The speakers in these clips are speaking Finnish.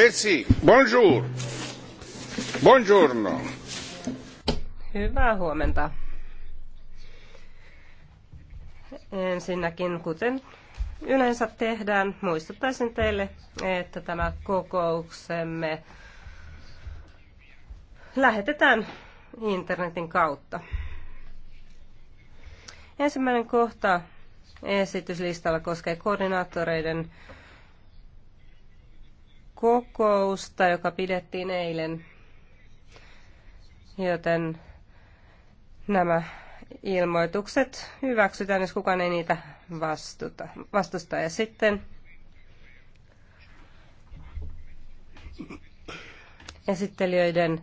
Persi, bonjour. Buongiorno. Hyvää huomenta. Ensinnäkin, kuten yleensä tehdään, muistuttaisin teille, että tämä kokouksemme lähetetään internetin kautta. Ensimmäinen kohta esityslistalla koskee koordinaattoreiden kokousta, joka pidettiin eilen. Joten nämä ilmoitukset hyväksytään, jos kukaan ei niitä vastuta, vastusta. Ja sitten esittelijöiden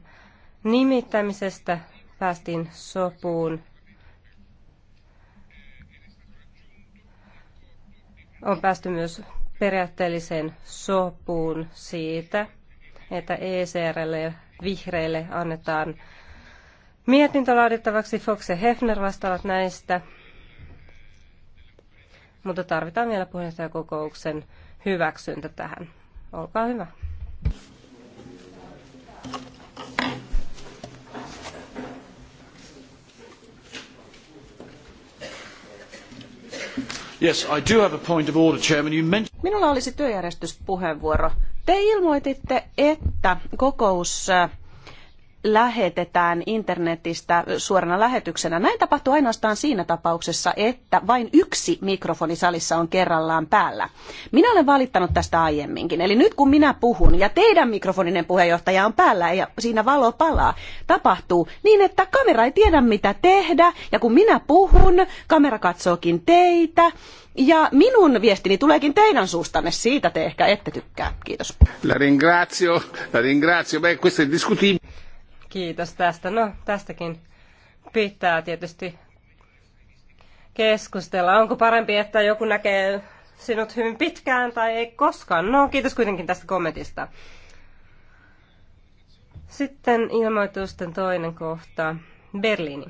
nimittämisestä päästiin sopuun. On päästy myös periaatteelliseen sopuun siitä, että ECRlle ja vihreille annetaan mietintö laadittavaksi. Fox ja Hefner vastaavat näistä, mutta tarvitaan vielä puheenjohtajakokouksen hyväksyntä tähän. Olkaa hyvä. Yes, I do have a point of order, Chairman. You mentioned Minulla olisi työjärjestyspuheenvuoro. Te ilmoititte, että kokous äh, lähetetään internetistä suorana lähetyksenä. Näin tapahtuu ainoastaan siinä tapauksessa, että vain yksi mikrofoni salissa on kerrallaan päällä. Minä olen valittanut tästä aiemminkin. Eli nyt kun minä puhun ja teidän mikrofoninen puheenjohtaja on päällä ja siinä valo palaa, tapahtuu niin, että kamera ei tiedä mitä tehdä ja kun minä puhun, kamera katsookin teitä. Ja minun viestini tuleekin teidän suustanne, siitä te ehkä ette tykkää. Kiitos. La ringrazio, la ringrazio. Beh, questo è discutibile. Kiitos tästä. No, tästäkin pitää tietysti keskustella. Onko parempi, että joku näkee sinut hyvin pitkään tai ei koskaan? No, kiitos kuitenkin tästä kommentista. Sitten ilmoitusten toinen kohta. Berliini.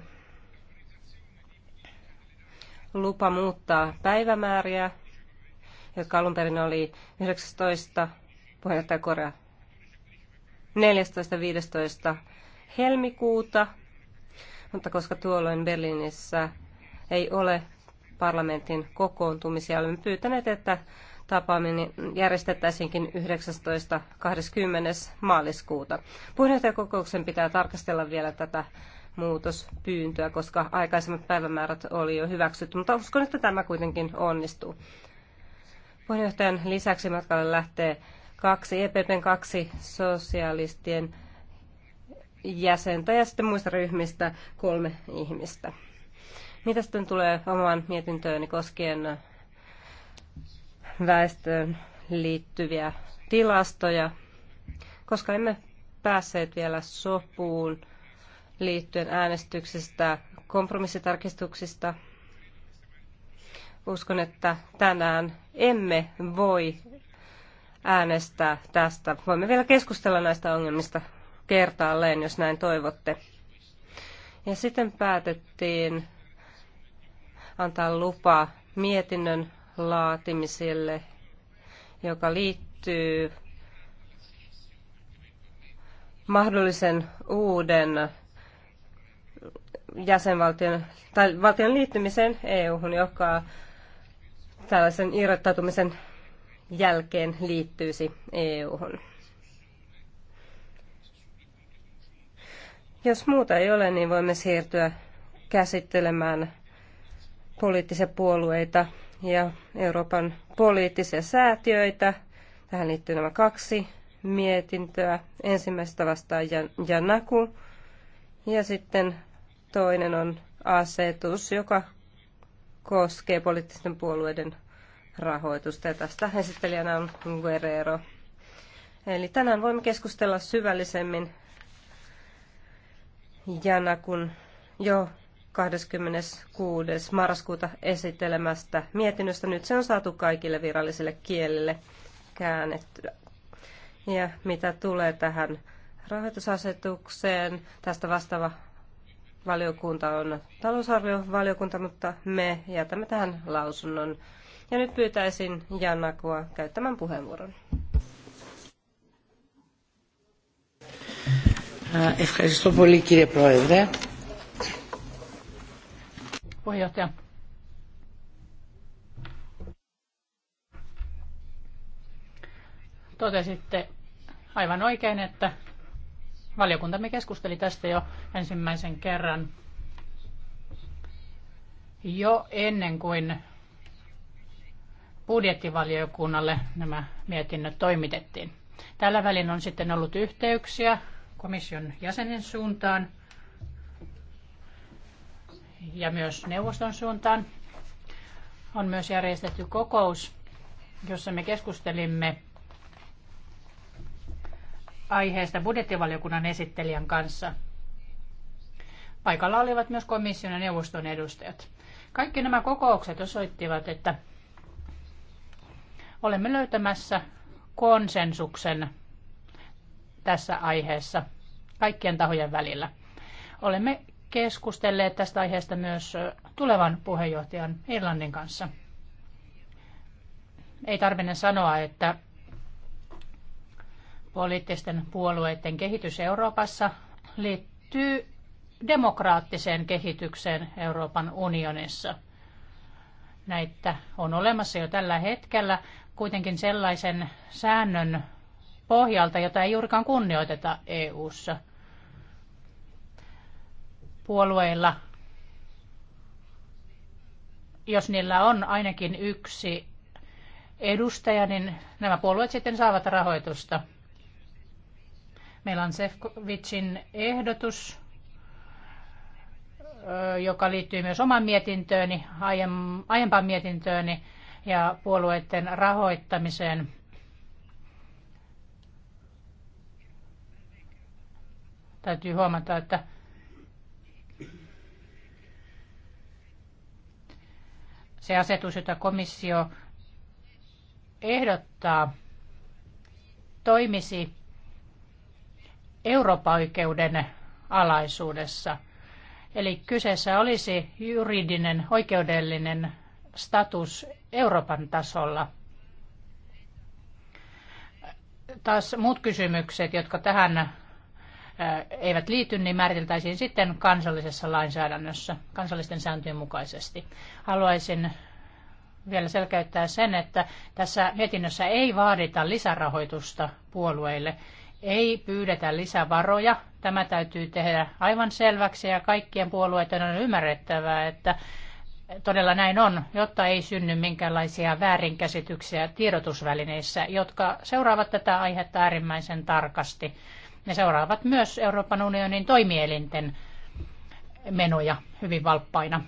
Lupa muuttaa päivämääriä, jotka alun perin oli 19. puheenjohtaja Korea helmikuuta, mutta koska tuolloin Berliinissä ei ole parlamentin kokoontumisia, olemme pyytäneet, että tapaaminen järjestettäisiinkin 19.20. maaliskuuta. Puheenjohtajakokouksen pitää tarkastella vielä tätä muutospyyntöä, koska aikaisemmat päivämäärät oli jo hyväksytty, mutta uskon, että tämä kuitenkin onnistuu. Puheenjohtajan lisäksi matkalle lähtee kaksi EPPn, kaksi sosialistien jäsentä ja sitten muista ryhmistä kolme ihmistä. Mitä sitten tulee omaan mietintööni koskien väestöön liittyviä tilastoja, koska emme päässeet vielä sopuun liittyen äänestyksistä, kompromissitarkistuksista. Uskon, että tänään emme voi äänestää tästä. Voimme vielä keskustella näistä ongelmista kertaalleen, jos näin toivotte. Ja sitten päätettiin antaa lupa mietinnön laatimiselle, joka liittyy mahdollisen uuden jäsenvaltion tai valtion liittymisen EU-hun, joka tällaisen irrottautumisen jälkeen liittyisi EU-hun. Jos muuta ei ole, niin voimme siirtyä käsittelemään poliittisia puolueita ja Euroopan poliittisia säätiöitä. Tähän liittyy nämä kaksi mietintöä. Ensimmäistä vastaan Janaku ja sitten toinen on asetus, joka koskee poliittisten puolueiden rahoitusta. Ja tästä esittelijänä on Guerrero. Eli tänään voimme keskustella syvällisemmin Jana, kun jo 26. marraskuuta esittelemästä mietinnöstä. Nyt se on saatu kaikille virallisille kielille käännettyä. Ja mitä tulee tähän rahoitusasetukseen, tästä vastaava valiokunta on talousarviovaliokunta, mutta me jätämme tähän lausunnon. Ja nyt pyytäisin Jannakua käyttämään puheenvuoron. Ευχαριστώ πολύ κύριε Πρόεδρε. Puheenjohtaja. Totesitte aivan oikein, että valiokuntamme keskusteli tästä jo ensimmäisen kerran jo ennen kuin budjettivaliokunnalle nämä mietinnöt toimitettiin. Tällä välin on sitten ollut yhteyksiä komission jäsenen suuntaan ja myös neuvoston suuntaan. On myös järjestetty kokous, jossa me keskustelimme aiheesta budjettivaliokunnan esittelijän kanssa. Paikalla olivat myös komission ja neuvoston edustajat. Kaikki nämä kokoukset osoittivat, että olemme löytämässä konsensuksen tässä aiheessa kaikkien tahojen välillä. Olemme keskustelleet tästä aiheesta myös tulevan puheenjohtajan Irlannin kanssa. Ei tarvinne sanoa, että poliittisten puolueiden kehitys Euroopassa liittyy demokraattiseen kehitykseen Euroopan unionissa. Näitä on olemassa jo tällä hetkellä kuitenkin sellaisen säännön pohjalta, jota ei juurikaan kunnioiteta EU:ssa. Puolueilla, jos niillä on ainakin yksi edustaja, niin nämä puolueet sitten saavat rahoitusta. Meillä on Sefcovicin ehdotus, joka liittyy myös omaan mietintööni, aiempaan mietintööni ja puolueiden rahoittamiseen. Täytyy huomata, että se asetus, jota komissio ehdottaa, toimisi Euroopan alaisuudessa. Eli kyseessä olisi juridinen, oikeudellinen status Euroopan tasolla. Taas muut kysymykset, jotka tähän eivät liity, niin määriteltäisiin sitten kansallisessa lainsäädännössä kansallisten sääntöjen mukaisesti. Haluaisin vielä selkeyttää sen, että tässä mietinnössä ei vaadita lisärahoitusta puolueille, ei pyydetä lisävaroja. Tämä täytyy tehdä aivan selväksi ja kaikkien puolueiden on ymmärrettävää, että todella näin on, jotta ei synny minkäänlaisia väärinkäsityksiä tiedotusvälineissä, jotka seuraavat tätä aihetta äärimmäisen tarkasti. Ne seuraavat myös Euroopan unionin toimielinten menoja hyvin valppaina.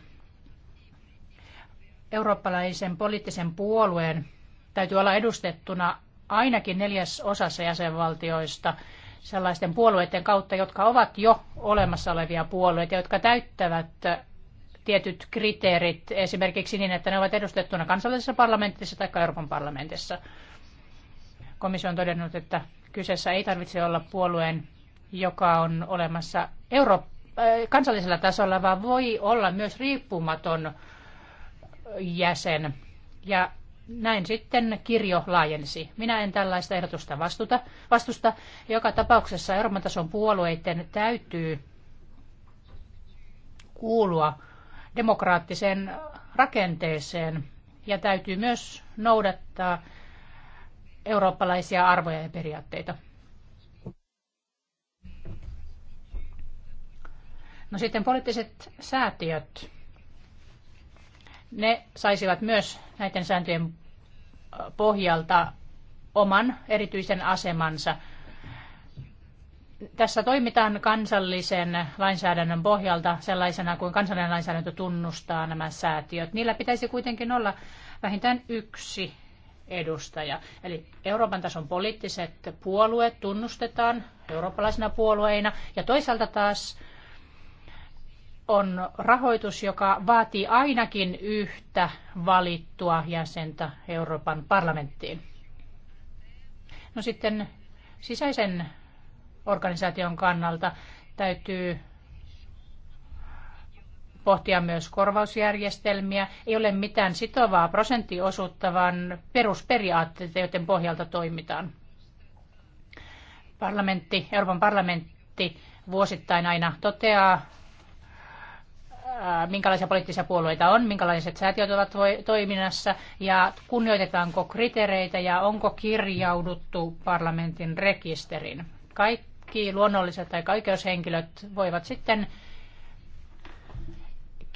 Eurooppalaisen poliittisen puolueen täytyy olla edustettuna ainakin neljäs osassa jäsenvaltioista sellaisten puolueiden kautta, jotka ovat jo olemassa olevia puolueita, jotka täyttävät tietyt kriteerit, esimerkiksi niin, että ne ovat edustettuna kansallisessa parlamentissa tai Euroopan parlamentissa. Komissio on todennut, että Kyseessä ei tarvitse olla puolueen, joka on olemassa Euro- äh, kansallisella tasolla, vaan voi olla myös riippumaton jäsen. Ja näin sitten kirjo laajensi. Minä en tällaista ehdotusta vastuta, vastusta. Joka tapauksessa Euroopan tason puolueiden täytyy kuulua demokraattiseen rakenteeseen ja täytyy myös noudattaa eurooppalaisia arvoja ja periaatteita. No sitten poliittiset säätiöt, ne saisivat myös näiden sääntöjen pohjalta oman erityisen asemansa. Tässä toimitaan kansallisen lainsäädännön pohjalta sellaisena kuin kansallinen lainsäädäntö tunnustaa nämä säätiöt. Niillä pitäisi kuitenkin olla vähintään yksi edustaja. Eli Euroopan tason poliittiset puolueet tunnustetaan eurooppalaisina puolueina ja toisaalta taas on rahoitus, joka vaatii ainakin yhtä valittua jäsentä Euroopan parlamenttiin. No sitten sisäisen organisaation kannalta täytyy pohtia myös korvausjärjestelmiä. Ei ole mitään sitovaa prosenttiosuutta, vaan perusperiaatteita, joiden pohjalta toimitaan. Parlamentti, Euroopan parlamentti vuosittain aina toteaa, minkälaisia poliittisia puolueita on, minkälaiset säätiöt ovat toiminnassa ja kunnioitetaanko kriteereitä ja onko kirjauduttu parlamentin rekisterin. Kaikki luonnolliset tai oikeushenkilöt voivat sitten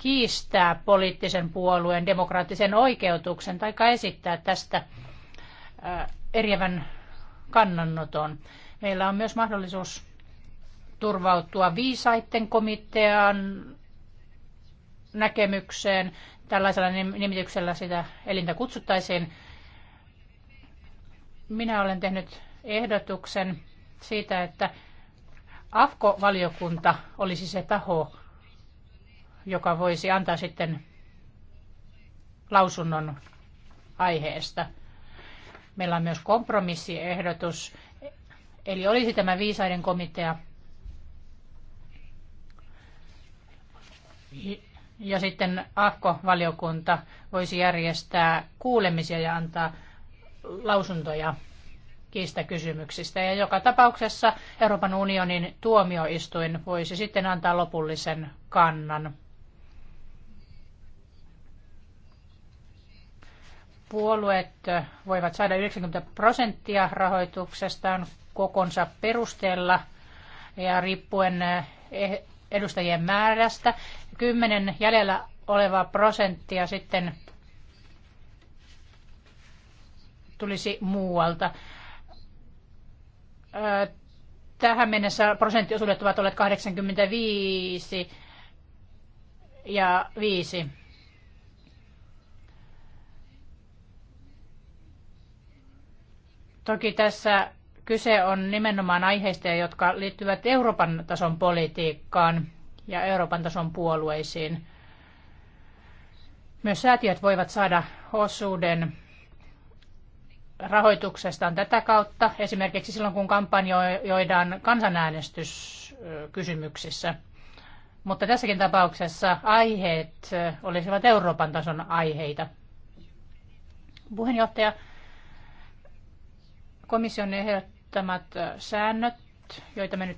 kiistää poliittisen puolueen demokraattisen oikeutuksen tai esittää tästä äh, eriävän kannanoton. Meillä on myös mahdollisuus turvautua viisaitten komitean näkemykseen. Tällaisella nimityksellä sitä elintä kutsuttaisiin. Minä olen tehnyt ehdotuksen siitä, että AFKO-valiokunta olisi se taho, joka voisi antaa sitten lausunnon aiheesta. Meillä on myös kompromissiehdotus, eli olisi tämä viisaiden komitea ja sitten ahko valiokunta voisi järjestää kuulemisia ja antaa lausuntoja kysymyksistä, Ja joka tapauksessa Euroopan unionin tuomioistuin voisi sitten antaa lopullisen kannan puolueet voivat saada 90 prosenttia rahoituksestaan kokonsa perusteella ja riippuen eh, edustajien määrästä. Kymmenen jäljellä olevaa prosenttia sitten tulisi muualta. Tähän mennessä prosenttiosuudet ovat olleet 85 ja 5. Toki tässä kyse on nimenomaan aiheista, jotka liittyvät Euroopan tason politiikkaan ja Euroopan tason puolueisiin. Myös säätiöt voivat saada osuuden rahoituksestaan tätä kautta, esimerkiksi silloin kun kampanjoidaan kansanäänestyskysymyksissä. Mutta tässäkin tapauksessa aiheet olisivat Euroopan tason aiheita. Puheenjohtaja, Komission ehdottamat säännöt, joita me nyt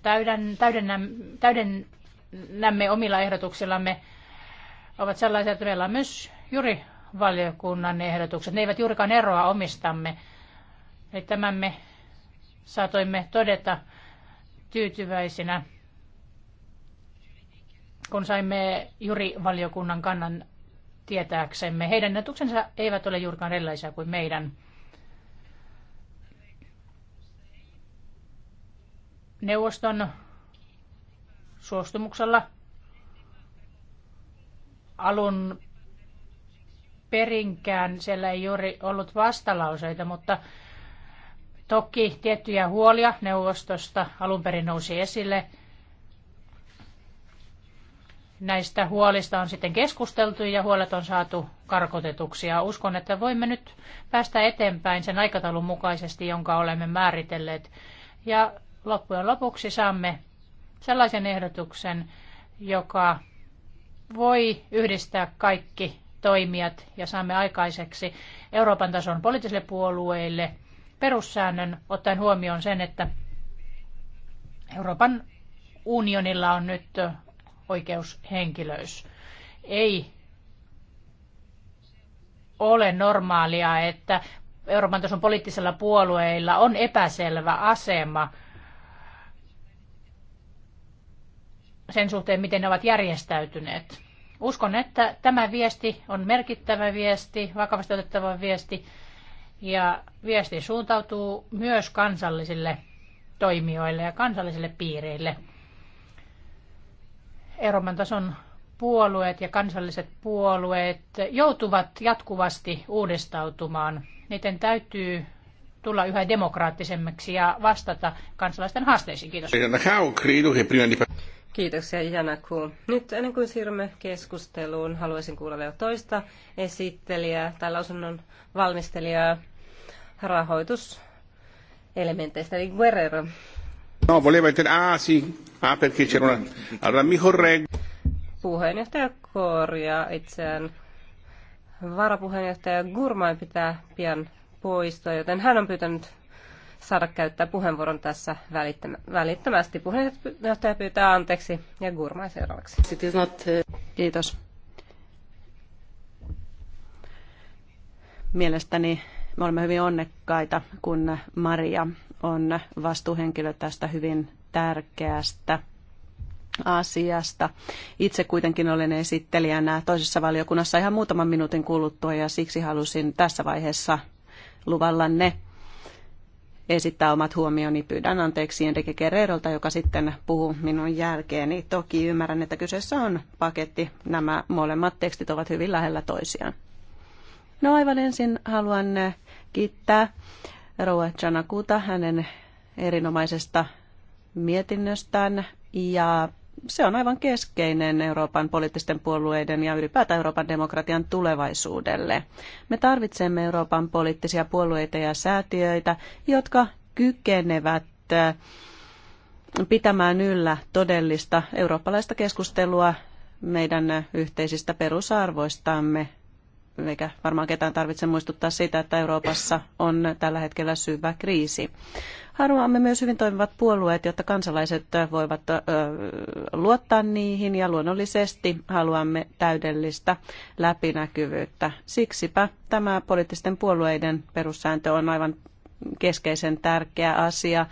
täydennämme omilla ehdotuksillamme, ovat sellaisia, että meillä on myös juuri valiokunnan ehdotukset. Ne eivät juurikaan eroa omistamme. Eli tämän me saatoimme todeta tyytyväisinä, kun saimme juuri valiokunnan kannan tietääksemme. Heidän ehdotuksensa eivät ole juurikaan erilaisia kuin meidän. neuvoston suostumuksella alun perinkään siellä ei juuri ollut vastalauseita, mutta toki tiettyjä huolia neuvostosta alun perin nousi esille. Näistä huolista on sitten keskusteltu ja huolet on saatu karkotetuksi ja uskon, että voimme nyt päästä eteenpäin sen aikataulun mukaisesti, jonka olemme määritelleet. Ja loppujen lopuksi saamme sellaisen ehdotuksen, joka voi yhdistää kaikki toimijat ja saamme aikaiseksi Euroopan tason poliittisille puolueille perussäännön ottaen huomioon sen, että Euroopan unionilla on nyt oikeushenkilöys. Ei ole normaalia, että Euroopan tason poliittisilla puolueilla on epäselvä asema – sen suhteen, miten ne ovat järjestäytyneet. Uskon, että tämä viesti on merkittävä viesti, vakavasti otettava viesti, ja viesti suuntautuu myös kansallisille toimijoille ja kansallisille piireille. Euroopan tason puolueet ja kansalliset puolueet joutuvat jatkuvasti uudestautumaan. Niiden täytyy tulla yhä demokraattisemmaksi ja vastata kansalaisten haasteisiin. Kiitos. Kiitoksia Janaku. Nyt ennen kuin siirrymme keskusteluun, haluaisin kuulla vielä toista esittelijää tai lausunnon valmistelijaa rahoituselementeistä, eli Guerrero. No, volevo dire, ah sì, ah perché c'era una... Allora mi correggo. Puheenjohtaja korjaa itseään. Varapuheenjohtaja Gurmai pitää pian poistua, joten hän on pyytänyt saada käyttää puheenvuoron tässä välittömästi. Puheenjohtaja pyytää anteeksi ja Gurmai seuraavaksi. Uh, Kiitos. Mielestäni me olemme hyvin onnekkaita, kun Maria on vastuuhenkilö tästä hyvin tärkeästä asiasta. Itse kuitenkin olen esittelijänä toisessa valiokunnassa ihan muutaman minuutin kuluttua ja siksi halusin tässä vaiheessa ne esittää omat huomioni. Pyydän anteeksi Enrique Guerrerolta, joka sitten puhuu minun jälkeeni. Toki ymmärrän, että kyseessä on paketti. Nämä molemmat tekstit ovat hyvin lähellä toisiaan. No aivan ensin haluan kiittää Rouva Janakuta hänen erinomaisesta mietinnöstään ja se on aivan keskeinen Euroopan poliittisten puolueiden ja ylipäätään Euroopan demokratian tulevaisuudelle. Me tarvitsemme Euroopan poliittisia puolueita ja säätiöitä, jotka kykenevät äh, pitämään yllä todellista eurooppalaista keskustelua meidän yhteisistä perusarvoistamme. Eikä varmaan ketään tarvitse muistuttaa siitä, että Euroopassa on tällä hetkellä syvä kriisi. Haluamme myös hyvin toimivat puolueet, jotta kansalaiset voivat luottaa niihin ja luonnollisesti haluamme täydellistä läpinäkyvyyttä. Siksipä tämä poliittisten puolueiden perussääntö on aivan keskeisen tärkeä asia.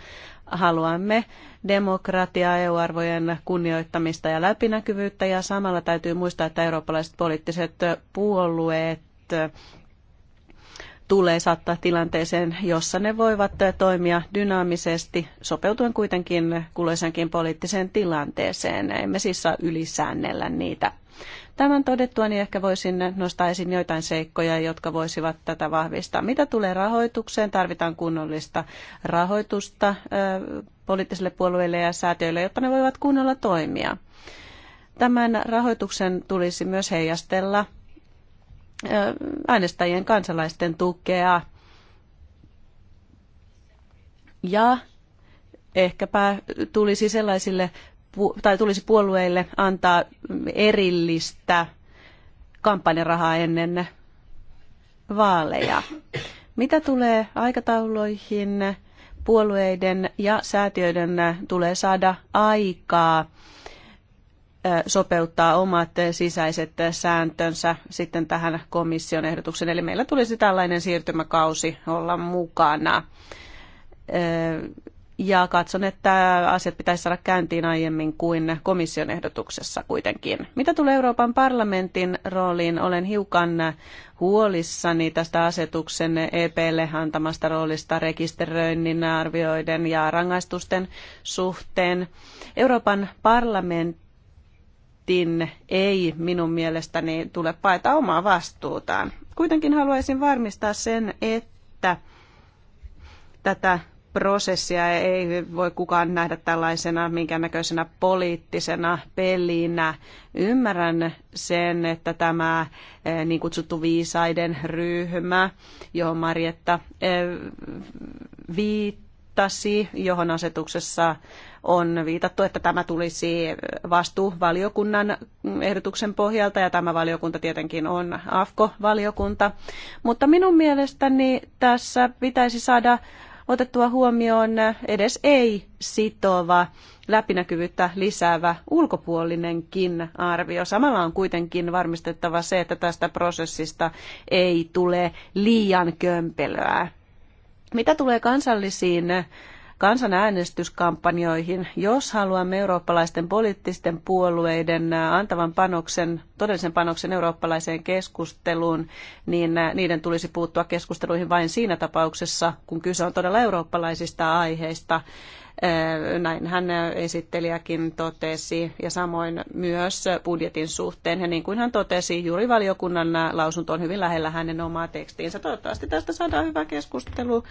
Haluamme demokratiaa, EU-arvojen kunnioittamista ja läpinäkyvyyttä ja samalla täytyy muistaa, että eurooppalaiset poliittiset puolueet tulee saattaa tilanteeseen, jossa ne voivat toimia dynaamisesti, sopeutuen kuitenkin kulloisenkin poliittiseen tilanteeseen. Emme siis saa ylisäännellä niitä. Tämän todettua niin ehkä voisin nostaa esiin joitain seikkoja, jotka voisivat tätä vahvistaa. Mitä tulee rahoitukseen? Tarvitaan kunnollista rahoitusta poliittisille puolueille ja säätiöille, jotta ne voivat kunnolla toimia. Tämän rahoituksen tulisi myös heijastella äänestäjien kansalaisten tukea. Ja ehkäpä tulisi sellaisille tai tulisi puolueille antaa erillistä kampanjarahaa ennen vaaleja. Mitä tulee aikatauluihin, puolueiden ja säätiöiden tulee saada aikaa sopeuttaa omat sisäiset sääntönsä sitten tähän komission ehdotukseen, Eli meillä tulisi tällainen siirtymäkausi olla mukana. Ja katson, että asiat pitäisi saada käyntiin aiemmin kuin komission ehdotuksessa kuitenkin. Mitä tulee Euroopan parlamentin rooliin, olen hiukan huolissani tästä asetuksen EPlle antamasta roolista rekisteröinnin, arvioiden ja rangaistusten suhteen. Euroopan parlamentti Tin ei minun mielestäni tule paeta omaa vastuutaan. Kuitenkin haluaisin varmistaa sen, että tätä prosessia ei voi kukaan nähdä tällaisena minkäännäköisenä poliittisena pelinä. Ymmärrän sen, että tämä eh, niin kutsuttu viisaiden ryhmä, johon Marietta eh, viittasi, johon asetuksessa on viitattu, että tämä tulisi vastuuvaliokunnan ehdotuksen pohjalta ja tämä valiokunta tietenkin on AFKO-valiokunta. Mutta minun mielestäni tässä pitäisi saada otettua huomioon edes ei-sitova, läpinäkyvyyttä lisäävä ulkopuolinenkin arvio. Samalla on kuitenkin varmistettava se, että tästä prosessista ei tule liian kömpelöä. Mitä tulee kansallisiin kansanäänestyskampanjoihin, jos haluamme eurooppalaisten poliittisten puolueiden äh, antavan panoksen, todellisen panoksen eurooppalaiseen keskusteluun, niin äh, niiden tulisi puuttua keskusteluihin vain siinä tapauksessa, kun kyse on todella eurooppalaisista aiheista näin hän esittelijäkin totesi ja samoin myös budjetin suhteen. Ja niin kuin hän totesi, juuri valiokunnan lausunto on hyvin lähellä hänen omaa tekstiinsä. Toivottavasti tästä saadaan hyvä keskustelu.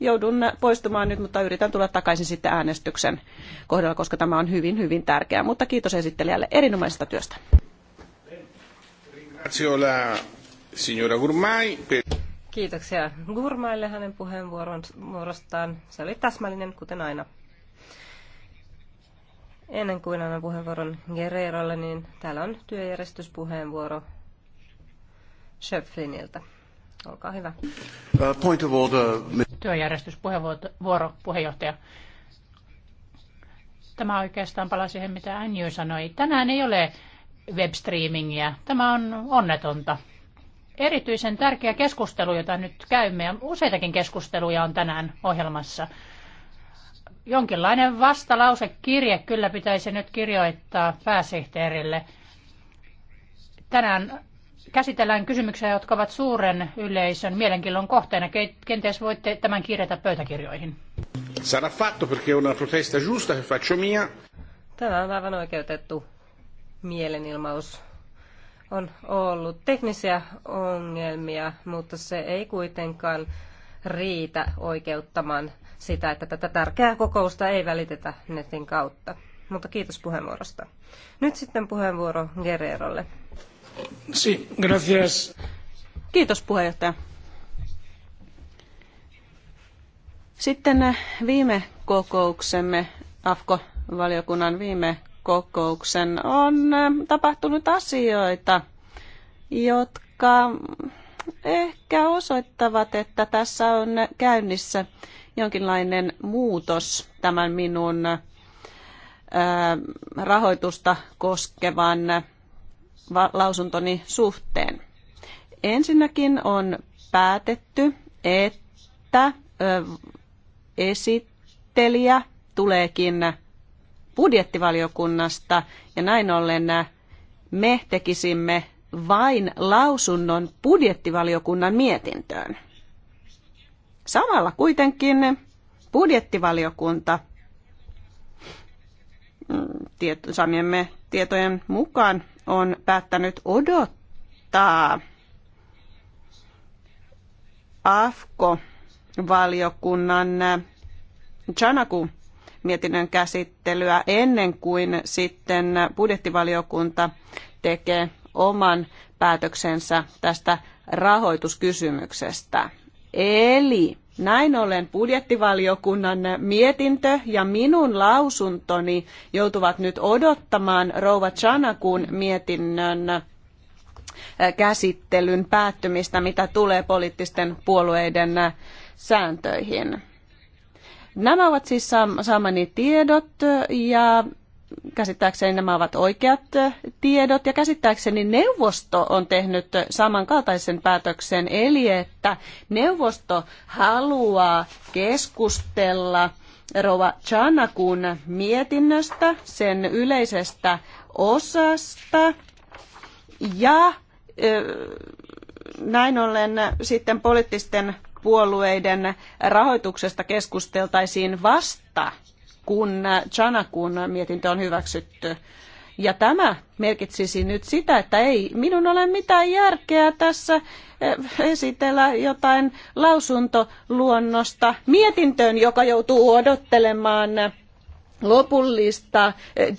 Joudun poistumaan nyt, mutta yritän tulla takaisin sitten äänestyksen kohdalla, koska tämä on hyvin, hyvin tärkeää. Mutta kiitos esittelijälle erinomaisesta työstä. Kiitoksia Gurmaille hänen puheenvuorostaan. Se oli täsmällinen, kuten aina. Ennen kuin annan puheenvuoron Guerrerolle, niin täällä on työjärjestyspuheenvuoro Schöpfliniltä. Olkaa hyvä. Uh, point of order. Työjärjestyspuheenvuoro, puheenjohtaja. Tämä oikeastaan palaa siihen, mitä Anju sanoi. Tänään ei ole webstreamingia. Tämä on onnetonta. Erityisen tärkeä keskustelu, jota nyt käymme, ja useitakin keskusteluja on tänään ohjelmassa jonkinlainen vastalausekirje kyllä pitäisi nyt kirjoittaa pääsihteerille. Tänään käsitellään kysymyksiä, jotka ovat suuren yleisön mielenkiinnon kohteena. Kenties voitte tämän kirjata pöytäkirjoihin. Sarà fatto perché una protesta giusta che faccio mia. Tämä on aivan oikeutettu mielenilmaus. On ollut teknisiä ongelmia, mutta se ei kuitenkaan riitä oikeuttamaan sitä, että tätä tärkeää kokousta ei välitetä netin kautta. Mutta kiitos puheenvuorosta. Nyt sitten puheenvuoro Guerrerolle. Si, gracias. Kiitos puheenjohtaja. Sitten eh, viime kokouksemme, AFKO-valiokunnan viime kokouksen, on eh, tapahtunut asioita, jotka ehkä osoittavat, että tässä on käynnissä jonkinlainen muutos tämän minun rahoitusta koskevan lausuntoni suhteen. Ensinnäkin on päätetty, että esittelijä tuleekin budjettivaliokunnasta ja näin ollen me tekisimme vain lausunnon budjettivaliokunnan mietintöön. Samalla kuitenkin budjettivaliokunta mm, saamiemme tietojen mukaan on päättänyt odottaa AFKO-valiokunnan Chanaku mietinnön käsittelyä ennen kuin sitten budjettivaliokunta tekee oman päätöksensä tästä rahoituskysymyksestä. Eli näin ollen budjettivaliokunnan mietintö ja minun lausuntoni joutuvat nyt odottamaan Rouva Chanakun mietinnön äh, käsittelyn päättymistä, mitä tulee poliittisten puolueiden äh, sääntöihin. Nämä ovat siis saamani tiedot äh, ja käsittääkseni nämä ovat oikeat tiedot ja käsittääkseni neuvosto on tehnyt samankaltaisen päätöksen, eli että neuvosto haluaa keskustella Rova Chanakun mietinnöstä, sen yleisestä osasta ja näin ollen sitten poliittisten puolueiden rahoituksesta keskusteltaisiin vasta kun Chanakun mietintö on hyväksytty. Ja tämä merkitsisi nyt sitä, että ei minun ole mitään järkeä tässä eh, esitellä jotain lausuntoluonnosta mietintöön, joka joutuu odottelemaan lopullista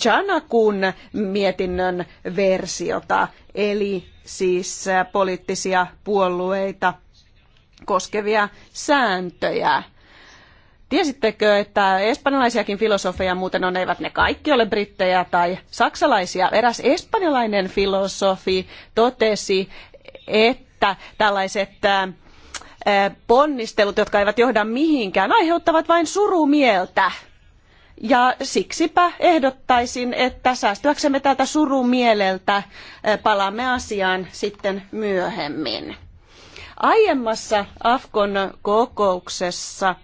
Janakun eh, mietinnön versiota, eli siis eh, poliittisia puolueita koskevia sääntöjä Tiesittekö, että espanjalaisiakin filosofeja muuten on, eivät ne kaikki ole brittejä tai saksalaisia. Eräs espanjalainen filosofi totesi, että tällaiset ponnistelut, jotka eivät johda mihinkään, aiheuttavat vain surumieltä. Ja siksipä ehdottaisin, että säästyäksemme tältä surumieleltä palaamme asiaan sitten myöhemmin. Aiemmassa Afkon kokouksessa –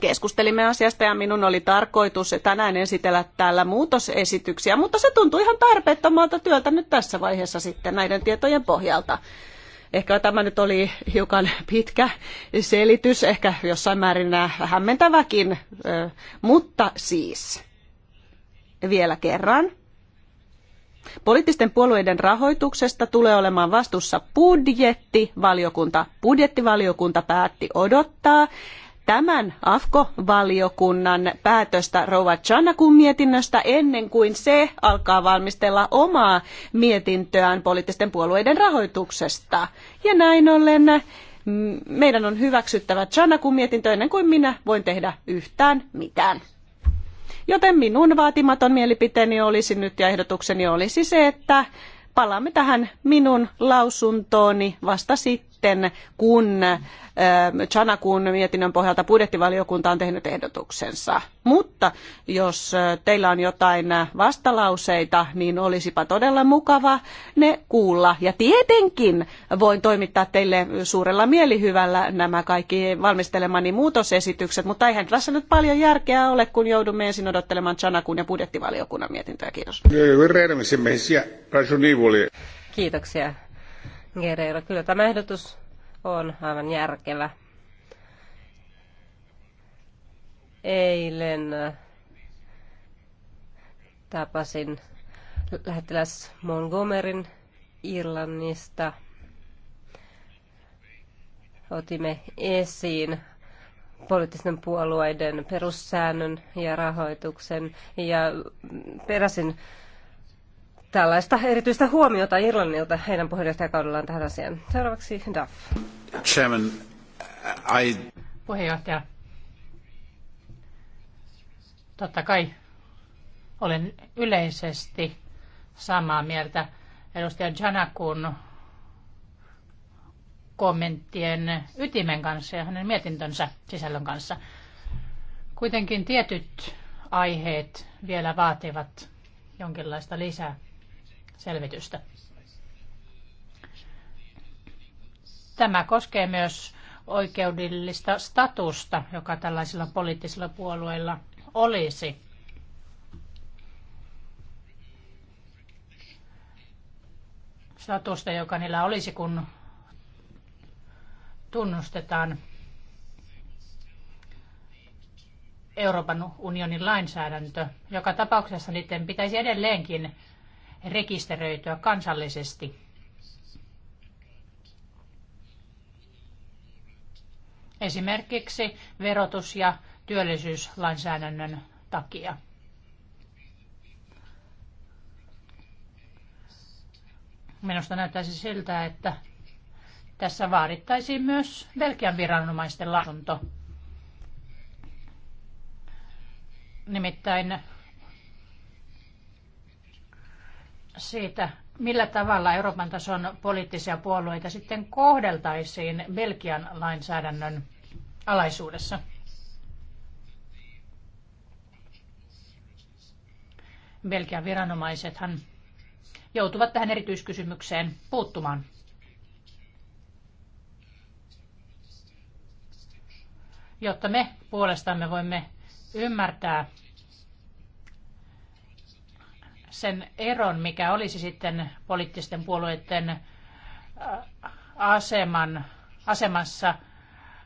keskustelimme asiasta ja minun oli tarkoitus tänään esitellä täällä muutosesityksiä, mutta se tuntui ihan tarpeettomalta työltä nyt tässä vaiheessa sitten näiden tietojen pohjalta. Ehkä tämä nyt oli hiukan pitkä selitys, ehkä jossain määrin hämmentäväkin, mutta siis vielä kerran. Poliittisten puolueiden rahoituksesta tulee olemaan vastuussa budjettivaliokunta. Valiokunta, budjettivaliokunta päätti odottaa tämän AFKO-valiokunnan päätöstä Rouva Chanakun mietinnöstä ennen kuin se alkaa valmistella omaa mietintöään poliittisten puolueiden rahoituksesta. Ja näin ollen mm, meidän on hyväksyttävä Chanakun mietintö ennen kuin minä voin tehdä yhtään mitään. Joten minun vaatimaton mielipiteeni olisi nyt ja ehdotukseni olisi se, että palaamme tähän minun lausuntooni vasta sitten, sitten, kun Chanakun mietinnön pohjalta budjettivaliokunta on tehnyt ehdotuksensa. Mutta jos teillä on jotain vastalauseita, niin olisipa todella mukava ne kuulla. Ja tietenkin voin toimittaa teille suurella mielihyvällä nämä kaikki valmistelemani muutosesitykset, mutta eihän tässä nyt paljon järkeä ole, kun joudumme ensin odottelemaan Chanakun ja budjettivaliokunnan mietintöä. Kiitos. Kiitoksia. Guerrero. Kyllä tämä ehdotus on aivan järkevä. Eilen äh, tapasin lähettiläs Montgomeryn Irlannista. Otimme esiin poliittisten puolueiden perussäännön ja rahoituksen ja peräsin tällaista erityistä huomiota Irlannilta heidän puheenjohtajakaudellaan tähän asiaan. Seuraavaksi Duff. Chairman, I... Puheenjohtaja. Totta kai olen yleisesti samaa mieltä edustaja Janakun kommenttien ytimen kanssa ja hänen mietintönsä sisällön kanssa. Kuitenkin tietyt aiheet vielä vaativat jonkinlaista lisää selvitystä. Tämä koskee myös oikeudellista statusta, joka tällaisilla poliittisilla puolueilla olisi. Statusta, joka niillä olisi, kun tunnustetaan Euroopan unionin lainsäädäntö. Joka tapauksessa niiden pitäisi edelleenkin rekisteröityä kansallisesti. Esimerkiksi verotus- ja työllisyyslainsäädännön takia. Minusta näyttäisi siltä, että tässä vaadittaisiin myös Belgian viranomaisten lausunto. Nimittäin siitä, millä tavalla Euroopan tason poliittisia puolueita sitten kohdeltaisiin Belgian lainsäädännön alaisuudessa? Belgian viranomaisethan joutuvat tähän erityiskysymykseen puuttumaan. Jotta me puolestamme voimme ymmärtää sen eron, mikä olisi sitten poliittisten puolueiden äh, aseman, asemassa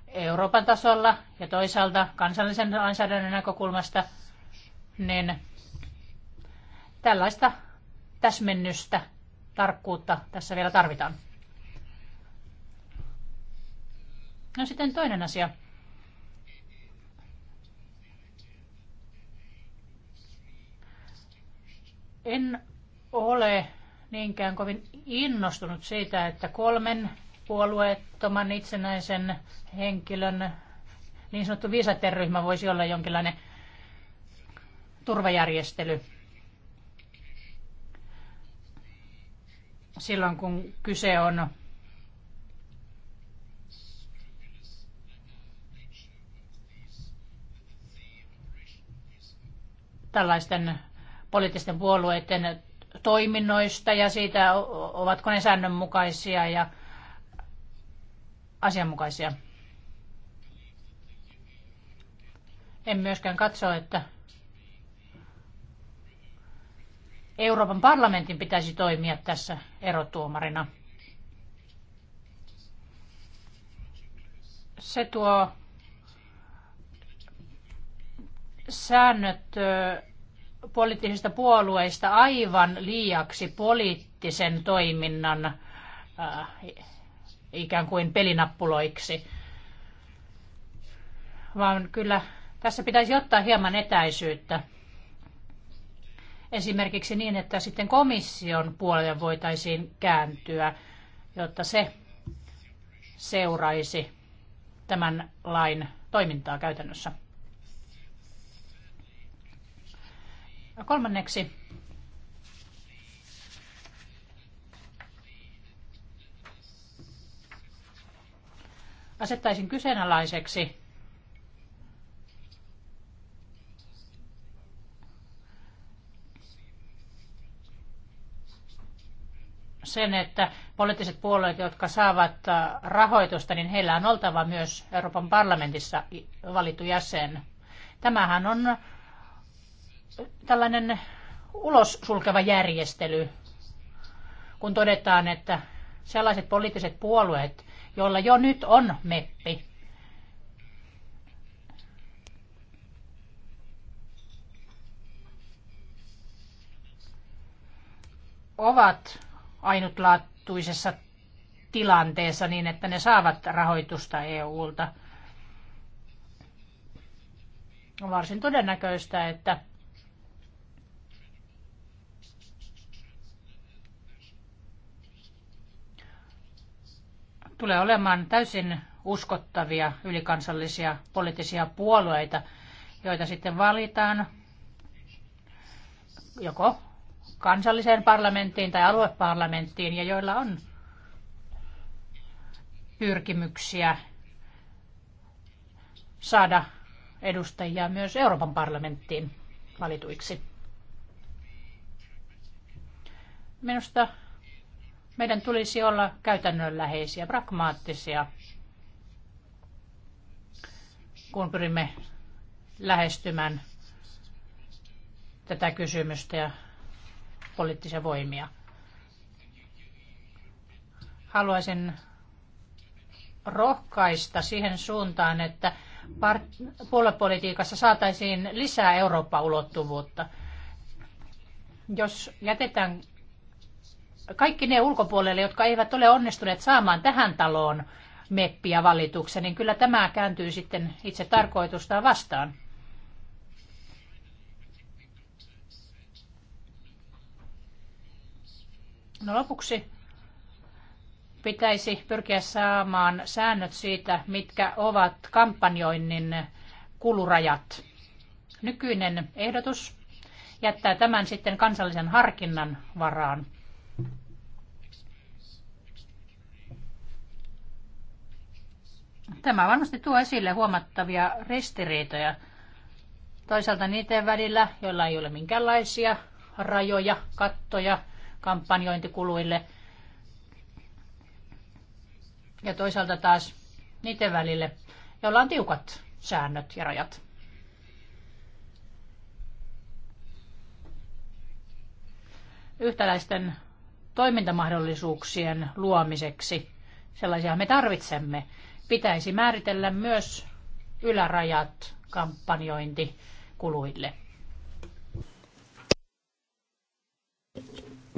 Euroopan tasolla ja toisaalta kansallisen lainsäädännön näkökulmasta, niin tällaista täsmennystä, tarkkuutta tässä vielä tarvitaan. No sitten toinen asia. En ole niinkään kovin innostunut siitä, että kolmen puolueettoman itsenäisen henkilön niin sanottu viisateryhmä voisi olla jonkinlainen turvajärjestely silloin, kun kyse on tällaisten poliittisten puolueiden toiminnoista ja siitä, ovatko ne säännönmukaisia ja asianmukaisia. En myöskään katso, että Euroopan parlamentin pitäisi toimia tässä erotuomarina. Se tuo säännöt poliittisista puolueista aivan liiaksi poliittisen toiminnan äh, ikään kuin pelinappuloiksi, vaan kyllä tässä pitäisi ottaa hieman etäisyyttä. Esimerkiksi niin, että sitten komission puolelle voitaisiin kääntyä, jotta se seuraisi tämän lain toimintaa käytännössä. No, kolmanneksi. Asettaisin kyseenalaiseksi sen, että poliittiset puolueet, jotka saavat äh, rahoitusta, niin heillä on oltava myös Euroopan parlamentissa valittu jäsen. Tämähän on tällainen ulos sulkeva järjestely, kun todetaan, että sellaiset poliittiset puolueet, joilla jo nyt on meppi, ovat ainutlaatuisessa tilanteessa niin, että ne saavat rahoitusta EUlta. On varsin todennäköistä, että tulee olemaan täysin uskottavia ylikansallisia poliittisia puolueita, joita sitten valitaan joko kansalliseen parlamenttiin tai alueparlamenttiin ja joilla on pyrkimyksiä saada edustajia myös Euroopan parlamenttiin valituiksi. Minusta meidän tulisi olla käytännönläheisiä, pragmaattisia, kun pyrimme lähestymään tätä kysymystä ja poliittisia voimia. Haluaisin rohkaista siihen suuntaan, että puoluepolitiikassa saataisiin lisää Eurooppa-ulottuvuutta. Jos jätetään kaikki ne ulkopuolelle, jotka eivät ole onnistuneet saamaan tähän taloon meppiä valituksen, niin kyllä tämä kääntyy sitten itse tarkoitustaan vastaan. No lopuksi pitäisi pyrkiä saamaan säännöt siitä, mitkä ovat kampanjoinnin kulurajat. Nykyinen ehdotus jättää tämän sitten kansallisen harkinnan varaan. Tämä varmasti tuo esille huomattavia ristiriitoja. Toisaalta niiden välillä, joilla ei ole minkäänlaisia rajoja, kattoja kampanjointikuluille. Ja toisaalta taas niiden välille, joilla on tiukat säännöt ja rajat. Yhtäläisten toimintamahdollisuuksien luomiseksi, sellaisia me tarvitsemme, pitäisi määritellä myös ylärajat kampanjointikuluille.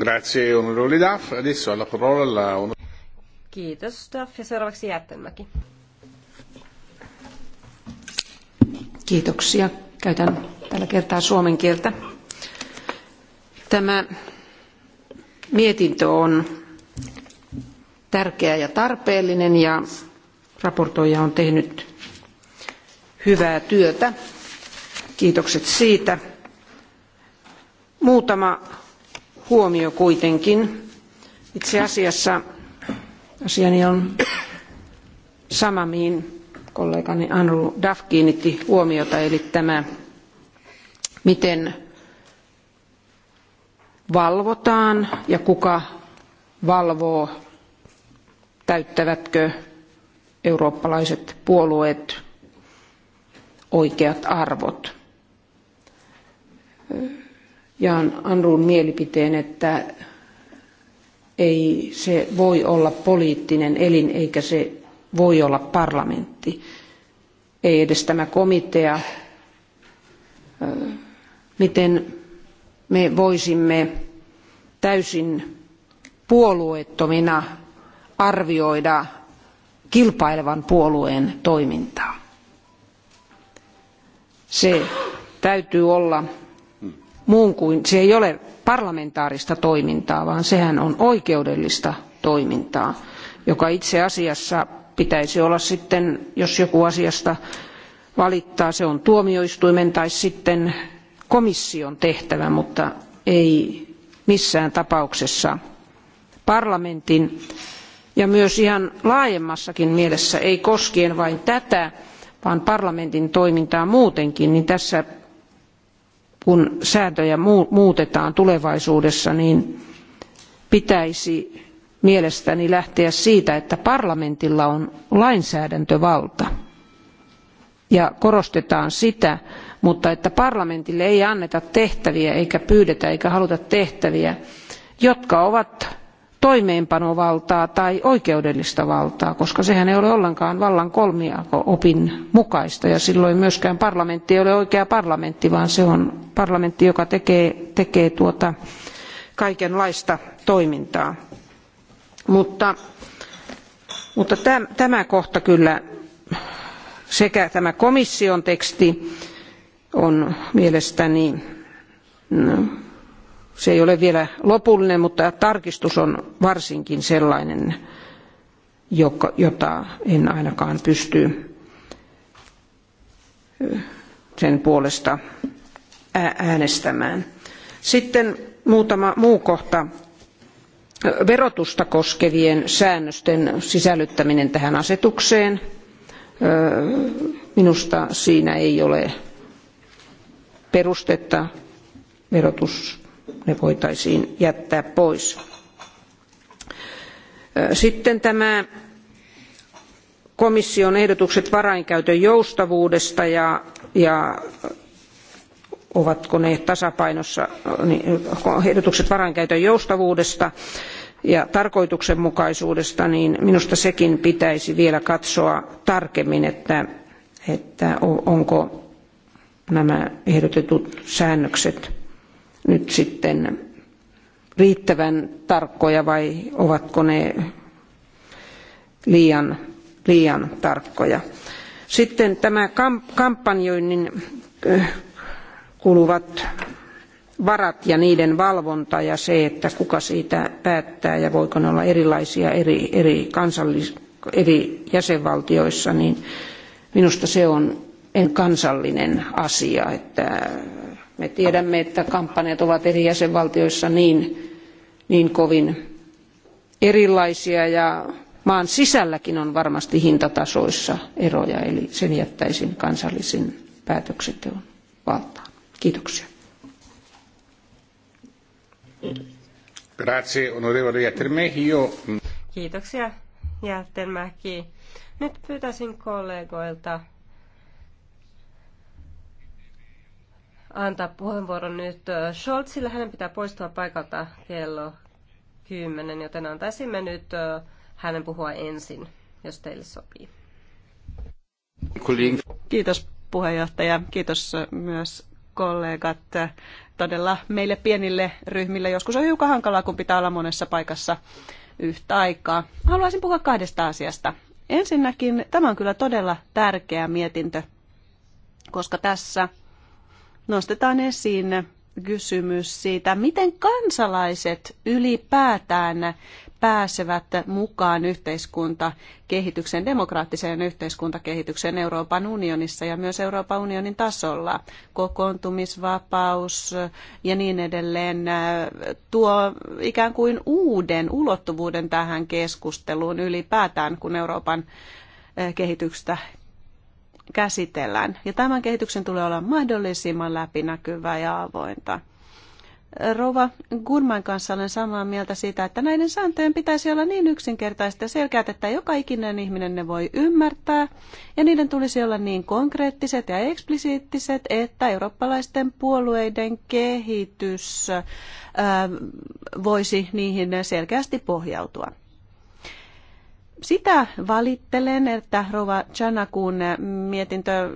Grazie onorevole Daff. Adesso alla parola la on... Kiitos Daff ja seuraavaksi Jättenmäki. Kiitoksia. Käytän tällä kertaa suomen kieltä. Tämä mietintö on tärkeä ja tarpeellinen ja Raportoija on tehnyt hyvää työtä. Kiitokset siitä. Muutama huomio kuitenkin. Itse asiassa asiani on sama, mihin kollegani Anru Duff kiinnitti huomiota, eli tämä, miten valvotaan ja kuka valvoo, täyttävätkö eurooppalaiset puolueet, oikeat arvot. Jaan anruun mielipiteen, että ei se voi olla poliittinen elin eikä se voi olla parlamentti. Ei edes tämä komitea. Miten me voisimme täysin puolueettomina arvioida kilpailevan puolueen toimintaa. Se täytyy olla muun kuin, se ei ole parlamentaarista toimintaa, vaan sehän on oikeudellista toimintaa, joka itse asiassa pitäisi olla sitten, jos joku asiasta valittaa, se on tuomioistuimen tai sitten komission tehtävä, mutta ei missään tapauksessa parlamentin ja myös ihan laajemmassakin mielessä ei koskien vain tätä vaan parlamentin toimintaa muutenkin niin tässä kun sääntöjä muutetaan tulevaisuudessa niin pitäisi mielestäni lähteä siitä että parlamentilla on lainsäädäntövalta ja korostetaan sitä mutta että parlamentille ei anneta tehtäviä eikä pyydetä eikä haluta tehtäviä jotka ovat toimeenpanovaltaa tai oikeudellista valtaa, koska sehän ei ole ollenkaan vallan kolmiako-opin mukaista ja silloin myöskään parlamentti ei ole oikea parlamentti, vaan se on parlamentti, joka tekee, tekee tuota kaikenlaista toimintaa. Mutta, mutta tämä kohta kyllä sekä tämä komission teksti on mielestäni mm, se ei ole vielä lopullinen, mutta tarkistus on varsinkin sellainen, jota en ainakaan pysty sen puolesta äänestämään. Sitten muutama muu kohta. Verotusta koskevien säännösten sisällyttäminen tähän asetukseen. Minusta siinä ei ole perustetta. Verotus ne voitaisiin jättää pois. Sitten tämä komission ehdotukset varainkäytön joustavuudesta ja, ja ovatko ne tasapainossa, niin ehdotukset varainkäytön joustavuudesta ja tarkoituksenmukaisuudesta, niin minusta sekin pitäisi vielä katsoa tarkemmin, että, että onko nämä ehdotetut säännökset nyt sitten riittävän tarkkoja vai ovatko ne liian, liian tarkkoja. Sitten tämä kampanjoinnin kuluvat varat ja niiden valvonta ja se, että kuka siitä päättää ja voiko ne olla erilaisia eri, eri, kansallis, eri jäsenvaltioissa, niin minusta se on kansallinen asia, että me tiedämme, että kampanjat ovat eri jäsenvaltioissa niin, niin kovin erilaisia ja maan sisälläkin on varmasti hintatasoissa eroja, eli sen jättäisin kansallisen päätöksenteon valtaan. Kiitoksia. Grazie, onorevole Jättermäki. Kiitoksia, Jättermäki. Nyt pyytäisin kollegoilta antaa puheenvuoron nyt Scholzille. Hänen pitää poistua paikalta kello 10, joten antaisimme nyt hänen puhua ensin, jos teille sopii. Kiitos puheenjohtaja. Kiitos myös kollegat. Todella meille pienille ryhmille joskus on hiukan hankalaa, kun pitää olla monessa paikassa yhtä aikaa. Haluaisin puhua kahdesta asiasta. Ensinnäkin tämä on kyllä todella tärkeä mietintö, koska tässä – nostetaan esiin kysymys siitä, miten kansalaiset ylipäätään pääsevät mukaan yhteiskuntakehitykseen, demokraattiseen yhteiskuntakehitykseen Euroopan unionissa ja myös Euroopan unionin tasolla. Kokoontumisvapaus ja niin edelleen tuo ikään kuin uuden ulottuvuuden tähän keskusteluun ylipäätään, kun Euroopan kehityksestä käsitellään. Ja tämän kehityksen tulee olla mahdollisimman läpinäkyvää ja avointa. Rova Gurman kanssa olen samaa mieltä siitä, että näiden sääntöjen pitäisi olla niin yksinkertaista ja selkeät, että joka ikinen ihminen ne voi ymmärtää. Ja niiden tulisi olla niin konkreettiset ja eksplisiittiset, että eurooppalaisten puolueiden kehitys ää, voisi niihin selkeästi pohjautua sitä valittelen, että Rova Chanakun mietintö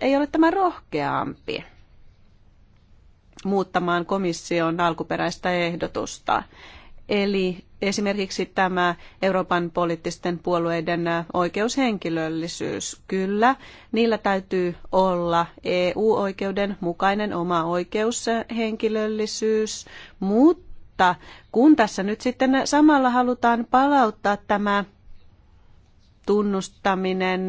ei ole tämä rohkeampi muuttamaan komission alkuperäistä ehdotusta. Eli esimerkiksi tämä Euroopan poliittisten puolueiden oikeushenkilöllisyys. Kyllä, niillä täytyy olla EU-oikeuden mukainen oma oikeushenkilöllisyys, mutta kun tässä nyt sitten samalla halutaan palauttaa tämä tunnustaminen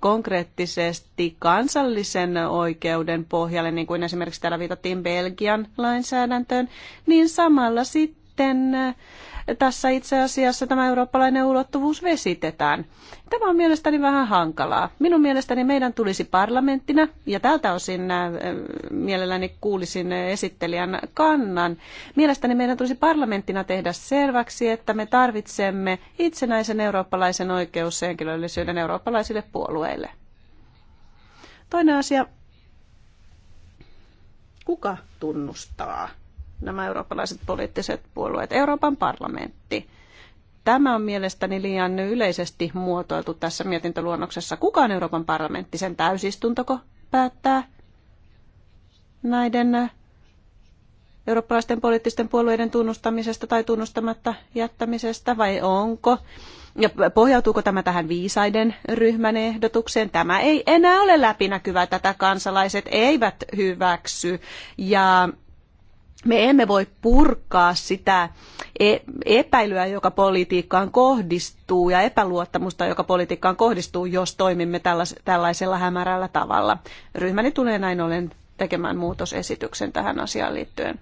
konkreettisesti kansallisen oikeuden pohjalle, niin kuin esimerkiksi täällä viitattiin Belgian lainsäädäntöön, niin samalla sitten tässä itse asiassa tämä eurooppalainen ulottuvuus vesitetään. Tämä on mielestäni vähän hankalaa. Minun mielestäni meidän tulisi parlamenttina, ja tältä osin äh, mielelläni kuulisin esittelijän kannan, mielestäni meidän tulisi parlamenttina tehdä selväksi, että me tarvitsemme itsenäisen eurooppalaisen oikeushenkilöllisyyden eurooppalaisille puolueille. Toinen asia, kuka tunnustaa nämä eurooppalaiset poliittiset puolueet, Euroopan parlamentti. Tämä on mielestäni liian yleisesti muotoiltu tässä mietintöluonnoksessa. Kukaan Euroopan parlamentti, sen täysistuntoko päättää näiden äh, eurooppalaisten poliittisten puolueiden tunnustamisesta tai tunnustamatta jättämisestä vai onko? Ja pohjautuuko tämä tähän viisaiden ryhmän ehdotukseen? Tämä ei enää ole läpinäkyvä, tätä kansalaiset eivät hyväksy. Ja me emme voi purkaa sitä e- epäilyä, joka politiikkaan kohdistuu ja epäluottamusta, joka politiikkaan kohdistuu, jos toimimme tällaisella hämärällä tavalla. Ryhmäni tulee näin ollen tekemään muutosesityksen tähän asiaan liittyen.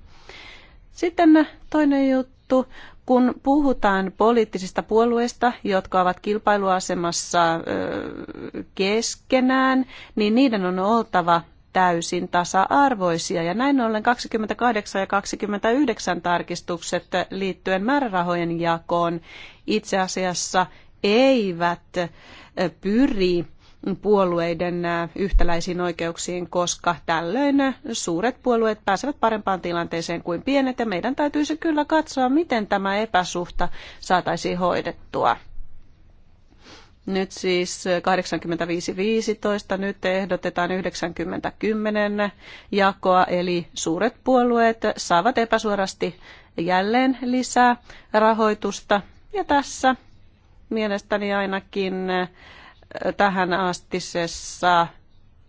Sitten toinen juttu. Kun puhutaan poliittisista puolueista, jotka ovat kilpailuasemassa keskenään, niin niiden on oltava täysin tasa-arvoisia. Ja näin ollen 28 ja 29 tarkistukset liittyen määrärahojen jakoon itse asiassa eivät pyri puolueiden yhtäläisiin oikeuksiin, koska tällöin suuret puolueet pääsevät parempaan tilanteeseen kuin pienet, ja meidän täytyisi kyllä katsoa, miten tämä epäsuhta saataisiin hoidettua. Nyt siis 85-15, nyt ehdotetaan 90-10 jakoa, eli suuret puolueet saavat epäsuorasti jälleen lisää rahoitusta. Ja tässä mielestäni ainakin tähän astisessa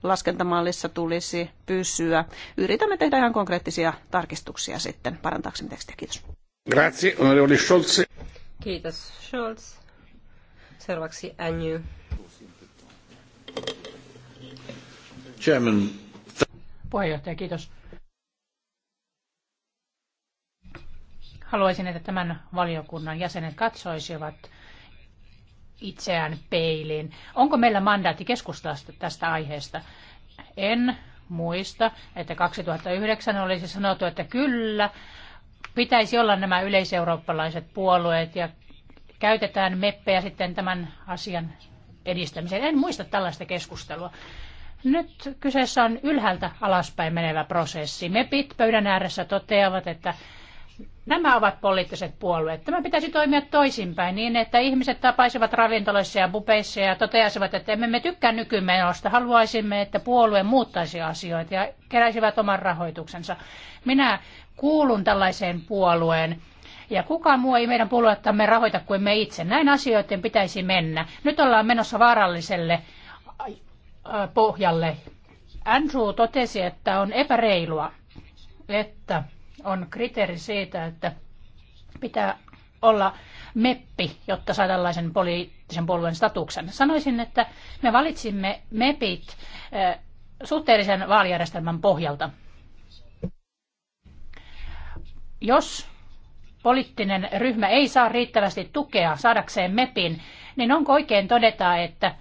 laskentamallissa tulisi pysyä. Yritämme tehdä ihan konkreettisia tarkistuksia sitten parantaaksemme tekstiä. Kiitos. Grazie, Scholz. Kiitos, Scholz. Seuraavaksi Anny. Chairman. Puheenjohtaja, kiitos. Haluaisin, että tämän valiokunnan jäsenet katsoisivat itseään peiliin. Onko meillä mandaatti keskustella tästä aiheesta? En muista, että 2009 olisi sanottu, että kyllä, pitäisi olla nämä yleiseurooppalaiset puolueet ja käytetään meppejä sitten tämän asian edistämiseen. En muista tällaista keskustelua. Nyt kyseessä on ylhäältä alaspäin menevä prosessi. Mepit pöydän ääressä toteavat, että nämä ovat poliittiset puolueet. Tämä pitäisi toimia toisinpäin niin, että ihmiset tapaisivat ravintoloissa ja bupeissa ja toteaisivat, että emme me tykkää nykymenosta. Haluaisimme, että puolue muuttaisi asioita ja keräisivät oman rahoituksensa. Minä kuulun tällaiseen puolueen ja kukaan muu ei meidän puoluettamme rahoita kuin me itse. Näin asioiden pitäisi mennä. Nyt ollaan menossa vaaralliselle pohjalle. Andrew totesi, että on epäreilua, että on kriteeri siitä, että pitää olla meppi, jotta saa tällaisen poliittisen puolueen statuksen. Sanoisin, että me valitsimme mepit suhteellisen vaalijärjestelmän pohjalta. Jos poliittinen ryhmä ei saa riittävästi tukea saadakseen MEPin, niin onko oikein todeta, että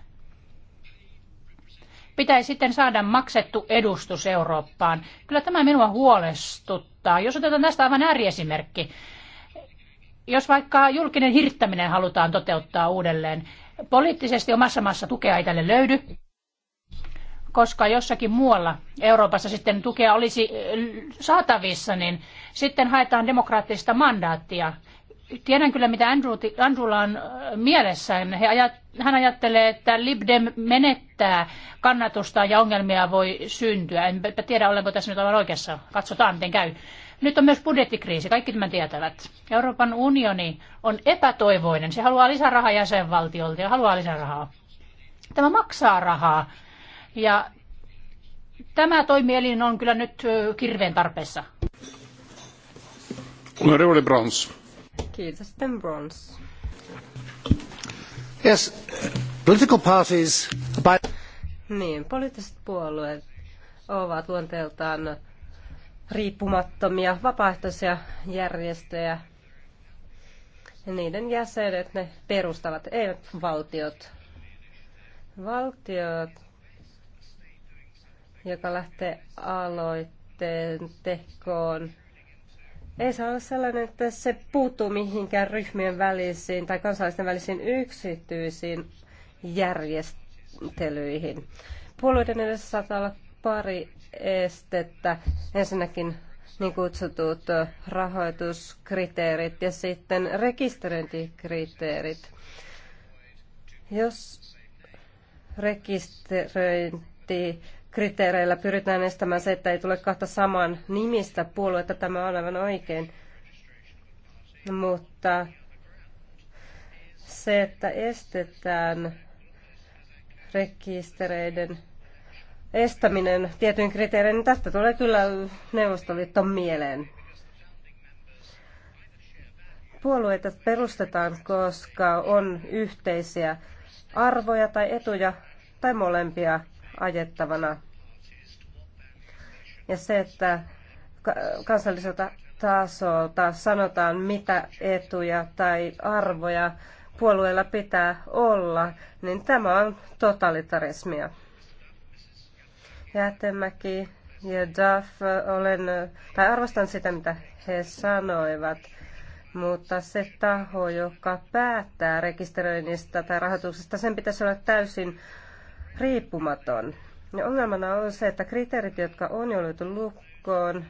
pitäisi sitten saada maksettu edustus Eurooppaan? Kyllä tämä minua huolestuttaa. Jos otetaan tästä aivan ääriesimerkki, jos vaikka julkinen hirttäminen halutaan toteuttaa uudelleen, poliittisesti omassa maassa tukea ei tälle löydy, koska jossakin muualla Euroopassa sitten tukea olisi saatavissa, niin sitten haetaan demokraattista mandaattia. Tiedän kyllä, mitä Andrew, Andrewlla on äh, mielessään. He ajat, hän ajattelee, että Libdem menettää kannatusta ja ongelmia voi syntyä. En tiedä, olenko tässä nyt aivan oikeassa. Katsotaan, miten käy. Nyt on myös budjettikriisi, kaikki tämän tietävät. Euroopan unioni on epätoivoinen. Se haluaa lisää rahaa jäsenvaltiolta ja haluaa lisää rahaa. Tämä maksaa rahaa. Ja tämä toimielin on kyllä nyt kirveen tarpeessa. Honorable Kiitos, Sten Brons. Yes, political parties... By... Niin, poliittiset puolueet ovat luonteeltaan riippumattomia vapaaehtoisia järjestöjä. Ja niiden jäsenet ne perustavat, eivät valtiot. Valtiot, joka lähtee aloitteen tekoon, ei saa olla sellainen, että se puuttuu mihinkään ryhmien välisiin tai kansalaisten välisiin yksityisiin järjestelyihin. Puolueiden edessä saattaa olla pari estettä. Ensinnäkin niin kutsutut rahoituskriteerit ja sitten rekisteröintikriteerit. Jos rekisteröinti kriteereillä pyritään estämään se, että ei tule kahta saman nimistä puoluetta. Tämä on aivan oikein. Mutta se, että estetään rekistereiden estäminen tietyn kriteerein, niin tästä tulee kyllä Neuvostoliitto mieleen. Puolueita perustetaan, koska on yhteisiä arvoja tai etuja tai molempia ajettavana. Ja se, että kansalliselta tasolta sanotaan, mitä etuja tai arvoja puolueella pitää olla, niin tämä on totalitarismia. Jätemäki ja Duff, olen, tai arvostan sitä, mitä he sanoivat, mutta se taho, joka päättää rekisteröinnistä tai rahoituksesta, sen pitäisi olla täysin riippumaton. Ja ongelmana on se, että kriteerit, jotka on jo löyty lukkoon,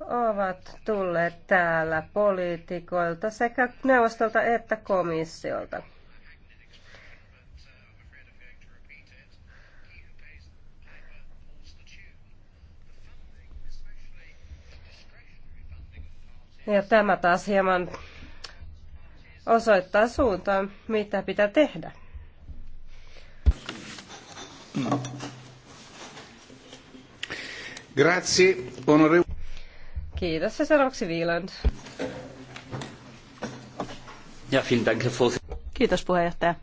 ovat tulleet täällä poliitikoilta sekä neuvostolta että komissiolta. Ja tämä taas hieman osoittaa suuntaan, mitä pitää tehdä. Grazie, onore... Kiitos ja seuraavaksi Wieland. Ja, vielen Dank, Kiitos puheenjohtaja.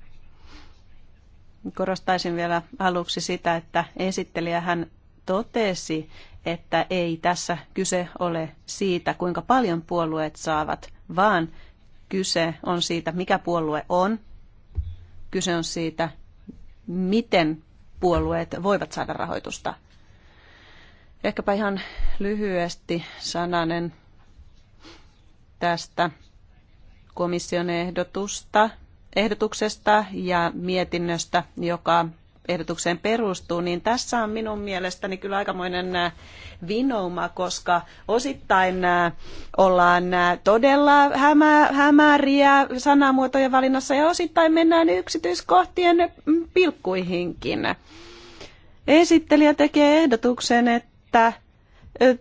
Korostaisin vielä aluksi sitä, että esittelijä hän totesi, että ei tässä kyse ole siitä, kuinka paljon puolueet saavat, vaan kyse on siitä, mikä puolue on. Kyse on siitä, miten puolueet voivat saada rahoitusta. Ehkäpä ihan lyhyesti sananen tästä komission ehdotusta, ehdotuksesta ja mietinnöstä, joka ehdotukseen perustuu, niin tässä on minun mielestäni kyllä aikamoinen äh, vinouma, koska osittain äh, ollaan äh, todella hämä, hämäriä sanamuotojen valinnassa ja osittain mennään yksityiskohtien mm, pilkkuihinkin. Esittelijä tekee ehdotuksen, että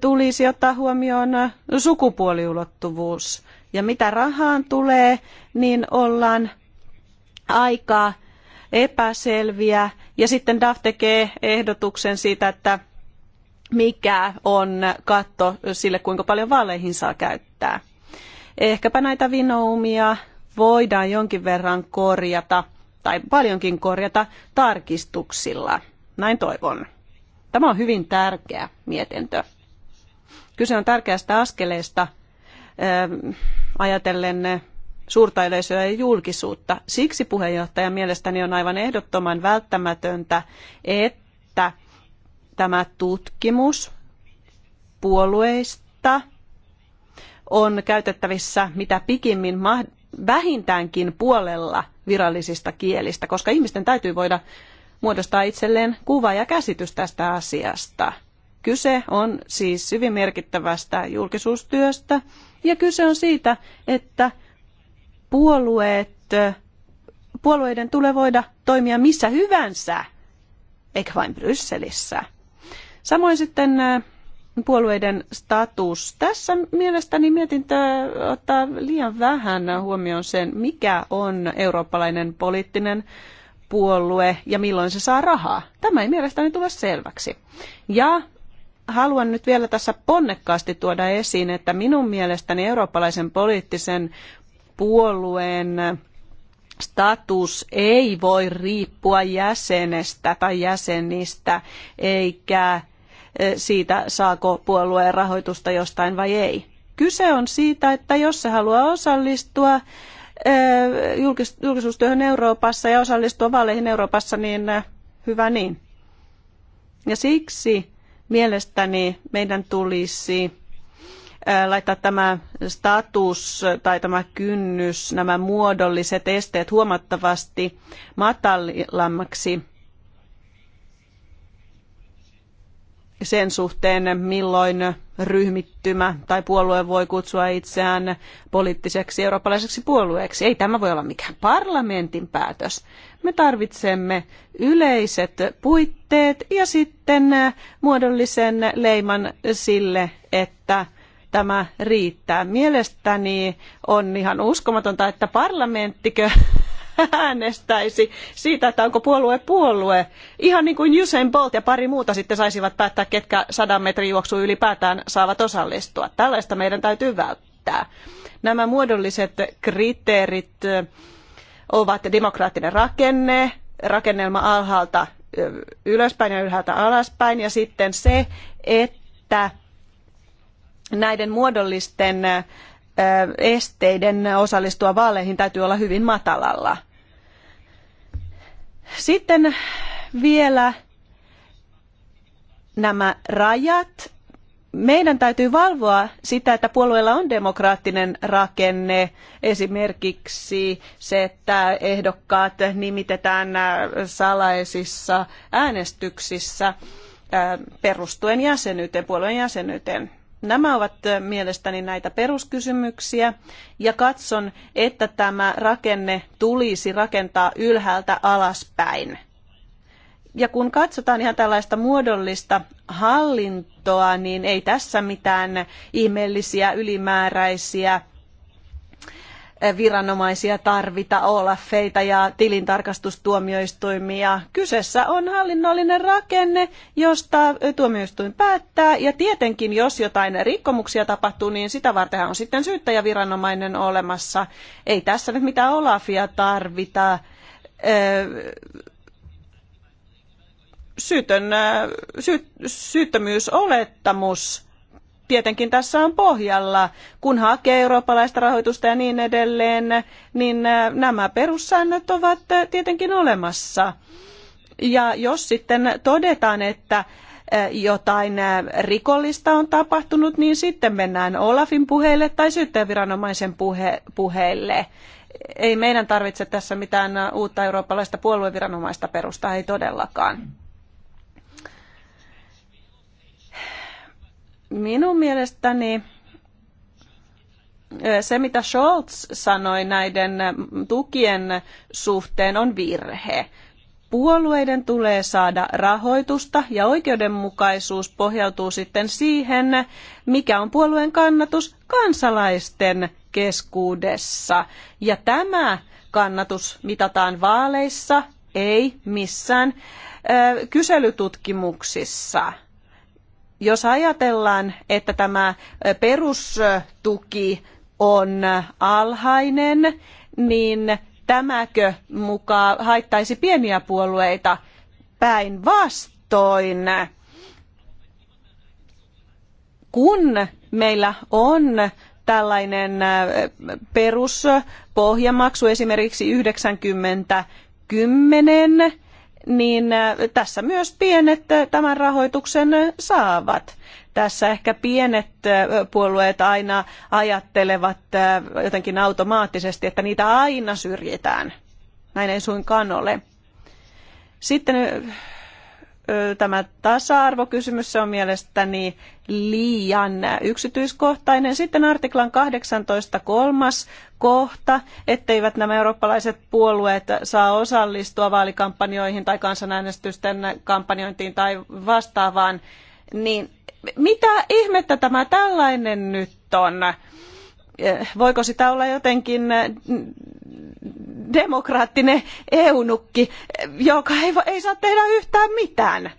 tulisi ottaa huomioon sukupuoliulottuvuus. Ja mitä rahaan tulee, niin ollaan aika epäselviä. Ja sitten DAF tekee ehdotuksen siitä, että mikä on katto sille, kuinka paljon vaaleihin saa käyttää. Ehkäpä näitä vinoumia voidaan jonkin verran korjata, tai paljonkin korjata, tarkistuksilla. Näin toivon. Tämä on hyvin tärkeä mietintö. Kyse on tärkeästä askeleesta ehm, ajatellen suurta yleisöä ja julkisuutta. Siksi puheenjohtajan mielestäni on aivan ehdottoman välttämätöntä, että tämä tutkimus puolueista on käytettävissä mitä pikimmin vähintäänkin puolella virallisista kielistä, koska ihmisten täytyy voida muodostaa itselleen kuva ja käsitys tästä asiasta. Kyse on siis hyvin merkittävästä julkisuustyöstä ja kyse on siitä, että puolueet, puolueiden tulee voida toimia missä hyvänsä, eikä vain Brysselissä. Samoin sitten puolueiden status. Tässä mielestäni mietintö ottaa liian vähän huomioon sen, mikä on eurooppalainen poliittinen puolue ja milloin se saa rahaa. Tämä ei mielestäni tule selväksi. Ja haluan nyt vielä tässä ponnekkaasti tuoda esiin, että minun mielestäni eurooppalaisen poliittisen puolueen status ei voi riippua jäsenestä tai jäsenistä eikä eh, siitä, saako puolueen rahoitusta jostain vai ei. Kyse on siitä, että jos se haluaa osallistua eh, julkisuustyöhön Euroopassa ja osallistua vaaleihin Euroopassa, niin eh, hyvä niin. Ja siksi mielestäni meidän tulisi laittaa tämä status tai tämä kynnys, nämä muodolliset esteet huomattavasti matalammaksi sen suhteen, milloin ryhmittymä tai puolue voi kutsua itseään poliittiseksi eurooppalaiseksi puolueeksi. Ei tämä voi olla mikään parlamentin päätös. Me tarvitsemme yleiset puitteet ja sitten muodollisen leiman sille, että tämä riittää. Mielestäni on ihan uskomatonta, että parlamenttikö äänestäisi siitä, että onko puolue puolue. Ihan niin kuin Usain Bolt ja pari muuta sitten saisivat päättää, ketkä sadan metrin juoksuun ylipäätään saavat osallistua. Tällaista meidän täytyy välttää. Nämä muodolliset kriteerit ovat demokraattinen rakenne, rakennelma alhaalta ylöspäin ja ylhäältä alaspäin ja sitten se, että näiden muodollisten esteiden osallistua vaaleihin täytyy olla hyvin matalalla. Sitten vielä nämä rajat. Meidän täytyy valvoa sitä, että puolueella on demokraattinen rakenne, esimerkiksi se, että ehdokkaat nimitetään salaisissa äänestyksissä perustuen jäsenyyteen, puolueen jäsenyyteen. Nämä ovat mielestäni näitä peruskysymyksiä ja katson, että tämä rakenne tulisi rakentaa ylhäältä alaspäin. Ja kun katsotaan ihan tällaista muodollista hallintoa, niin ei tässä mitään ihmeellisiä ylimääräisiä viranomaisia tarvita, olafeita ja tilintarkastustuomioistuimia. Kyseessä on hallinnollinen rakenne, josta tuomioistuin päättää ja tietenkin jos jotain rikkomuksia tapahtuu, niin sitä vartenhan on sitten syyttäjäviranomainen olemassa. Ei tässä nyt mitään olafia tarvita. Syytön, syyttömyysolettamus tietenkin tässä on pohjalla. Kun hakee eurooppalaista rahoitusta ja niin edelleen, niin äh, nämä perussäännöt ovat äh, tietenkin olemassa. Ja jos sitten todetaan, että äh, jotain rikollista on tapahtunut, niin sitten mennään Olafin puheille tai syyttäjäviranomaisen puhe, puheille. Ei meidän tarvitse tässä mitään uutta eurooppalaista puolueviranomaista perustaa, ei todellakaan. Minun mielestäni se, mitä Scholz sanoi näiden tukien suhteen, on virhe. Puolueiden tulee saada rahoitusta ja oikeudenmukaisuus pohjautuu sitten siihen, mikä on puolueen kannatus kansalaisten keskuudessa. Ja tämä kannatus mitataan vaaleissa, ei missään ö, kyselytutkimuksissa. Jos ajatellaan, että tämä perustuki on alhainen, niin tämäkö mukaan haittaisi pieniä puolueita päinvastoin? Kun meillä on tällainen peruspohjamaksu esimerkiksi 90 10 niin äh, tässä myös pienet äh, tämän rahoituksen äh, saavat. Tässä ehkä pienet puolueet aina ajattelevat jotenkin automaattisesti, että niitä aina syrjitään. Näin ei suinkaan ole. Sitten tämä tasa-arvokysymys, se on mielestäni liian yksityiskohtainen. Sitten artiklan 18 kolmas kohta, etteivät nämä eurooppalaiset puolueet saa osallistua vaalikampanjoihin tai kansanäänestysten kampanjointiin tai vastaavaan, niin mitä ihmettä tämä tällainen nyt on? Eh, voiko sitä olla jotenkin eh, demokraattinen eunukki, eh, joka ei, ei saa tehdä yhtään mitään?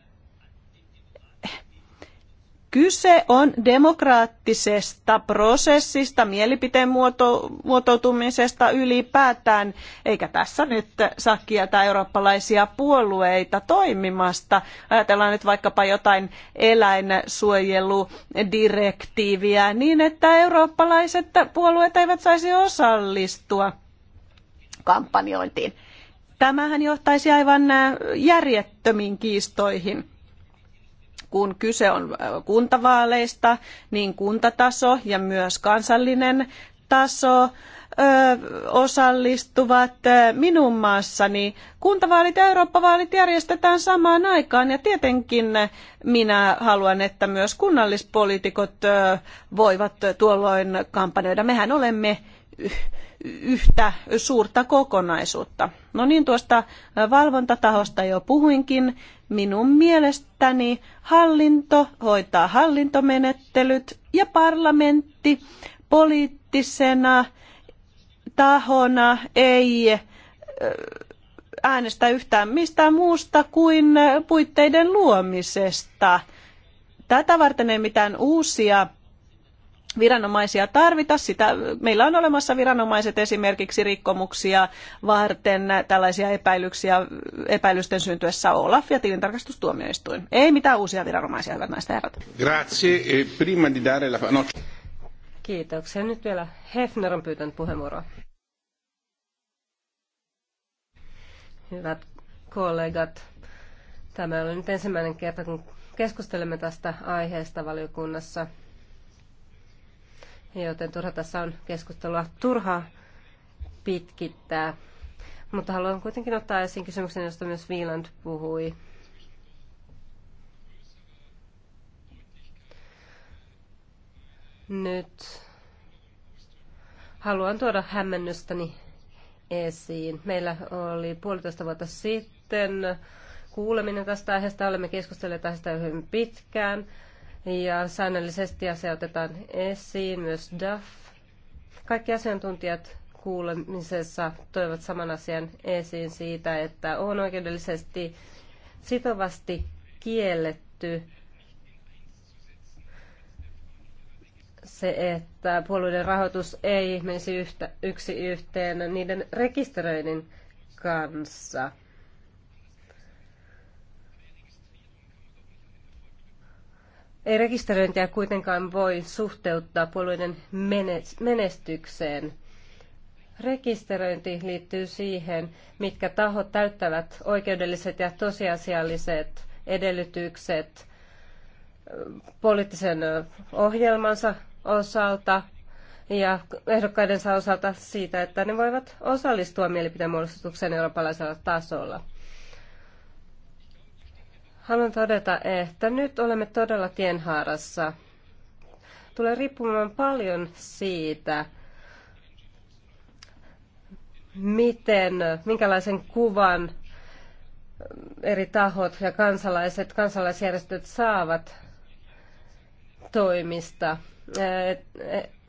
Kyse on demokraattisesta prosessista, mielipiteen muoto, muotoutumisesta ylipäätään, eikä tässä nyt saa kieltää eurooppalaisia puolueita toimimasta. Ajatellaan nyt vaikkapa jotain eläinsuojeludirektiiviä niin, että eurooppalaiset puolueet eivät saisi osallistua kampanjointiin. Tämähän johtaisi aivan järjettömiin kiistoihin kun kyse on äh, kuntavaaleista, niin kuntataso ja myös kansallinen taso äh, osallistuvat äh, minun maassani. Kuntavaalit ja Eurooppa-vaalit järjestetään samaan aikaan ja tietenkin minä haluan, että myös kunnallispoliitikot voivat tuolloin kampanjoida. Mehän olemme yhtä suurta kokonaisuutta. No niin, tuosta valvontatahosta jo puhuinkin Minun mielestäni hallinto hoitaa hallintomenettelyt ja parlamentti poliittisena tahona ei äänestä yhtään mistään muusta kuin puitteiden luomisesta. Tätä varten ei mitään uusia viranomaisia tarvita. Sitä, meillä on olemassa viranomaiset esimerkiksi rikkomuksia varten tällaisia epäilyksiä, epäilysten syntyessä Olaf ja tilintarkastustuomioistuin. Ei mitään uusia viranomaisia, hyvät naiset herrat. Grazie. E, prima di dare la... no. Kiitoksia. Nyt vielä Hefner on pyytänyt puheenvuoroa. Hyvät kollegat, tämä oli nyt ensimmäinen kerta, kun keskustelemme tästä aiheesta valiokunnassa – joten turha tässä on keskustelua turha pitkittää. Mutta haluan kuitenkin ottaa esiin kysymyksen, josta myös Wieland puhui. Nyt haluan tuoda hämmennystäni esiin. Meillä oli puolitoista vuotta sitten kuuleminen tästä aiheesta. Olemme keskustelleet tästä hyvin pitkään ja säännöllisesti asia otetaan esiin myös DAF. Kaikki asiantuntijat kuulemisessa toivat saman asian esiin siitä, että on oikeudellisesti sitovasti kielletty se, että puolueiden rahoitus ei menisi yhtä, yksi yhteen niiden rekisteröinnin kanssa. Ei rekisteröintiä kuitenkaan voi suhteuttaa puolueiden menestykseen. Rekisteröinti liittyy siihen, mitkä tahot täyttävät oikeudelliset ja tosiasialliset edellytykset poliittisen ohjelmansa osalta ja ehdokkaidensa osalta siitä, että ne voivat osallistua mielipiteen muodostukseen eurooppalaisella tasolla. Haluan todeta, että nyt olemme todella tienhaarassa. Tulee riippumaan paljon siitä, miten, minkälaisen kuvan eri tahot ja kansalaiset, kansalaisjärjestöt saavat toimista,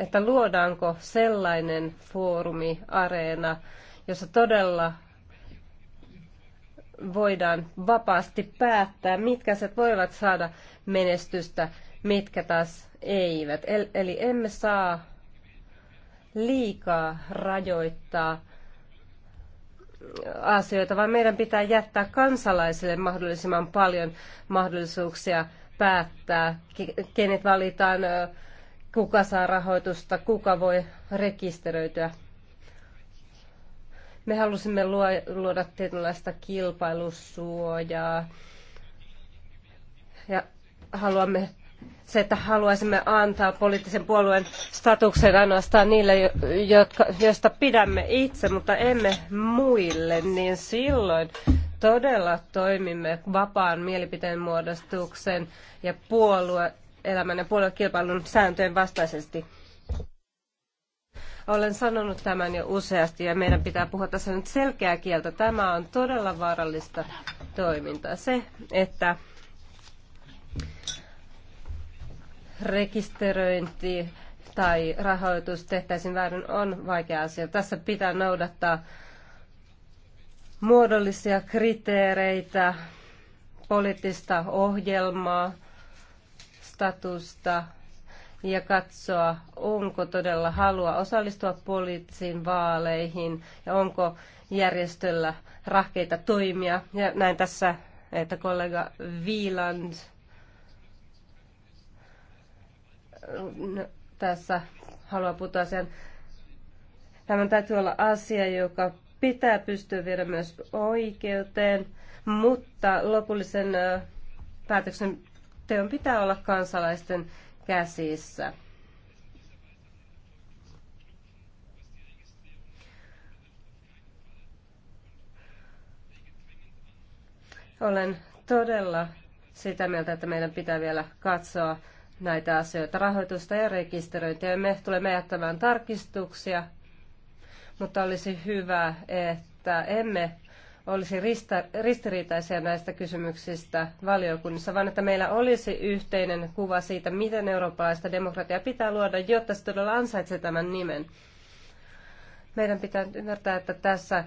että luodaanko sellainen foorumi, areena, jossa todella voidaan vapaasti päättää, mitkä se voivat saada menestystä, mitkä taas eivät. Eli emme saa liikaa rajoittaa asioita, vaan meidän pitää jättää kansalaisille mahdollisimman paljon mahdollisuuksia päättää, kenet valitaan, kuka saa rahoitusta, kuka voi rekisteröityä me halusimme luoda tietynlaista kilpailusuojaa ja haluamme se, että haluaisimme antaa poliittisen puolueen statuksen ainoastaan niille, jotka, joista pidämme itse, mutta emme muille, niin silloin todella toimimme vapaan mielipiteen muodostuksen ja puolueelämän ja puoluekilpailun sääntöjen vastaisesti. Olen sanonut tämän jo useasti ja meidän pitää puhua tässä nyt selkeää kieltä. Tämä on todella vaarallista toimintaa. Se, että rekisteröinti tai rahoitus tehtäisiin väärin on vaikea asia. Tässä pitää noudattaa muodollisia kriteereitä, poliittista ohjelmaa, statusta ja katsoa, onko todella halua osallistua poliittisiin vaaleihin ja onko järjestöllä rahkeita toimia. Ja näin tässä, että kollega Wieland no, tässä haluaa puuttua sen. tämä täytyy olla asia, joka pitää pystyä viedä myös oikeuteen, mutta lopullisen päätöksen teon pitää olla kansalaisten käsissä. Olen todella sitä mieltä, että meidän pitää vielä katsoa näitä asioita, rahoitusta ja rekisteröintiä. Me tulemme jättämään tarkistuksia, mutta olisi hyvä, että emme olisi rista, ristiriitaisia näistä kysymyksistä valiokunnissa, vaan että meillä olisi yhteinen kuva siitä, miten eurooppalaista demokratiaa pitää luoda, jotta se todella ansaitsee tämän nimen. Meidän pitää ymmärtää, että tässä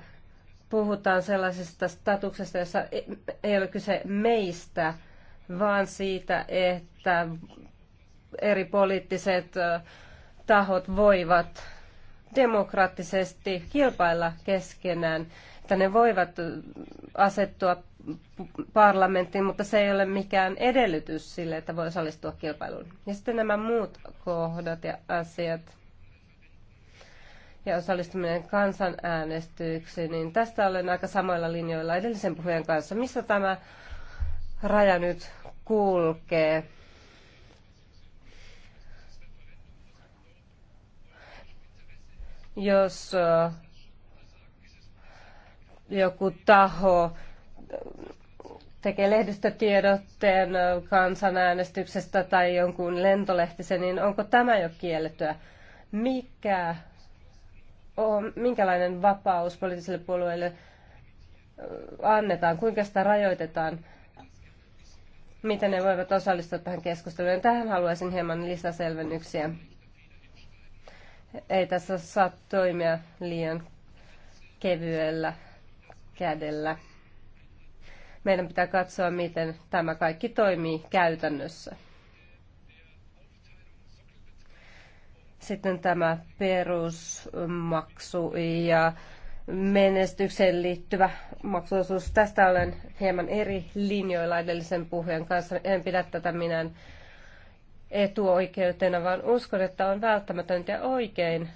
puhutaan sellaisesta statuksesta, jossa e, ei ole kyse meistä, vaan siitä, että eri poliittiset tahot voivat demokraattisesti kilpailla keskenään että ne voivat asettua parlamenttiin, mutta se ei ole mikään edellytys sille, että voi osallistua kilpailuun. Ja sitten nämä muut kohdat ja asiat ja osallistuminen kansanäänestyksiin, niin tästä olen aika samoilla linjoilla edellisen puhujan kanssa. Missä tämä raja nyt kulkee? Jos joku taho tekee lehdistötiedotteen kansanäänestyksestä tai jonkun lentolehtisen, niin onko tämä jo kiellettyä? Mikä on, minkälainen vapaus poliittisille puolueille annetaan, kuinka sitä rajoitetaan, miten ne voivat osallistua tähän keskusteluun. Tähän haluaisin hieman lisäselvennyksiä. Ei tässä saa toimia liian kevyellä kädellä. Meidän pitää katsoa, miten tämä kaikki toimii käytännössä. Sitten tämä perusmaksu ja menestykseen liittyvä maksuosuus. Tästä olen hieman eri linjoilla edellisen puhujan kanssa. En pidä tätä minä etuoikeutena, vaan uskon, että on välttämätöntä ja oikein,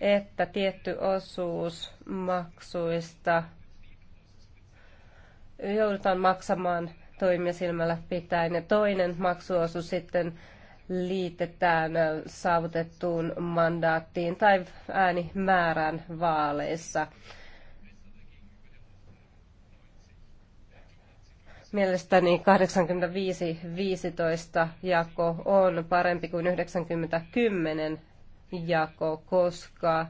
että tietty osuus maksuista – joudutaan maksamaan toimia silmällä pitäen ja toinen maksuosuus sitten liitetään saavutettuun mandaattiin tai äänimäärään vaaleissa. Mielestäni 85-15 jako on parempi kuin 90-10 jako, koska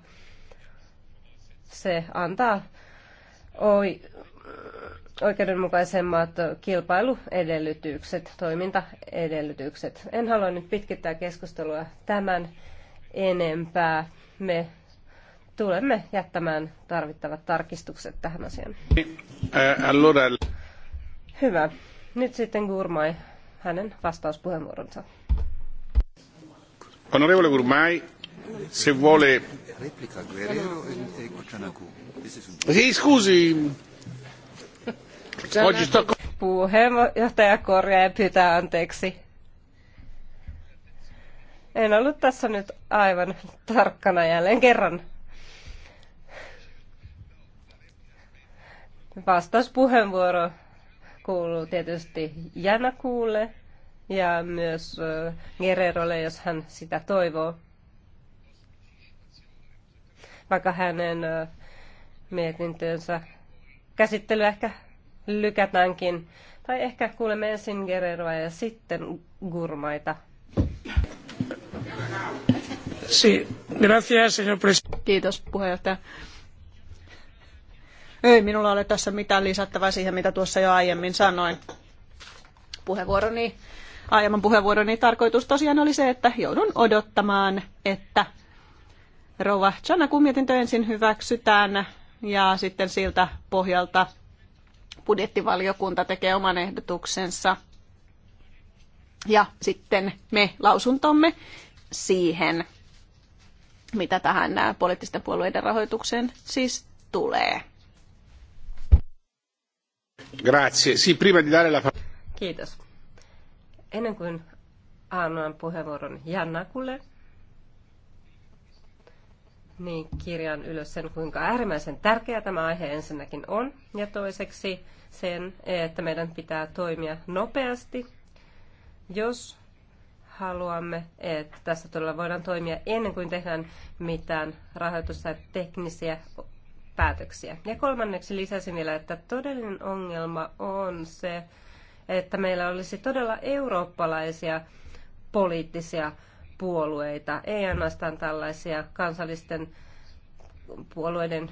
se antaa oi, oikeudenmukaisemmat kilpailuedellytykset, toimintaedellytykset. En halua nyt pitkittää keskustelua tämän enempää. Me tulemme jättämään tarvittavat tarkistukset tähän asiaan. Eh, Hyvä. Nyt sitten Gurmai, hänen vastauspuheenvuoronsa. Onorevole Gurmai, se vuole... Replica Guerrero e Sì, scusi, Puheenjohtaja korjaa ja pyytää anteeksi. En ollut tässä nyt aivan tarkkana jälleen kerran. Vastauspuheenvuoro kuuluu tietysti Janakuulle ja myös Gererolle, jos hän sitä toivoo. Vaikka hänen mietintönsä käsittely ehkä lykätäänkin. Tai ehkä kuulemme ensin Gereroa ja sitten Gurmaita. Si, gracias, señor presidente. Kiitos puheenjohtaja. Ei minulla ole tässä mitään lisättävää siihen, mitä tuossa jo aiemmin sanoin. Puheenvuoroni, aiemman puheenvuoroni tarkoitus tosiaan oli se, että joudun odottamaan, että rouva Chanakun mietintö ensin hyväksytään ja sitten siltä pohjalta budjettivaliokunta tekee oman ehdotuksensa ja sitten me lausuntomme siihen, mitä tähän nämä poliittisten puolueiden rahoitukseen siis tulee. Grazie. Si prima di dare la... Kiitos. Ennen kuin annan puheenvuoron Jannakulle, niin kirjan ylös sen, kuinka äärimmäisen tärkeä tämä aihe ensinnäkin on, ja toiseksi sen, että meidän pitää toimia nopeasti, jos haluamme, että tässä todella voidaan toimia ennen kuin tehdään mitään rahoitus- tai teknisiä päätöksiä. Ja kolmanneksi lisäsin vielä, että todellinen ongelma on se, että meillä olisi todella eurooppalaisia poliittisia puolueita, ei ainoastaan tällaisia kansallisten puolueiden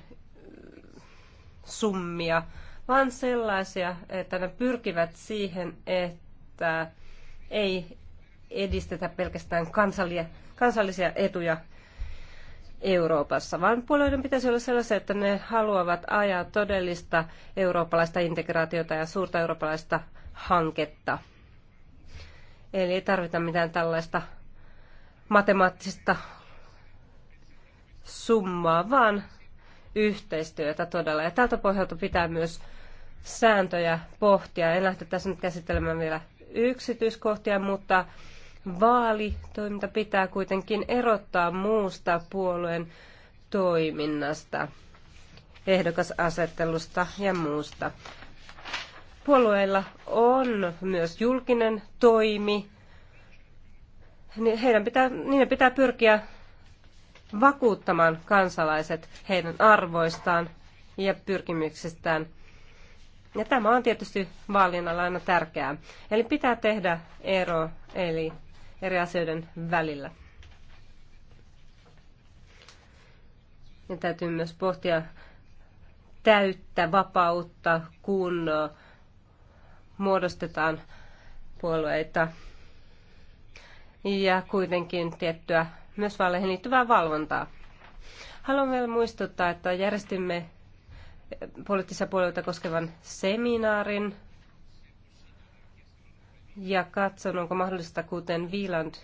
summia, vaan sellaisia, että ne pyrkivät siihen, että ei edistetä pelkästään kansallia, kansallisia etuja Euroopassa, vaan puolueiden pitäisi olla sellaisia, että ne haluavat ajaa todellista eurooppalaista integraatiota ja suurta eurooppalaista hanketta. Eli ei tarvita mitään tällaista matemaattista summaa, vaan yhteistyötä todella. Ja tältä pohjalta pitää myös sääntöjä pohtia. En lähde tässä nyt käsittelemään vielä yksityiskohtia, mutta vaalitoiminta pitää kuitenkin erottaa muusta puolueen toiminnasta, ehdokasasettelusta ja muusta. Puolueilla on myös julkinen toimi, niin heidän pitää, niiden pitää pyrkiä vakuuttamaan kansalaiset heidän arvoistaan ja pyrkimyksistään. Ja tämä on tietysti alla aina tärkeää. Eli pitää tehdä ero eli eri asioiden välillä. Ja täytyy myös pohtia täyttä vapautta, kun muodostetaan puolueita ja kuitenkin tiettyä myös vaaleihin liittyvää valvontaa. Haluan vielä muistuttaa, että järjestimme poliittisia puolueita koskevan seminaarin ja katson, onko mahdollista, kuten Viiland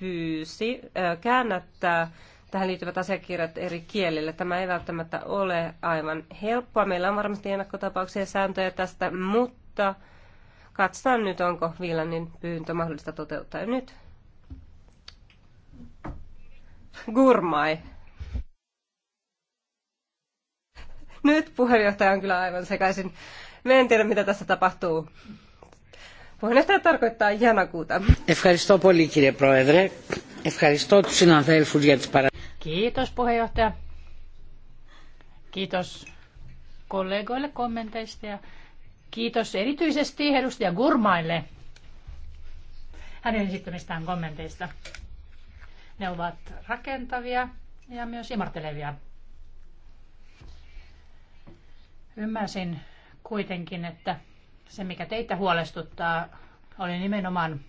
pyysi, käännättää tähän liittyvät asiakirjat eri kielille. Tämä ei välttämättä ole aivan helppoa. Meillä on varmasti ennakkotapauksia ja sääntöjä tästä, mutta Katsotaan nyt, onko Viilannin pyyntö mahdollista toteuttaa nyt. Gurmai. Nyt puheenjohtaja on kyllä aivan sekaisin. Me en tiedä, mitä tässä tapahtuu. Puheenjohtaja tarkoittaa janakuuta. Kiitos, puheenjohtaja. Kiitos kollegoille kommenteista ja Kiitos erityisesti edustaja Gurmaille hänen esittämistään kommenteista. Ne ovat rakentavia ja myös imartelevia. Ymmärsin kuitenkin, että se mikä teitä huolestuttaa oli nimenomaan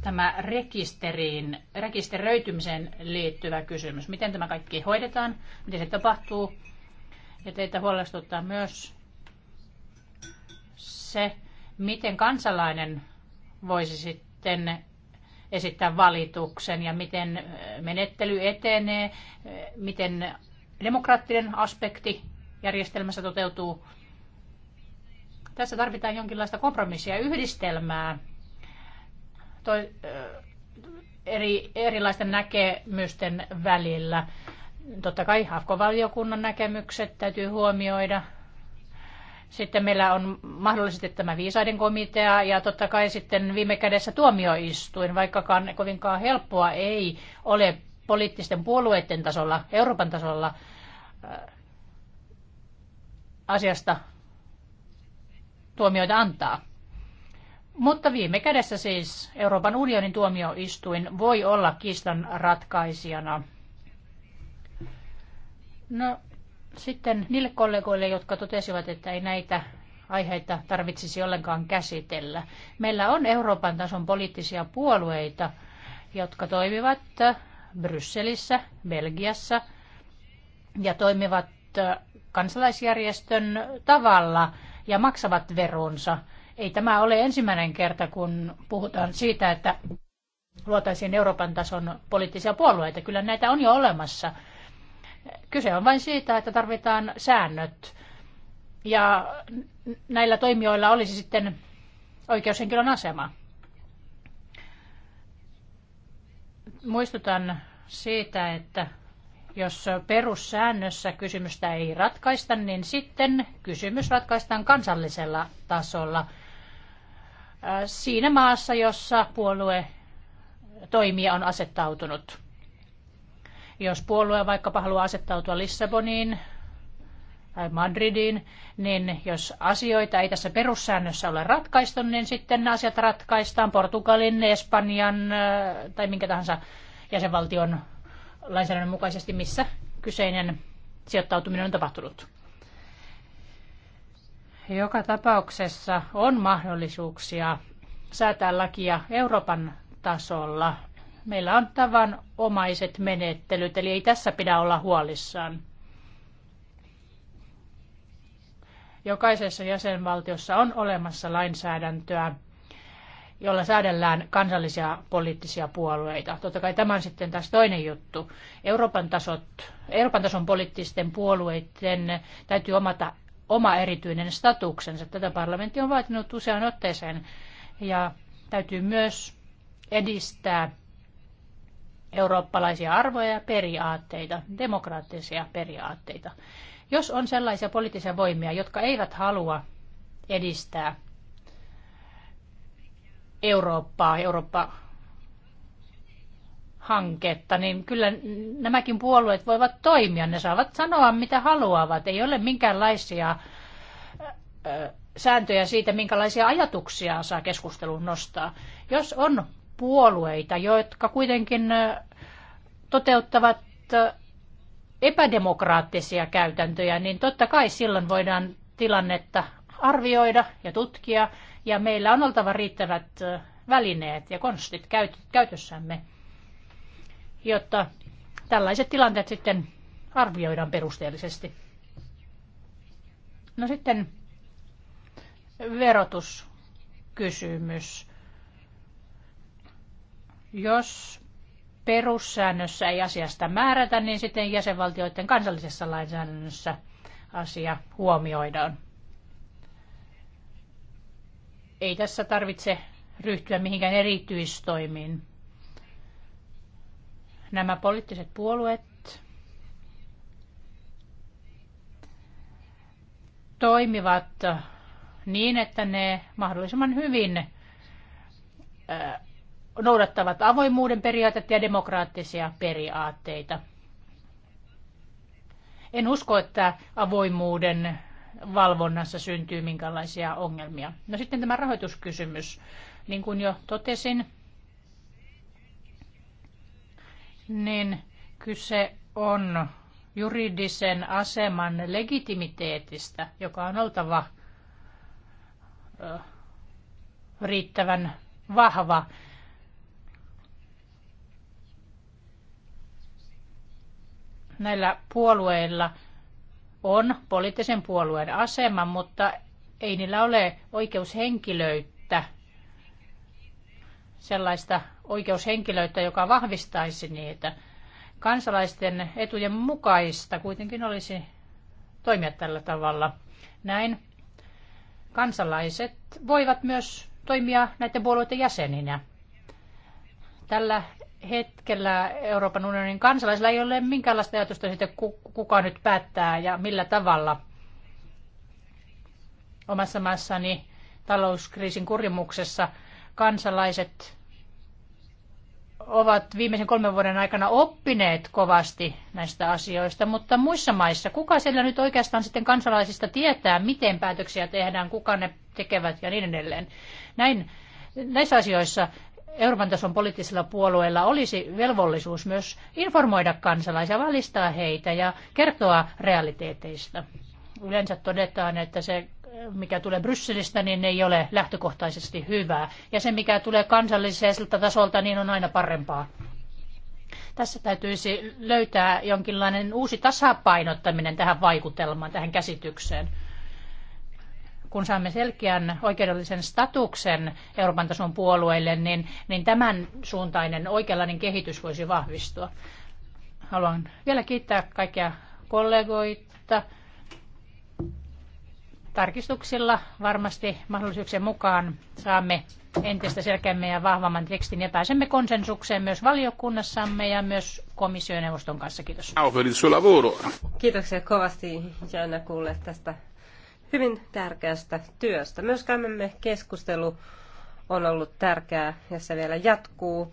tämä rekisteriin, rekisteröitymiseen liittyvä kysymys. Miten tämä kaikki hoidetaan, miten se tapahtuu. Ja teitä huolestuttaa myös se, miten kansalainen voisi sitten esittää valituksen ja miten menettely etenee, miten demokraattinen aspekti järjestelmässä toteutuu. Tässä tarvitaan jonkinlaista kompromissia yhdistelmää toi, eri, erilaisten näkemysten välillä. Totta kai AFK-valiokunnan näkemykset täytyy huomioida, sitten meillä on mahdollisesti tämä viisaiden komitea ja totta kai sitten viime kädessä tuomioistuin, vaikkakaan kovinkaan helppoa ei ole poliittisten puolueiden tasolla, Euroopan tasolla äh, asiasta tuomioita antaa. Mutta viime kädessä siis Euroopan unionin tuomioistuin voi olla kiistan ratkaisijana. No, sitten niille kollegoille, jotka totesivat, että ei näitä aiheita tarvitsisi ollenkaan käsitellä. Meillä on Euroopan tason poliittisia puolueita, jotka toimivat Brysselissä, Belgiassa ja toimivat kansalaisjärjestön tavalla ja maksavat veronsa. Ei tämä ole ensimmäinen kerta, kun puhutaan siitä, että luotaisiin Euroopan tason poliittisia puolueita. Kyllä näitä on jo olemassa. Kyse on vain siitä, että tarvitaan säännöt. Ja näillä toimijoilla olisi sitten oikeushenkilön asema. Muistutan siitä, että jos perussäännössä kysymystä ei ratkaista, niin sitten kysymys ratkaistaan kansallisella tasolla siinä maassa, jossa puolue toimija on asettautunut. Jos puolue vaikkapa haluaa asettautua Lissaboniin tai Madridiin, niin jos asioita ei tässä perussäännössä ole ratkaistu, niin sitten asiat ratkaistaan Portugalin, Espanjan äh, tai minkä tahansa jäsenvaltion lainsäädännön mukaisesti, missä kyseinen sijoittautuminen on tapahtunut. Joka tapauksessa on mahdollisuuksia säätää lakia Euroopan tasolla meillä on tavanomaiset menettelyt, eli ei tässä pidä olla huolissaan. Jokaisessa jäsenvaltiossa on olemassa lainsäädäntöä, jolla säädellään kansallisia poliittisia puolueita. Totta kai tämä on sitten taas toinen juttu. Euroopan, tasot, Euroopan tason poliittisten puolueiden täytyy omata oma erityinen statuksensa. Tätä parlamentti on vaatinut useaan otteeseen ja täytyy myös edistää eurooppalaisia arvoja ja periaatteita, demokraattisia periaatteita. Jos on sellaisia poliittisia voimia, jotka eivät halua edistää Eurooppaa, Eurooppa hanketta, niin kyllä nämäkin puolueet voivat toimia. Ne saavat sanoa, mitä haluavat. Ei ole minkäänlaisia sääntöjä siitä, minkälaisia ajatuksia saa keskusteluun nostaa. Jos on puolueita, jotka kuitenkin toteuttavat epädemokraattisia käytäntöjä, niin totta kai silloin voidaan tilannetta arvioida ja tutkia, ja meillä on oltava riittävät välineet ja konstit käytössämme, jotta tällaiset tilanteet sitten arvioidaan perusteellisesti. No sitten verotuskysymys. Jos perussäännössä ei asiasta määrätä, niin sitten jäsenvaltioiden kansallisessa lainsäädännössä asia huomioidaan. Ei tässä tarvitse ryhtyä mihinkään erityistoimiin. Nämä poliittiset puolueet toimivat niin, että ne mahdollisimman hyvin noudattavat avoimuuden periaatteita ja demokraattisia periaatteita. En usko, että avoimuuden valvonnassa syntyy minkälaisia ongelmia. No sitten tämä rahoituskysymys. Niin kuin jo totesin, niin kyse on juridisen aseman legitimiteetistä, joka on oltava riittävän vahva. näillä puolueilla on poliittisen puolueen asema, mutta ei niillä ole oikeushenkilöitä, sellaista oikeushenkilöitä, joka vahvistaisi niitä. Kansalaisten etujen mukaista kuitenkin olisi toimia tällä tavalla. Näin kansalaiset voivat myös toimia näiden puolueiden jäseninä. Tällä hetkellä Euroopan unionin kansalaisilla ei ole minkäänlaista ajatusta siitä, kuka nyt päättää ja millä tavalla. Omassa maassani talouskriisin kurimuksessa kansalaiset ovat viimeisen kolmen vuoden aikana oppineet kovasti näistä asioista, mutta muissa maissa, kuka siellä nyt oikeastaan sitten kansalaisista tietää, miten päätöksiä tehdään, kuka ne tekevät ja niin edelleen. Näin, näissä asioissa Euroopan tason poliittisilla puolueilla olisi velvollisuus myös informoida kansalaisia, valistaa heitä ja kertoa realiteeteista. Yleensä todetaan, että se mikä tulee Brysselistä, niin ei ole lähtökohtaisesti hyvää. Ja se, mikä tulee kansalliselta tasolta, niin on aina parempaa. Tässä täytyisi löytää jonkinlainen uusi tasapainottaminen tähän vaikutelmaan, tähän käsitykseen kun saamme selkeän oikeudellisen statuksen Euroopan tason puolueille, niin, niin tämän suuntainen oikeanlainen kehitys voisi vahvistua. Haluan vielä kiittää kaikkia kollegoita. Tarkistuksilla varmasti mahdollisuuksien mukaan saamme entistä selkeämmin ja vahvamman tekstin ja pääsemme konsensukseen myös valiokunnassamme ja myös komission kanssa. Kiitos. Kiitoksia kovasti Jana kuulle tästä hyvin tärkeästä työstä. Myös käymämme keskustelu on ollut tärkeää ja se vielä jatkuu.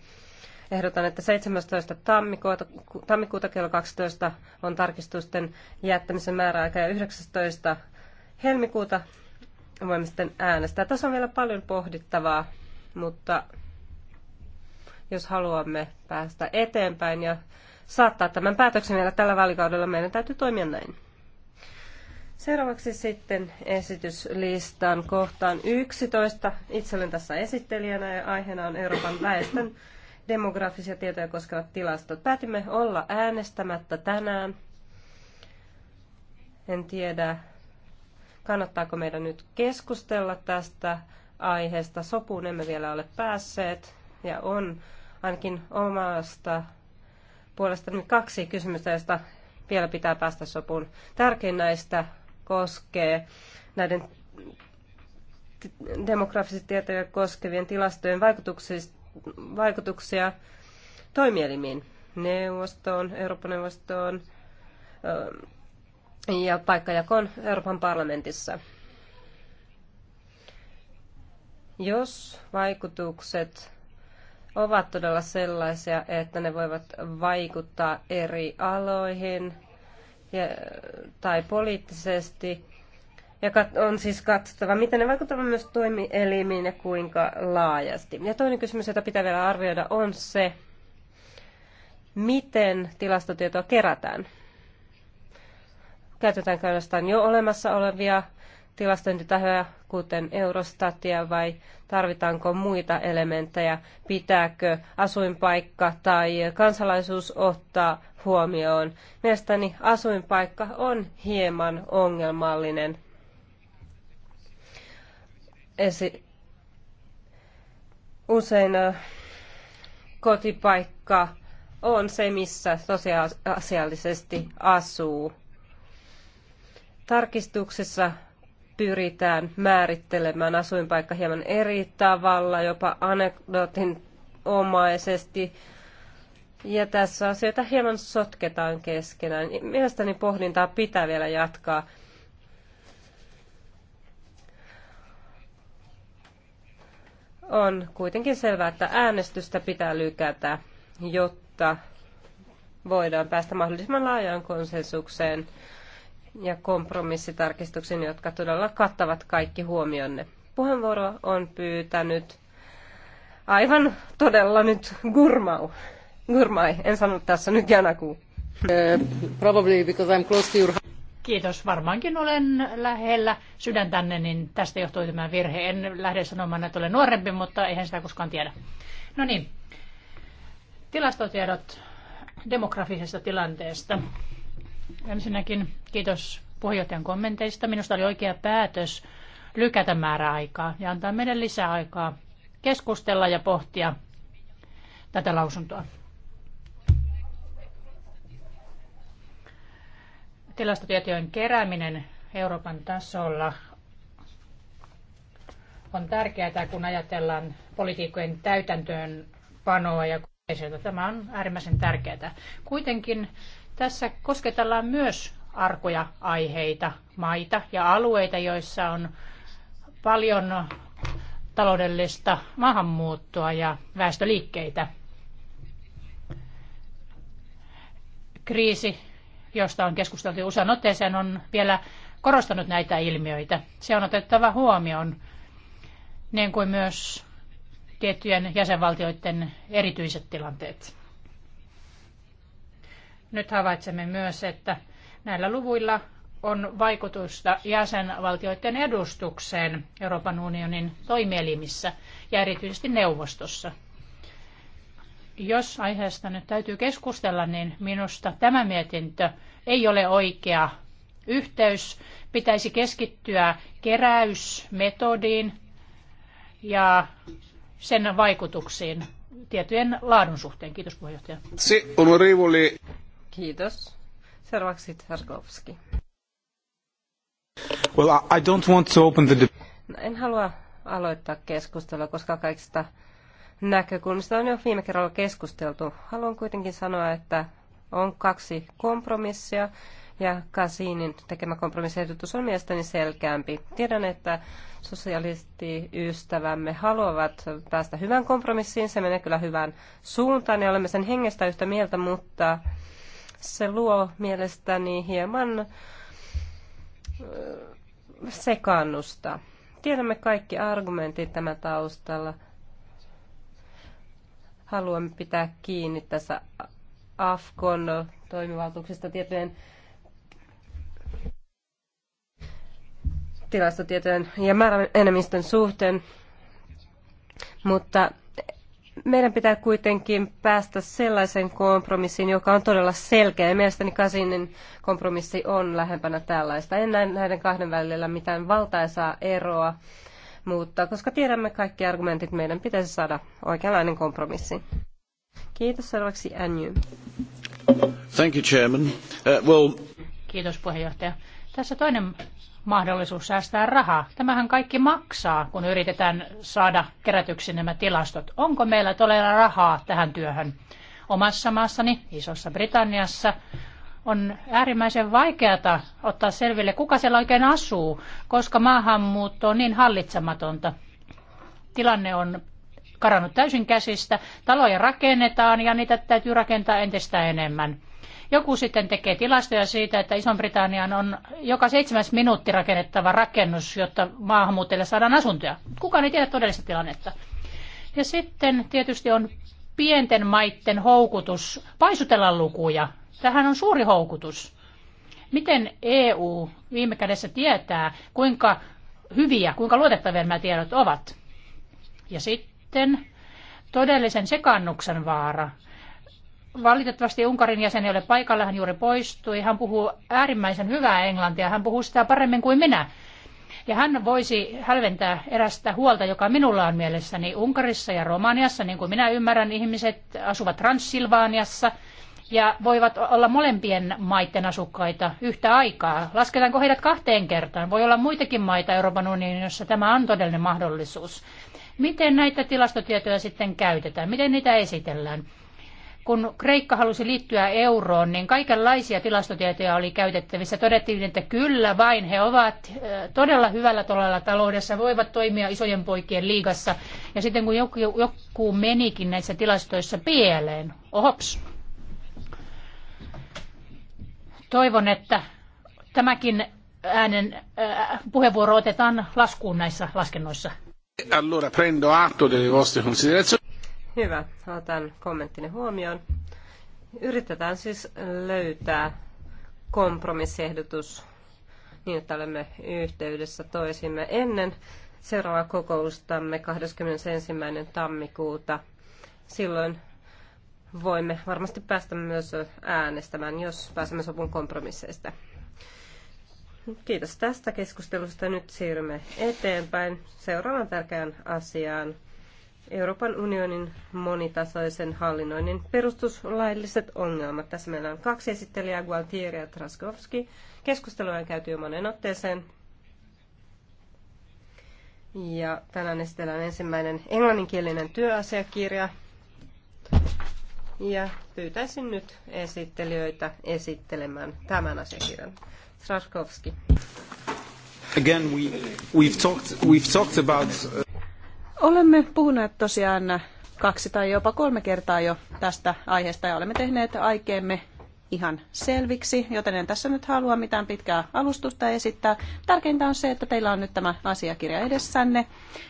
Ehdotan, että 17. Tammikuuta, tammikuuta kello 12 on tarkistusten jättämisen määräaika ja 19. helmikuuta voimme sitten äänestää. Tässä on vielä paljon pohdittavaa, mutta jos haluamme päästä eteenpäin ja saattaa tämän päätöksen vielä tällä vaalikaudella, meidän täytyy toimia näin. Seuraavaksi sitten esityslistan kohtaan 11. Itse olen tässä esittelijänä ja aiheena on Euroopan väestön demografisia tietoja koskevat tilastot. Päätimme olla äänestämättä tänään. En tiedä, kannattaako meidän nyt keskustella tästä aiheesta. Sopuun emme vielä ole päässeet ja on ainakin omasta puolestani kaksi kysymystä, joista vielä pitää päästä sopuun. Tärkein näistä koskee näiden demografisia tietoja koskevien tilastojen vaikutuksia toimielimiin, neuvostoon, Euroopan neuvostoon ja paikkajakoon Euroopan parlamentissa. Jos vaikutukset ovat todella sellaisia, että ne voivat vaikuttaa eri aloihin, ja, tai poliittisesti. Ja on siis katsottava, miten ne vaikuttavat myös toimielimiin ja kuinka laajasti. Ja toinen kysymys, jota pitää vielä arvioida, on se, miten tilastotietoa kerätään. Käytetäänkö ainoastaan jo olemassa olevia tilastointitahoja, kuten Eurostatia, vai tarvitaanko muita elementtejä? Pitääkö asuinpaikka tai kansalaisuus ottaa huomioon. Mielestäni asuinpaikka on hieman ongelmallinen. Esi- Usein kotipaikka on se, missä tosiasiallisesti asuu. Tarkistuksessa pyritään määrittelemään asuinpaikka hieman eri tavalla, jopa anekdootin omaisesti ja tässä asioita hieman sotketaan keskenään. Mielestäni pohdintaa pitää vielä jatkaa. On kuitenkin selvää, että äänestystä pitää lykätä, jotta voidaan päästä mahdollisimman laajaan konsensukseen ja kompromissitarkistuksiin, jotka todella kattavat kaikki huomionne. Puheenvuoro on pyytänyt aivan todella nyt Gurmau. Gurmai, en sanonut tässä nyt Janaku. Probably because I'm close to your... Kiitos. Varmaankin olen lähellä sydäntänne, niin tästä johtuu tämä virhe. En lähde sanomaan, että olen nuorempi, mutta eihän sitä koskaan tiedä. No niin, tilastotiedot demografisesta tilanteesta. Ensinnäkin kiitos puheenjohtajan kommenteista. Minusta oli oikea päätös lykätä määräaikaa ja antaa meidän lisää aikaa keskustella ja pohtia tätä lausuntoa. tilastotietojen kerääminen Euroopan tasolla on tärkeää, kun ajatellaan politiikkojen täytäntöönpanoa ja koheesiota. Tämä on äärimmäisen tärkeää. Kuitenkin tässä kosketellaan myös arkoja aiheita, maita ja alueita, joissa on paljon taloudellista maahanmuuttoa ja väestöliikkeitä. Kriisi josta on keskusteltu usean otteeseen, on vielä korostanut näitä ilmiöitä. Se on otettava huomioon, niin kuin myös tiettyjen jäsenvaltioiden erityiset tilanteet. Nyt havaitsemme myös, että näillä luvuilla on vaikutusta jäsenvaltioiden edustukseen Euroopan unionin toimielimissä ja erityisesti neuvostossa – jos aiheesta nyt täytyy keskustella, niin minusta tämä mietintö ei ole oikea yhteys. Pitäisi keskittyä keräysmetodiin ja sen vaikutuksiin tietyjen laadun suhteen. Kiitos puheenjohtaja. Si, onorevoli. Kiitos. Seuraavaksi Tarkovski. Well, I don't want to open the... No, en halua aloittaa keskustelua, koska kaikista näkökulmista on jo viime kerralla keskusteltu. Haluan kuitenkin sanoa, että on kaksi kompromissia ja Kasinin tekemä kompromissiehdotus on mielestäni selkeämpi. Tiedän, että sosialistiystävämme haluavat päästä hyvään kompromissiin. Se menee kyllä hyvään suuntaan ja olemme sen hengestä yhtä mieltä, mutta se luo mielestäni hieman sekannusta. Tiedämme kaikki argumentit tämän taustalla – haluamme pitää kiinni tässä AFKon toimivaltuuksista tietojen tilastotietojen ja määräenemmistön suhteen, mutta meidän pitää kuitenkin päästä sellaisen kompromissiin, joka on todella selkeä. mielestäni Kasinin kompromissi on lähempänä tällaista. En näe näiden kahden välillä mitään valtaisaa eroa. Mutta koska tiedämme kaikki argumentit, meidän pitäisi saada oikeanlainen kompromissi. Kiitos seuraavaksi Anju. Thank you, Chairman. Uh, well... Kiitos puheenjohtaja. Tässä toinen mahdollisuus säästää rahaa. Tämähän kaikki maksaa, kun yritetään saada kerätyksi nämä tilastot. Onko meillä todella rahaa tähän työhön? Omassa maassani, Isossa Britanniassa, on äärimmäisen vaikeata ottaa selville, kuka siellä oikein asuu, koska maahanmuutto on niin hallitsematonta. Tilanne on karannut täysin käsistä, taloja rakennetaan ja niitä täytyy rakentaa entistä enemmän. Joku sitten tekee tilastoja siitä, että Iso-Britannian on joka seitsemäs minuutti rakennettava rakennus, jotta maahanmuuttajille saadaan asuntoja. Kukaan ei tiedä todellista tilannetta. Ja sitten tietysti on pienten maitten houkutus paisutella lukuja Tähän on suuri houkutus. Miten EU viime kädessä tietää, kuinka hyviä, kuinka luotettavia nämä tiedot ovat? Ja sitten todellisen sekannuksen vaara. Valitettavasti Unkarin jäsen ei ole paikalla, hän juuri poistui. Hän puhuu äärimmäisen hyvää englantia, hän puhuu sitä paremmin kuin minä. Ja hän voisi hälventää erästä huolta, joka minulla on mielessäni Unkarissa ja Romaniassa, niin kuin minä ymmärrän, ihmiset asuvat Transsilvaaniassa – ja voivat olla molempien maiden asukkaita yhtä aikaa. Lasketaanko heidät kahteen kertaan? Voi olla muitakin maita Euroopan unionin, jossa tämä on todellinen mahdollisuus. Miten näitä tilastotietoja sitten käytetään? Miten niitä esitellään? kun Kreikka halusi liittyä euroon, niin kaikenlaisia tilastotietoja oli käytettävissä. Todettiin, että kyllä vain he ovat todella hyvällä tolalla taloudessa, voivat toimia isojen poikien liigassa. Ja sitten kun joku, joku menikin näissä tilastoissa pieleen, ohops, Toivon, että tämäkin äänen äh, puheenvuoro otetaan laskuun näissä laskennoissa. Allora prendo atto delle vostre considerazioni. Hyvä, otan kommenttini huomioon. Yritetään siis löytää kompromissiehdotus niin, että olemme yhteydessä toisimme ennen seuraavaa kokoustamme 21. tammikuuta. Silloin voimme varmasti päästä myös äänestämään, jos pääsemme sopun kompromisseista. Kiitos tästä keskustelusta. Nyt siirrymme eteenpäin seuraavaan tärkeään asiaan. Euroopan unionin monitasoisen hallinnoinnin perustuslailliset ongelmat. Tässä meillä on kaksi esittelijää, Gualtieri ja Traskowski. Keskustelua on käyty jo monen otteeseen. Ja tänään esitellään ensimmäinen englanninkielinen työasiakirja, ja pyytäisin nyt esittelijöitä esittelemään tämän asiakirjan. Traskovski. Again, we, we've talked, we've talked about... Uh, olemme puhuneet tosiaan kaksi tai jopa kolme kertaa jo tästä aiheesta ja olemme tehneet aikeemme ihan selviksi, joten en tässä nyt halua mitään pitkää alustusta esittää. Tärkeintä on se, että teillä on nyt tämä asiakirja edessänne.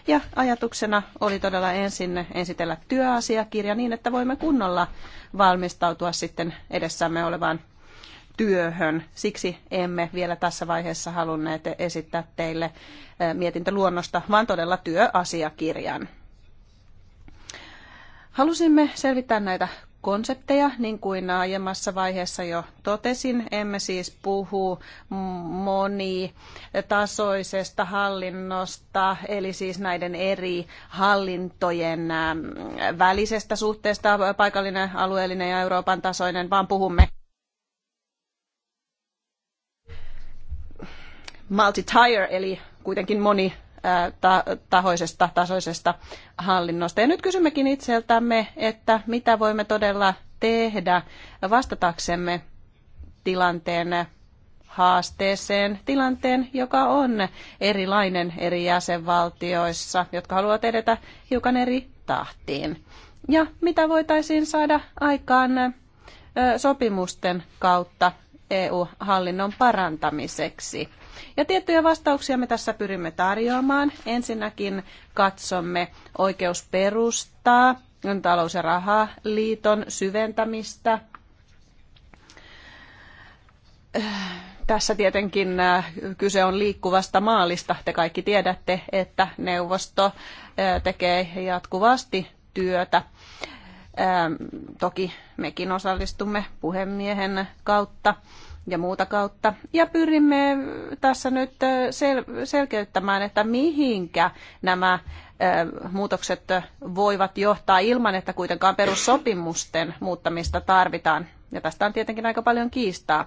Ja ajatuksena oli todella ensin esitellä työasiakirja niin, että voimme kunnolla valmistautua sitten edessämme olevaan työhön. Siksi emme vielä tässä vaiheessa halunneet esittää teille eh, mietintöluonnosta, vaan todella työasiakirjan. Halusimme selvittää näitä konsepteja, niin kuin aiemmassa vaiheessa jo totesin. Emme siis puhu monitasoisesta hallinnosta, eli siis näiden eri hallintojen ähm, välisestä suhteesta, paikallinen, alueellinen ja Euroopan tasoinen, vaan puhumme multi-tire, eli kuitenkin moni tahoisesta, tasoisesta hallinnosta. Ja nyt kysymmekin itseltämme, että mitä voimme todella tehdä vastataksemme tilanteen haasteeseen, tilanteen, joka on erilainen eri jäsenvaltioissa, jotka haluavat edetä hiukan eri tahtiin. Ja mitä voitaisiin saada aikaan sopimusten kautta EU-hallinnon parantamiseksi? Ja tiettyjä vastauksia me tässä pyrimme tarjoamaan. Ensinnäkin katsomme oikeusperustaa, talous- ja rahaliiton syventämistä. Tässä tietenkin äh, kyse on liikkuvasta maalista. Te kaikki tiedätte, että neuvosto äh, tekee jatkuvasti työtä. Ähm, toki mekin osallistumme puhemiehen kautta ja muuta kautta. Ja pyrimme tässä nyt sel- selkeyttämään, että mihinkä nämä muutokset voivat johtaa ilman, että kuitenkaan perussopimusten muuttamista tarvitaan. Ja tästä on tietenkin aika paljon kiistaa.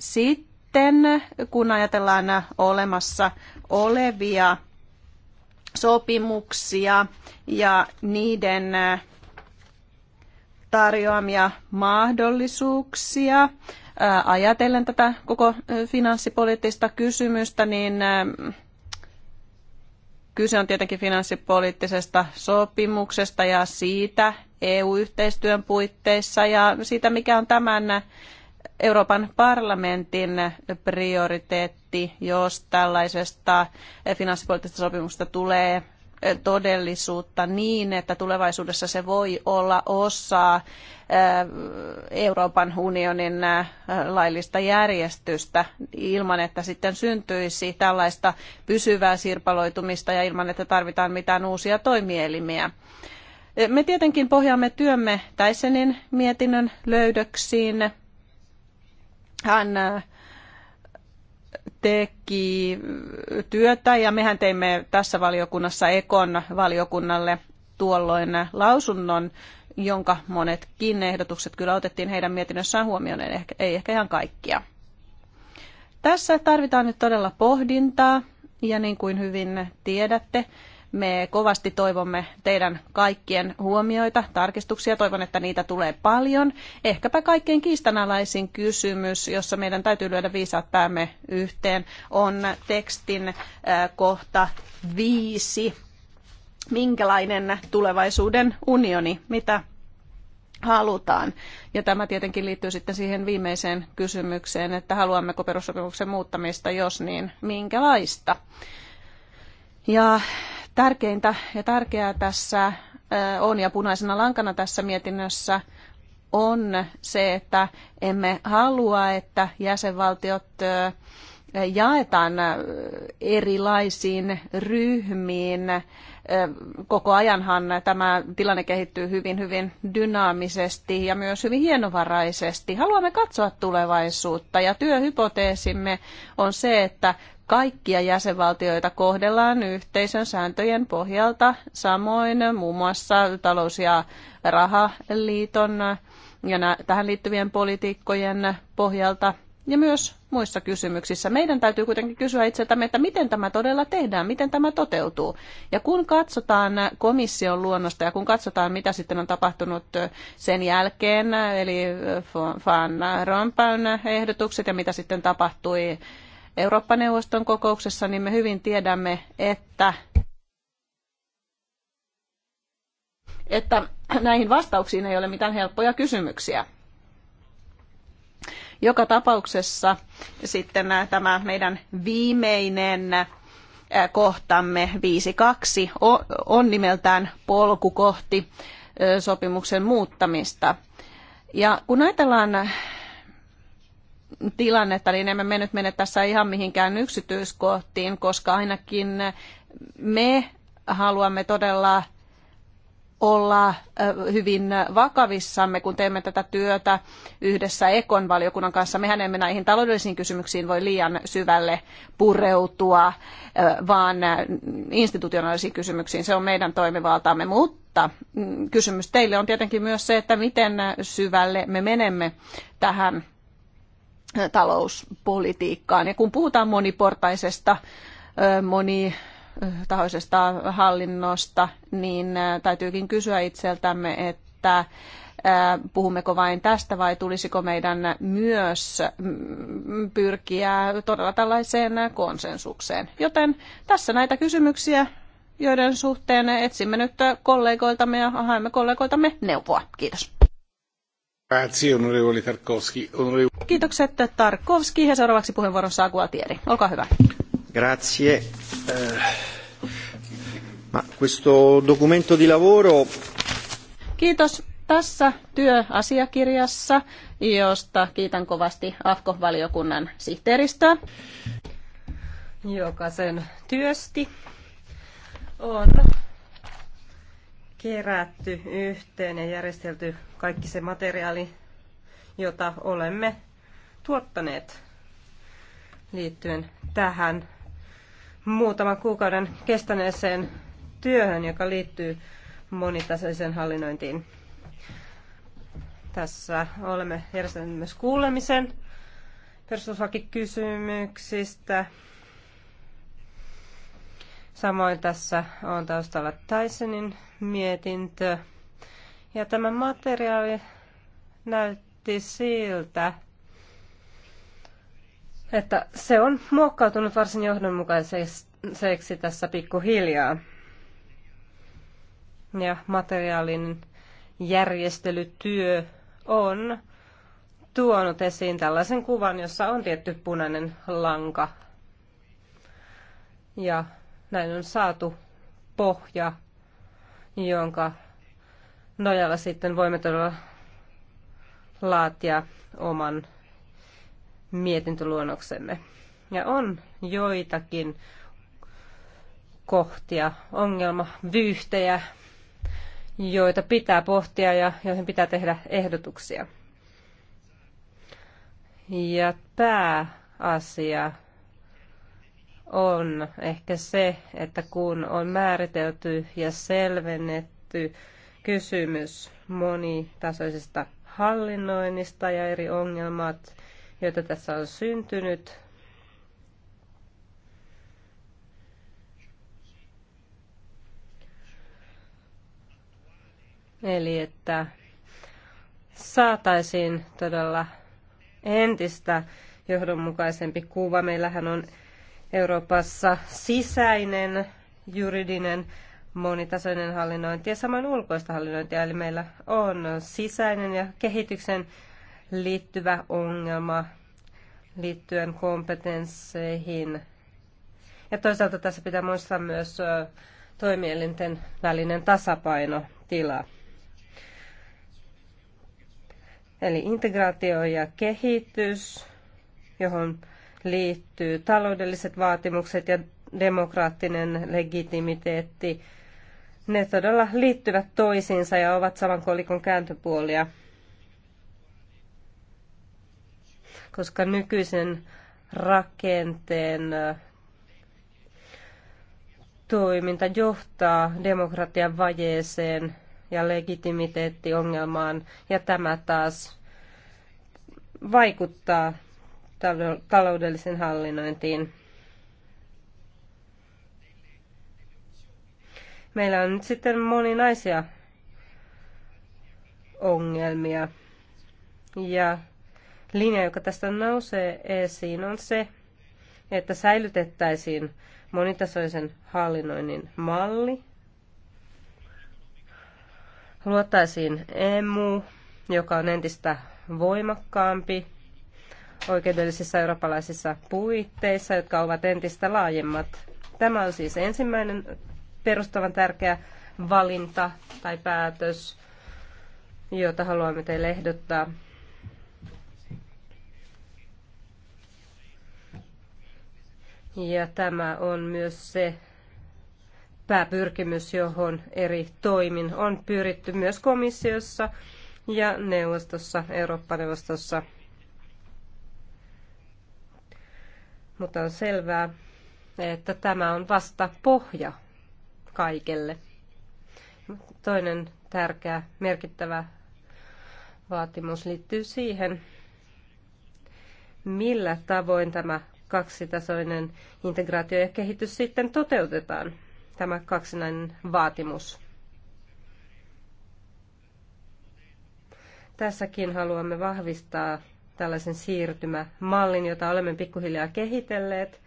Sitten kun ajatellaan olemassa olevia sopimuksia ja niiden tarjoamia mahdollisuuksia, ajatellen tätä koko finanssipoliittista kysymystä, niin kyse on tietenkin finanssipoliittisesta sopimuksesta ja siitä EU-yhteistyön puitteissa ja siitä, mikä on tämän Euroopan parlamentin prioriteetti, jos tällaisesta finanssipoliittisesta sopimuksesta tulee todellisuutta niin, että tulevaisuudessa se voi olla osa äh, Euroopan unionin äh, laillista järjestystä ilman, että sitten syntyisi tällaista pysyvää sirpaloitumista ja ilman, että tarvitaan mitään uusia toimielimiä. Äh, me tietenkin pohjaamme työmme Täisenin mietinnön löydöksiin. Hän teki työtä ja mehän teimme tässä valiokunnassa Ekon valiokunnalle tuolloin lausunnon, jonka monetkin ehdotukset kyllä otettiin heidän mietinnössään huomioon, ei ehkä ihan kaikkia. Tässä tarvitaan nyt todella pohdintaa ja niin kuin hyvin tiedätte, me kovasti toivomme teidän kaikkien huomioita, tarkistuksia. Toivon, että niitä tulee paljon. Ehkäpä kaikkein kiistanalaisin kysymys, jossa meidän täytyy lyödä viisaat päämme yhteen, on tekstin äh, kohta viisi. Minkälainen tulevaisuuden unioni? Mitä halutaan. Ja tämä tietenkin liittyy sitten siihen viimeiseen kysymykseen, että haluammeko perussopimuksen muuttamista, jos niin, minkälaista. Ja Tärkeintä ja tärkeää tässä on ja punaisena lankana tässä mietinnössä on se, että emme halua, että jäsenvaltiot jaetaan erilaisiin ryhmiin. Koko ajanhan tämä tilanne kehittyy hyvin, hyvin dynaamisesti ja myös hyvin hienovaraisesti. Haluamme katsoa tulevaisuutta ja työhypoteesimme on se, että kaikkia jäsenvaltioita kohdellaan yhteisön sääntöjen pohjalta, samoin muun muassa talous- ja rahaliiton ja tähän liittyvien politiikkojen pohjalta ja myös muissa kysymyksissä. Meidän täytyy kuitenkin kysyä itseltämme, että miten tämä todella tehdään, miten tämä toteutuu. Ja kun katsotaan komission luonnosta ja kun katsotaan, mitä sitten on tapahtunut sen jälkeen, eli Van Rompuyn ehdotukset ja mitä sitten tapahtui Eurooppa-neuvoston kokouksessa, niin me hyvin tiedämme, että että näihin vastauksiin ei ole mitään helppoja kysymyksiä. Joka tapauksessa sitten tämä meidän viimeinen kohtamme 5.2 on nimeltään polku kohti sopimuksen muuttamista. Ja kun ajatellaan tilannetta, niin emme me nyt mene tässä ihan mihinkään yksityiskohtiin, koska ainakin me haluamme todella olla hyvin vakavissamme, kun teemme tätä työtä yhdessä Ekon valiokunnan kanssa. Mehän emme näihin taloudellisiin kysymyksiin voi liian syvälle pureutua, vaan institutionaalisiin kysymyksiin. Se on meidän toimivaltaamme, mutta mm, kysymys teille on tietenkin myös se, että miten syvälle me menemme tähän talouspolitiikkaan. Ja kun puhutaan moniportaisesta, monitahoisesta hallinnosta, niin täytyykin kysyä itseltämme, että puhummeko vain tästä vai tulisiko meidän myös pyrkiä todella tällaiseen konsensukseen. Joten tässä näitä kysymyksiä, joiden suhteen etsimme nyt kollegoiltamme ja haemme kollegoiltamme neuvoa. Kiitos. Kiitokset Tarkovski ja seuraavaksi puheenvuoron saa Gualtieri. Olkaa hyvä. Grazie. Eh, ma questo documento di lavoro... Kiitos. Tässä työasiakirjassa, josta kiitän kovasti AFKO-valiokunnan sihteeristöä, joka sen työsti, on kerätty yhteen ja järjestelty kaikki se materiaali, jota olemme tuottaneet liittyen tähän muutaman kuukauden kestäneeseen työhön, joka liittyy monitasoiseen hallinnointiin. Tässä olemme järjestäneet myös kuulemisen perustuslakikysymyksistä Samoin tässä on taustalla Tysonin mietintö. Ja tämä materiaali näytti siltä, että se on muokkautunut varsin johdonmukaiseksi tässä pikkuhiljaa. Ja materiaalin järjestelytyö on tuonut esiin tällaisen kuvan, jossa on tietty punainen lanka. Ja näin on saatu pohja, jonka nojalla sitten voimme todella laatia oman mietintöluonnoksemme. Ja on joitakin kohtia, ongelmavyyhtejä, joita pitää pohtia ja joihin pitää tehdä ehdotuksia. Ja pääasia on ehkä se, että kun on määritelty ja selvennetty kysymys monitasoisesta hallinnoinnista ja eri ongelmat, joita tässä on syntynyt, Eli että saataisiin todella entistä johdonmukaisempi kuva. Meillähän on Euroopassa sisäinen juridinen monitasoinen hallinnointi ja saman ulkoista hallinnointia. Eli meillä on sisäinen ja kehityksen liittyvä ongelma liittyen kompetensseihin. Ja toisaalta tässä pitää muistaa myös toimielinten välinen tasapainotila. Eli integraatio ja kehitys, johon liittyy taloudelliset vaatimukset ja demokraattinen legitimiteetti, ne todella liittyvät toisiinsa ja ovat saman kolikon kääntöpuolia. Koska nykyisen rakenteen toiminta johtaa demokratian vajeeseen ja legitimiteettiongelmaan, ja tämä taas vaikuttaa taloudellisen hallinnointiin. Meillä on nyt sitten moninaisia ongelmia. Ja linja, joka tästä nousee esiin, on se, että säilytettäisiin monitasoisen hallinnoinnin malli, luottaisiin emu, joka on entistä voimakkaampi oikeudellisissa eurooppalaisissa puitteissa, jotka ovat entistä laajemmat. Tämä on siis ensimmäinen perustavan tärkeä valinta tai päätös, jota haluamme teille ehdottaa. Ja tämä on myös se pääpyrkimys, johon eri toimin on pyritty myös komissiossa ja neuvostossa, Eurooppa-neuvostossa – mutta on selvää, että tämä on vasta pohja kaikelle. Toinen tärkeä, merkittävä vaatimus liittyy siihen, millä tavoin tämä kaksitasoinen integraatio ja kehitys sitten toteutetaan, tämä kaksinainen vaatimus. Tässäkin haluamme vahvistaa tällaisen siirtymämallin, jota olemme pikkuhiljaa kehitelleet.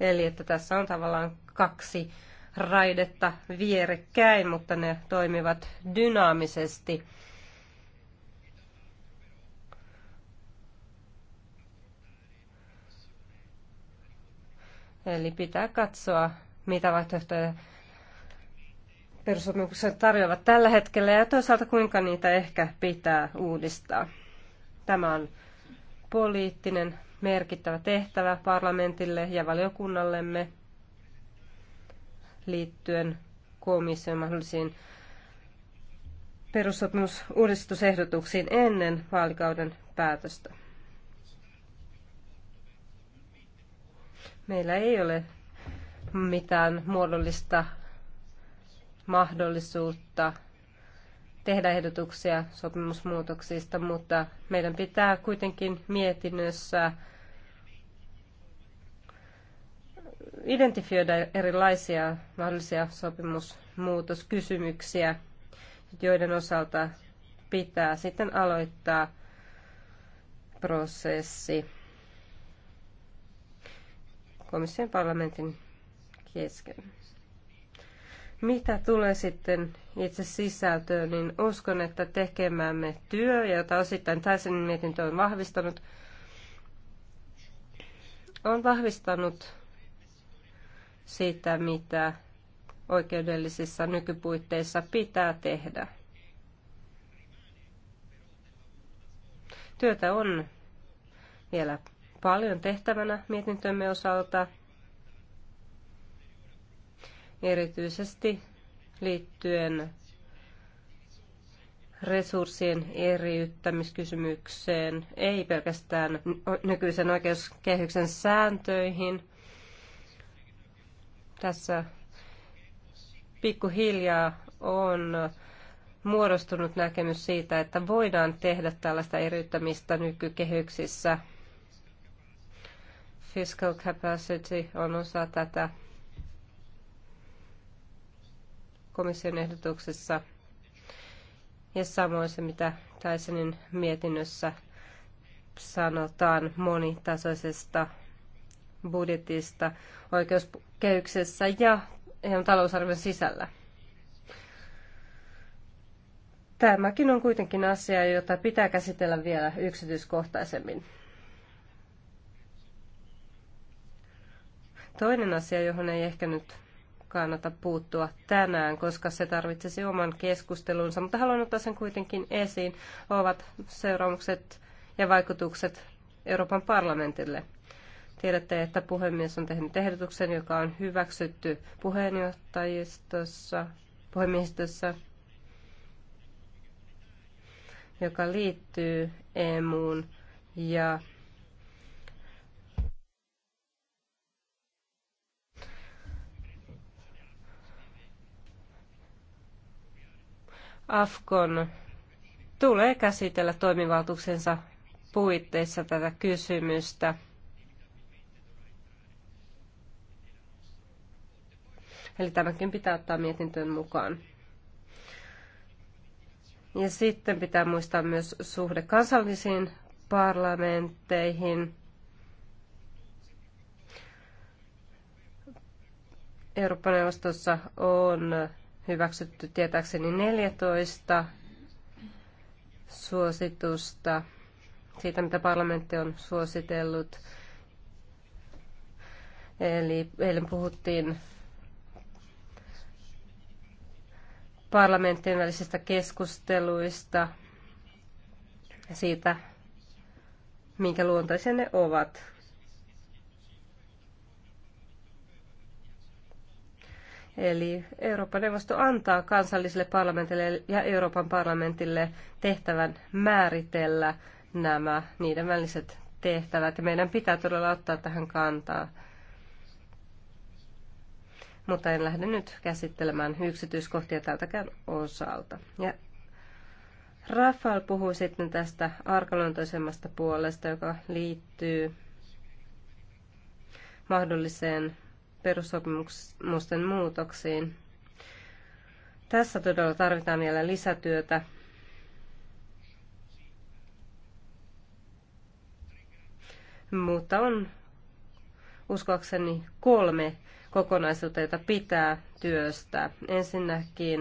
Eli että tässä on tavallaan kaksi raidetta vierekkäin, mutta ne toimivat dynaamisesti. Eli pitää katsoa, mitä vaihtoehtoja perussopimukset tarjoavat tällä hetkellä ja toisaalta kuinka niitä ehkä pitää uudistaa. Tämä on poliittinen merkittävä tehtävä parlamentille ja valiokunnallemme liittyen komission mahdollisiin perussopimusuudistusehdotuksiin ennen vaalikauden päätöstä. Meillä ei ole mitään muodollista mahdollisuutta tehdä ehdotuksia sopimusmuutoksista, mutta meidän pitää kuitenkin mietinnössä identifioida erilaisia mahdollisia sopimusmuutoskysymyksiä, joiden osalta pitää sitten aloittaa prosessi komission parlamentin kesken. Mitä tulee sitten itse sisältöön, niin uskon, että tekemämme työ, jota osittain täysin mietintö on vahvistanut, on vahvistanut sitä, mitä oikeudellisissa nykypuitteissa pitää tehdä. Työtä on vielä paljon tehtävänä mietintömme osalta – erityisesti liittyen resurssien eriyttämiskysymykseen, ei pelkästään nykyisen oikeuskehyksen sääntöihin. Tässä pikkuhiljaa on muodostunut näkemys siitä, että voidaan tehdä tällaista eriyttämistä nykykehyksissä. Fiscal capacity on osa tätä komission ehdotuksessa ja samoin se, mitä Tysonin mietinnössä sanotaan monitasoisesta budjetista oikeuskehyksessä ja EUn talousarvion sisällä. Tämäkin on kuitenkin asia, jota pitää käsitellä vielä yksityiskohtaisemmin. Toinen asia, johon ei ehkä nyt kannata puuttua tänään, koska se tarvitsisi oman keskustelunsa, mutta haluan ottaa sen kuitenkin esiin, ovat seuraamukset ja vaikutukset Euroopan parlamentille. Tiedätte, että puhemies on tehnyt ehdotuksen, joka on hyväksytty puheenjohtajistossa, puhemiehistössä, joka liittyy EMUun ja Afkon tulee käsitellä toimivaltuuksensa puitteissa tätä kysymystä. Eli tämäkin pitää ottaa mietintöön mukaan. Ja sitten pitää muistaa myös suhde kansallisiin parlamentteihin. Eurooppa-neuvostossa on hyväksytty tietääkseni 14 suositusta siitä, mitä parlamentti on suositellut. Eli eilen puhuttiin parlamenttien välisistä keskusteluista, siitä, minkä luontaisia ne ovat. Eli Euroopan neuvosto antaa kansallisille parlamentille ja Euroopan parlamentille tehtävän määritellä nämä niiden väliset tehtävät. Ja meidän pitää todella ottaa tähän kantaa. Mutta en lähde nyt käsittelemään yksityiskohtia tältäkään osalta. Ja Rafael puhui sitten tästä arkaluontoisemmasta puolesta, joka liittyy mahdolliseen perussopimusten muutoksiin. Tässä todella tarvitaan vielä lisätyötä. Mutta on uskoakseni kolme kokonaisuutta, joita pitää työstää. Ensinnäkin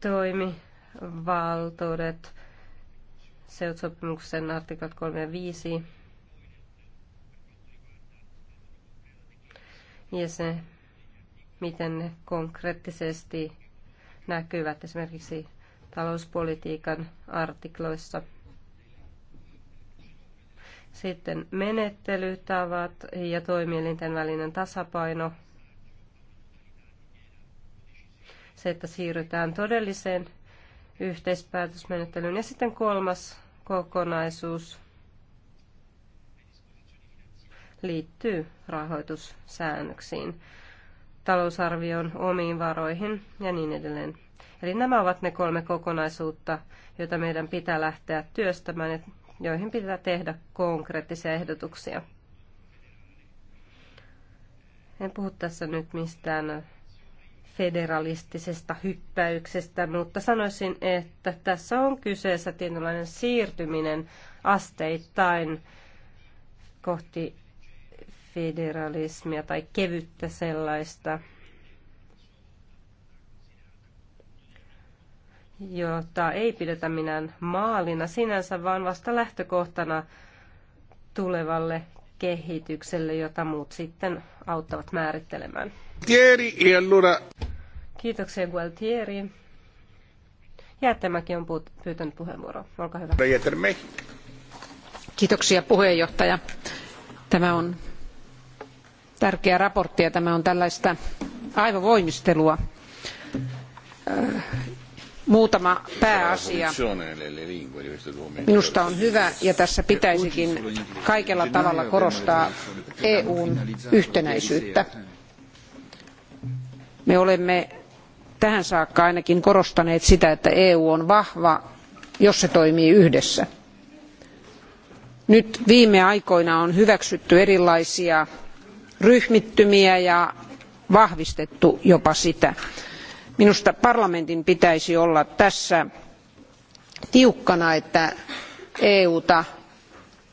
toimivaltuudet, seutsopimuksen artiklat 3 ja 5, ja se, miten ne konkreettisesti näkyvät esimerkiksi talouspolitiikan artikloissa. Sitten menettelytavat ja toimielinten välinen tasapaino. Se, että siirrytään todelliseen yhteispäätösmenettelyyn. Ja sitten kolmas kokonaisuus liittyy rahoitussäännöksiin, talousarvion omiin varoihin ja niin edelleen. Eli nämä ovat ne kolme kokonaisuutta, joita meidän pitää lähteä työstämään ja joihin pitää tehdä konkreettisia ehdotuksia. En puhu tässä nyt mistään federalistisesta hyppäyksestä, mutta sanoisin, että tässä on kyseessä tietynlainen siirtyminen asteittain kohti federalismia tai kevyttä sellaista, jota ei pidetä minään maalina sinänsä, vaan vasta lähtökohtana tulevalle kehitykselle, jota muut sitten auttavat määrittelemään. Tieri, e allora. Kiitoksia Gualtieri. Jäättämäki on pyytänyt puheenvuoroa. Olkaa hyvä. Kiitoksia puheenjohtaja. Tämä on tärkeä mietintö ja tämä on tällaista aivovoimistelua. Äh, muutama pääasia minusta on hyvä ja tässä pitäisikin kaikella tavalla korostaa EUn yhtenäisyyttä. Me olemme tähän saakka ainakin korostaneet sitä, että EU on vahva, jos se toimii yhdessä. Nyt viime aikoina on hyväksytty erilaisia ryhmittymiä ja vahvistettu jopa sitä. Minusta parlamentin pitäisi olla tässä tiukkana, että ta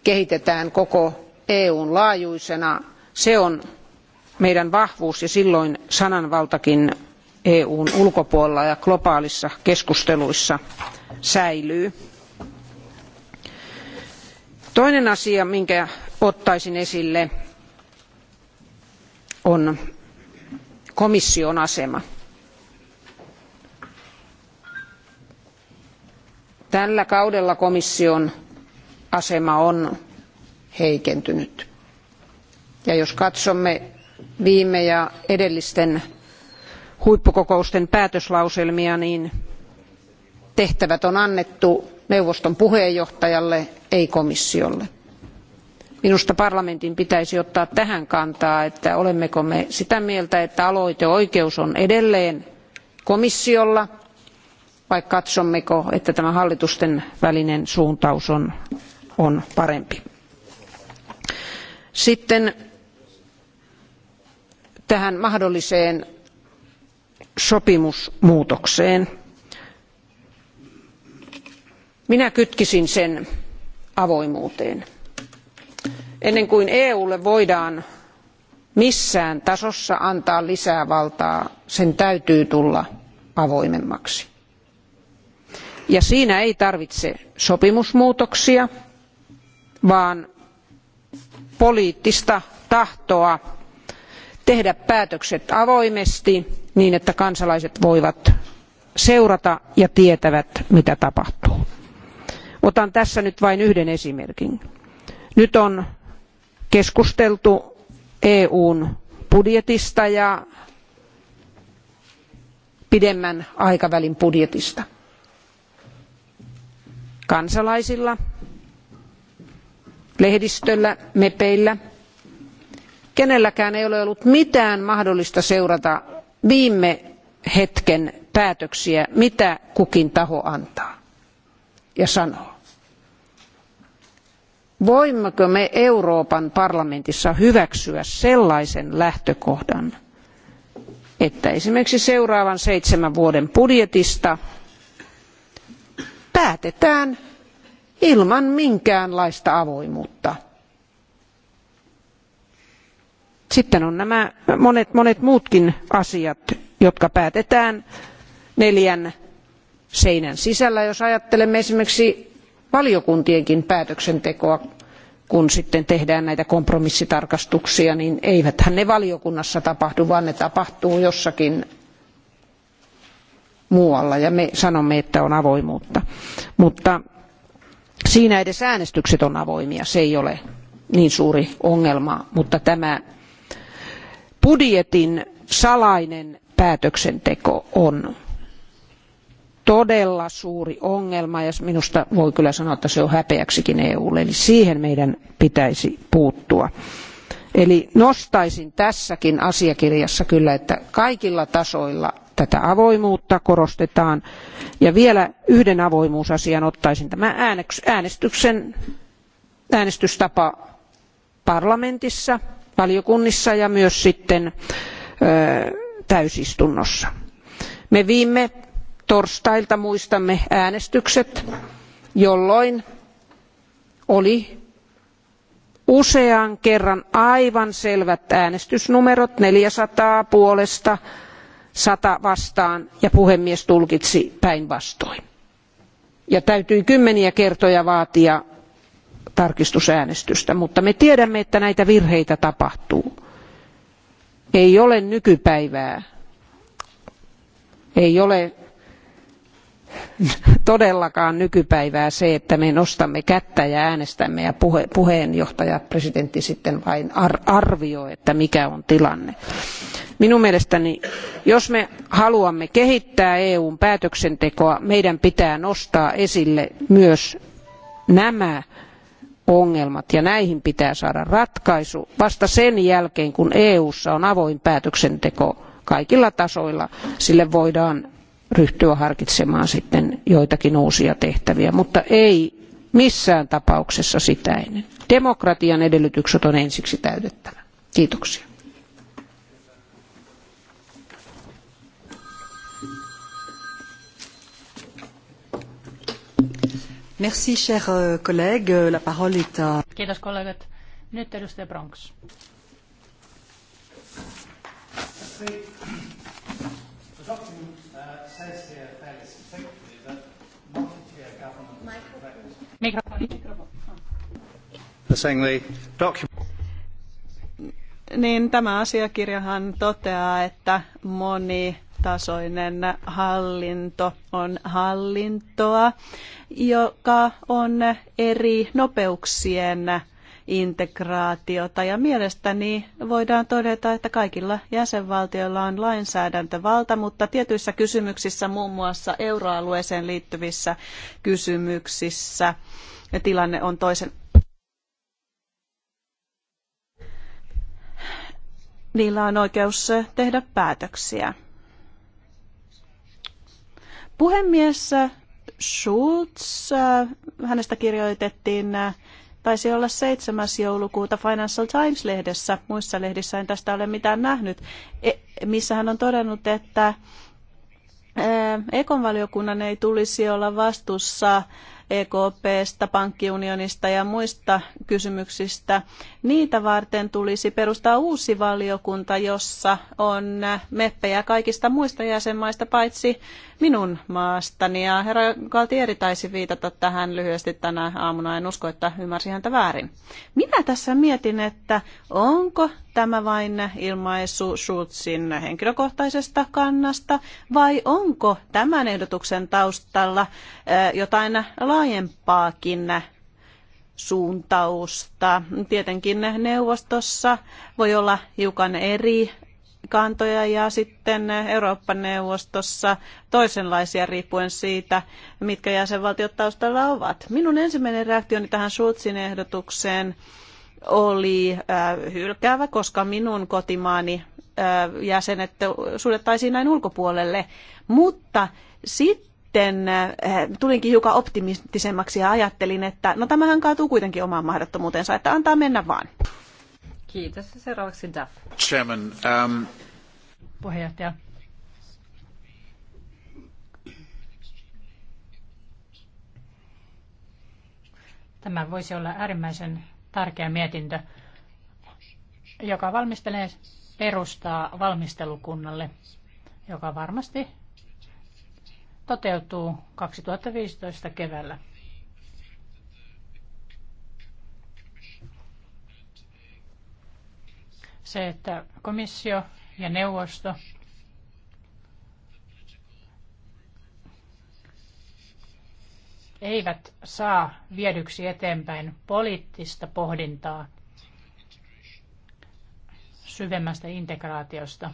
kehitetään koko EUn laajuisena. Se on meidän vahvuus ja silloin sananvaltakin EUn ulkopuolella ja globaalissa keskusteluissa säilyy. Toinen asia, minkä ottaisin esille, on komission asema. Tällä kaudella komission asema on heikentynyt. Ja jos katsomme viime ja edellisten huippukokousten päätöslauselmia, niin tehtävät on annettu neuvoston puheenjohtajalle, ei komissiolle minusta parlamentin pitäisi ottaa tähän kantaa että olemmeko me sitä mieltä että aloiteoikeus on edelleen komissiolla vai katsommeko että tämä hallitusten välinen suuntaus on, on parempi. Sitten tähän mahdolliseen sopimusmuutokseen. Minä kytkisin sen avoimuuteen ennen kuin EUlle voidaan missään tasossa antaa lisää valtaa, sen täytyy tulla avoimemmaksi. Ja siinä ei tarvitse sopimusmuutoksia, vaan poliittista tahtoa tehdä päätökset avoimesti niin, että kansalaiset voivat seurata ja tietävät, mitä tapahtuu. Otan tässä nyt vain yhden esimerkin. Nyt on keskusteltu EUn budjetista ja pidemmän aikavälin budjetista. Kansalaisilla, lehdistöllä, mepeillä, kenelläkään ei ole ollut mitään mahdollista seurata viime hetken päätöksiä, mitä kukin taho antaa ja sanoo voimmeko me Euroopan parlamentissa hyväksyä sellaisen lähtökohdan, että esimerkiksi seuraavan seitsemän vuoden budjetista päätetään ilman minkäänlaista avoimuutta. Sitten on nämä monet, monet muutkin asiat, jotka päätetään neljän seinän sisällä. Jos ajattelemme esimerkiksi valiokuntienkin päätöksentekoa kun sitten tehdään näitä kompromissitarkastuksia, niin eiväthän ne valiokunnassa tapahdu, vaan ne tapahtuu jossakin muualla. Ja me sanomme, että on avoimuutta. Mutta siinä edes äänestykset on avoimia, se ei ole niin suuri ongelma. Mutta tämä budjetin salainen päätöksenteko on todella suuri ongelma ja minusta voi kyllä sanoa, että se on häpeäksikin EUlle, eli siihen meidän pitäisi puuttua. Eli nostaisin tässäkin asiakirjassa kyllä, että kaikilla tasoilla tätä avoimuutta korostetaan. Ja vielä yhden avoimuusasian ottaisin tämä äänestyksen, äänestystapa parlamentissa, valiokunnissa ja myös sitten ö, täysistunnossa. Me viime torstailta muistamme äänestykset jolloin oli usean kerran aivan selvät äänestysnumerot neljäsataa puolesta sata vastaan ja puhemies tulkitsi päinvastoin ja täytyi kymmeniä kertoja vaatia tarkistusäänestystä mutta me tiedämme että näitä virheitä tapahtuu. ei ole nykypäivää ei ole todellakaan nykypäivää se, että me nostamme kättä ja äänestämme ja puhe, puheenjohtaja, presidentti sitten vain ar arvioi, että mikä on tilanne. Minun mielestäni, jos me haluamme kehittää EUn päätöksentekoa, meidän pitää nostaa esille myös nämä ongelmat ja näihin pitää saada ratkaisu vasta sen jälkeen kun EU:ssa on avoin päätöksenteko kaikilla tasoilla sille voidaan ryhtyä harkitsemaan sitten joitakin uusia tehtäviä, mutta ei missään tapauksessa sitä ennen. Demokratian edellytykset on ensiksi täytettävä. Kiitoksia. Merci, cher euh, collègue. La parole est à... Kiitos kollegat. Nyt edustaja Bronx. Niin tämä asiakirjahan toteaa, että monitasoinen hallinto on hallintoa, joka on eri nopeuksien integraatiota. Ja mielestäni voidaan todeta, että kaikilla jäsenvaltioilla on lainsäädäntövalta, mutta tietyissä kysymyksissä, muun muassa euroalueeseen liittyvissä kysymyksissä, tilanne on toisen. Niillä on oikeus tehdä päätöksiä. Puhemies Schulz, äh, hänestä kirjoitettiin äh, taisi olla 7. joulukuuta Financial Times-lehdessä, muissa lehdissä en tästä ole mitään nähnyt, e, missä hän on todennut, että e, Ekon valiokunnan ei tulisi olla vastuussa EKPstä, pankkiunionista ja muista kysymyksistä. Niitä varten tulisi perustaa uusi valiokunta, jossa on meppejä kaikista muista jäsenmaista paitsi minun maastani. Ja herra Galtieri taisi viitata tähän lyhyesti tänä aamuna. En usko, että ymmärsin häntä väärin. Minä tässä mietin, että onko tämä vain ilmaisu Schultzin henkilökohtaisesta kannasta vai onko tämän ehdotuksen taustalla jotain laajempaakin suuntausta. Tietenkin neuvostossa voi olla hiukan eri kantoja ja sitten Eurooppa-neuvostossa toisenlaisia riippuen siitä, mitkä jäsenvaltiot taustalla ovat. Minun ensimmäinen reaktioni tähän Schulzin ehdotukseen oli äh, hylkäävä, koska minun kotimaani äh, jäsenet suljettaisiin näin ulkopuolelle. Mutta sitten äh, tulinkin hiukan optimistisemmaksi ja ajattelin, että no tämähän kaatuu kuitenkin omaan mahdottomuutensa, että antaa mennä vaan. Kiitos. Seuraavaksi Duff. Chairman, um... Puheenjohtaja. Tämä voisi olla äärimmäisen tärkeä mietintö, joka valmistelee perustaa valmistelukunnalle, joka varmasti toteutuu 2015 keväällä. se, että komissio ja neuvosto eivät saa viedyksi eteenpäin poliittista pohdintaa syvemmästä integraatiosta.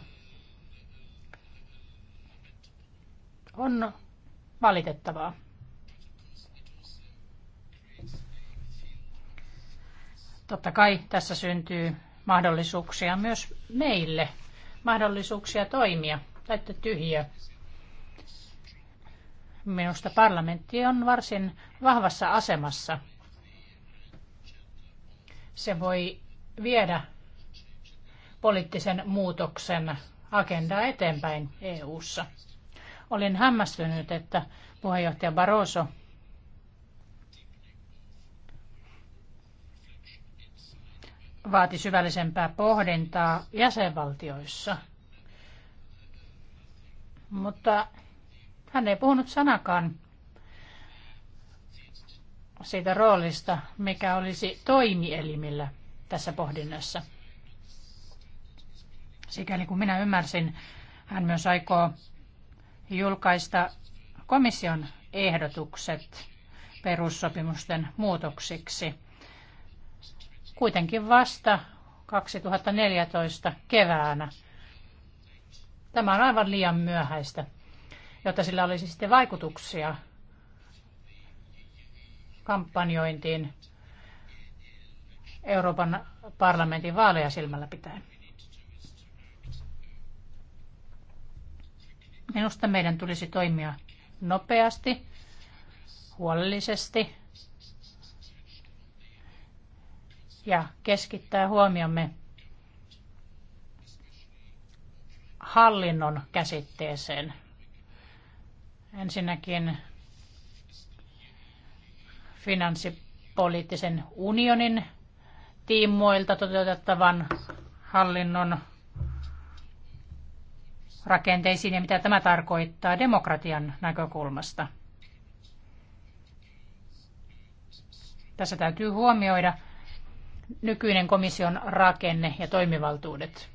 On valitettavaa. Totta kai tässä syntyy mahdollisuuksia myös meille, mahdollisuuksia toimia, täyttä tyhjiä. Minusta parlamentti on varsin vahvassa asemassa. Se voi viedä poliittisen muutoksen agendaa eteenpäin EU:ssa. Olin hämmästynyt, että puheenjohtaja Barroso vaati syvällisempää pohdintaa jäsenvaltioissa. Mutta hän ei puhunut sanakaan siitä roolista, mikä olisi toimielimillä tässä pohdinnassa. Sikäli kun minä ymmärsin, hän myös aikoo julkaista komission ehdotukset perussopimusten muutoksiksi – kuitenkin vasta 2014 keväänä. Tämä on aivan liian myöhäistä, jotta sillä olisi sitten vaikutuksia kampanjointiin Euroopan parlamentin vaaleja silmällä pitäen. Minusta meidän tulisi toimia nopeasti, huolellisesti ja keskittää huomiomme hallinnon käsitteeseen. Ensinnäkin finanssipoliittisen unionin tiimoilta toteutettavan hallinnon rakenteisiin ja mitä tämä tarkoittaa demokratian näkökulmasta. Tässä täytyy huomioida nykyinen komission rakenne ja toimivaltuudet?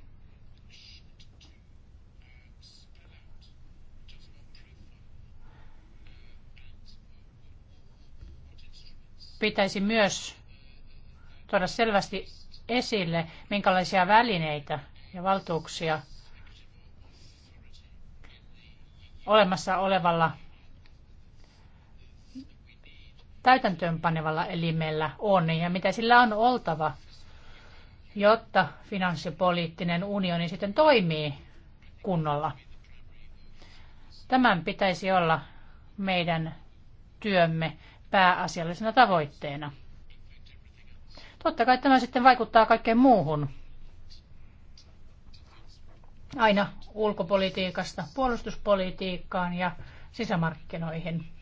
Pitäisi myös tuoda selvästi esille, minkälaisia välineitä ja valtuuksia olemassa olevalla täytäntöönpanevalla elimellä on ja mitä sillä on oltava, jotta finanssipoliittinen unioni sitten toimii kunnolla. Tämän pitäisi olla meidän työmme pääasiallisena tavoitteena. Totta kai tämä sitten vaikuttaa kaikkeen muuhun. Aina ulkopolitiikasta puolustuspolitiikkaan ja sisämarkkinoihin.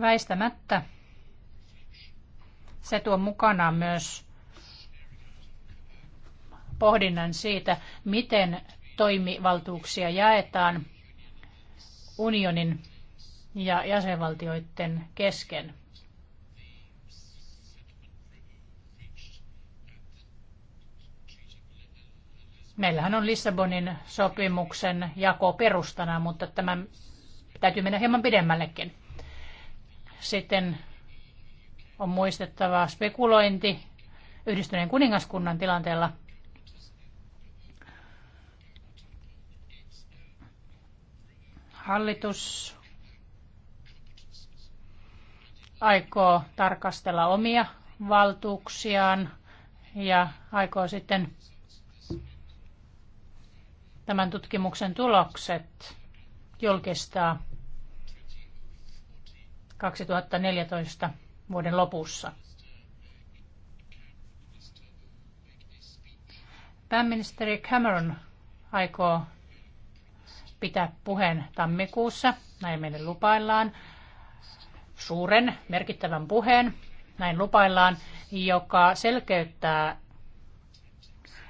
Väistämättä se tuo mukanaan myös pohdinnan siitä, miten toimivaltuuksia jaetaan unionin ja jäsenvaltioiden kesken. Meillähän on Lissabonin sopimuksen jako perustana, mutta tämän täytyy mennä hieman pidemmällekin. Sitten on muistettava spekulointi yhdistyneen kuningaskunnan tilanteella. Hallitus aikoo tarkastella omia valtuuksiaan ja aikoo sitten tämän tutkimuksen tulokset julkistaa 2014 vuoden lopussa. Pääministeri Cameron aikoo pitää puheen tammikuussa, näin meille lupaillaan, suuren merkittävän puheen, näin lupaillaan, joka selkeyttää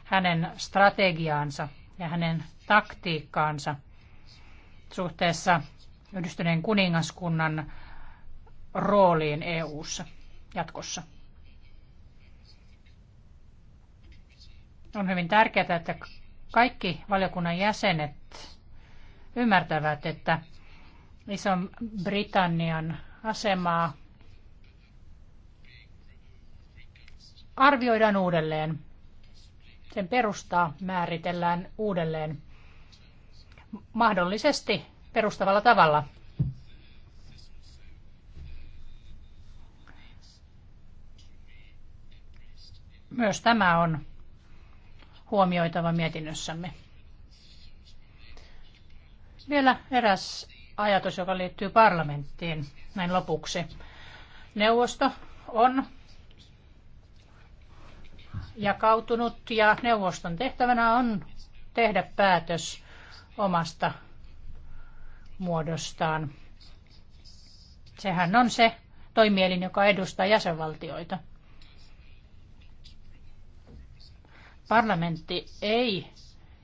hänen strategiaansa ja hänen taktiikkaansa suhteessa yhdistyneen kuningaskunnan rooliin EU:ssa jatkossa. On hyvin tärkeää, että kaikki valiokunnan jäsenet ymmärtävät, että Ison-Britannian asemaa arvioidaan uudelleen. Sen perustaa määritellään uudelleen mahdollisesti perustavalla tavalla Myös tämä on huomioitava mietinnössämme. Vielä eräs ajatus, joka liittyy parlamenttiin näin lopuksi. Neuvosto on jakautunut ja neuvoston tehtävänä on tehdä päätös omasta muodostaan. Sehän on se toimielin, joka edustaa jäsenvaltioita. Parlamentti ei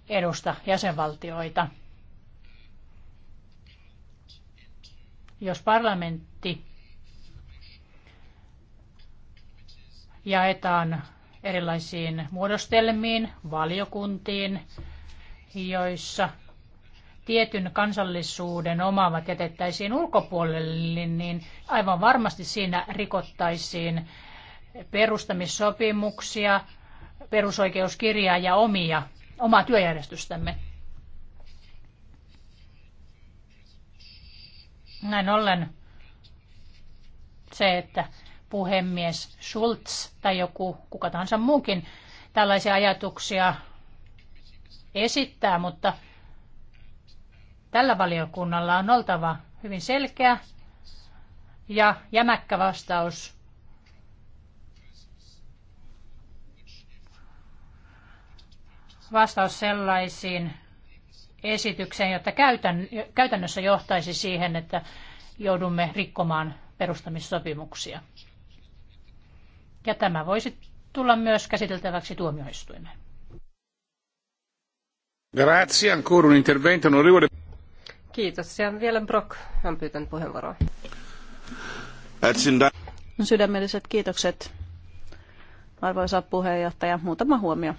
edusta jäsenvaltioita. Jos parlamentti jaetaan erilaisiin muodostelmiin, valiokuntiin, joissa tietyn kansallisuuden omaavat jätettäisiin ulkopuolelle, niin aivan varmasti siinä rikottaisiin perustamissopimuksia, perusoikeuskirjaa ja omia, omaa työjärjestystämme. Näin ollen se, että puhemies Schulz tai joku kuka tahansa muukin tällaisia ajatuksia esittää, mutta tällä valiokunnalla on oltava hyvin selkeä ja jämäkkä vastaus vastaus sellaisiin esitykseen, jotta käytän, käytännössä johtaisi siihen, että joudumme rikkomaan perustamissopimuksia. Ja tämä voisi tulla myös käsiteltäväksi tuomioistuimeen. Grazie, ancora un intervento, onorevole. Kiitos. Ja vielä Brock on pyytänyt puheenvuoroa. No, sydämelliset kiitokset, arvoisa puheenjohtaja. Muutama huomio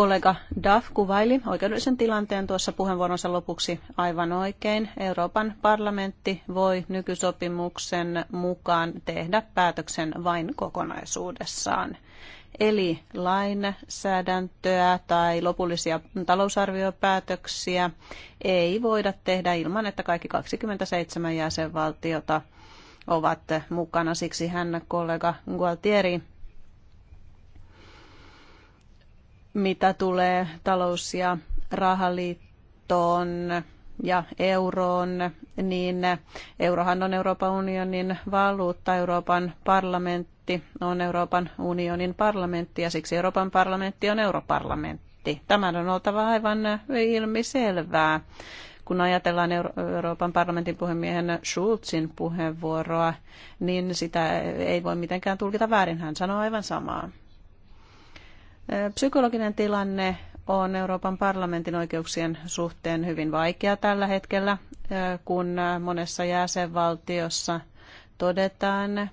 kollega Duff kuvaili oikeudellisen tilanteen tuossa puheenvuoronsa lopuksi aivan oikein. Euroopan parlamentti voi nykysopimuksen mukaan tehdä päätöksen vain kokonaisuudessaan. Eli lainsäädäntöä tai lopullisia talousarviopäätöksiä ei voida tehdä ilman, että kaikki 27 jäsenvaltiota ovat mukana. Siksi hän kollega Gualtieri mitä tulee talous- ja rahaliittoon ja euroon, niin eurohan on Euroopan unionin valuutta, Euroopan parlamentti on Euroopan unionin parlamentti ja siksi Euroopan parlamentti on europarlamentti. Tämän on oltava aivan ilmiselvää. Kun ajatellaan Euroopan parlamentin puhemiehen Schulzin puheenvuoroa, niin sitä ei voi mitenkään tulkita väärin. Hän sanoo aivan samaa. Psykologinen tilanne on Euroopan parlamentin oikeuksien suhteen hyvin vaikea tällä hetkellä, kun monessa jäsenvaltiossa todetaan,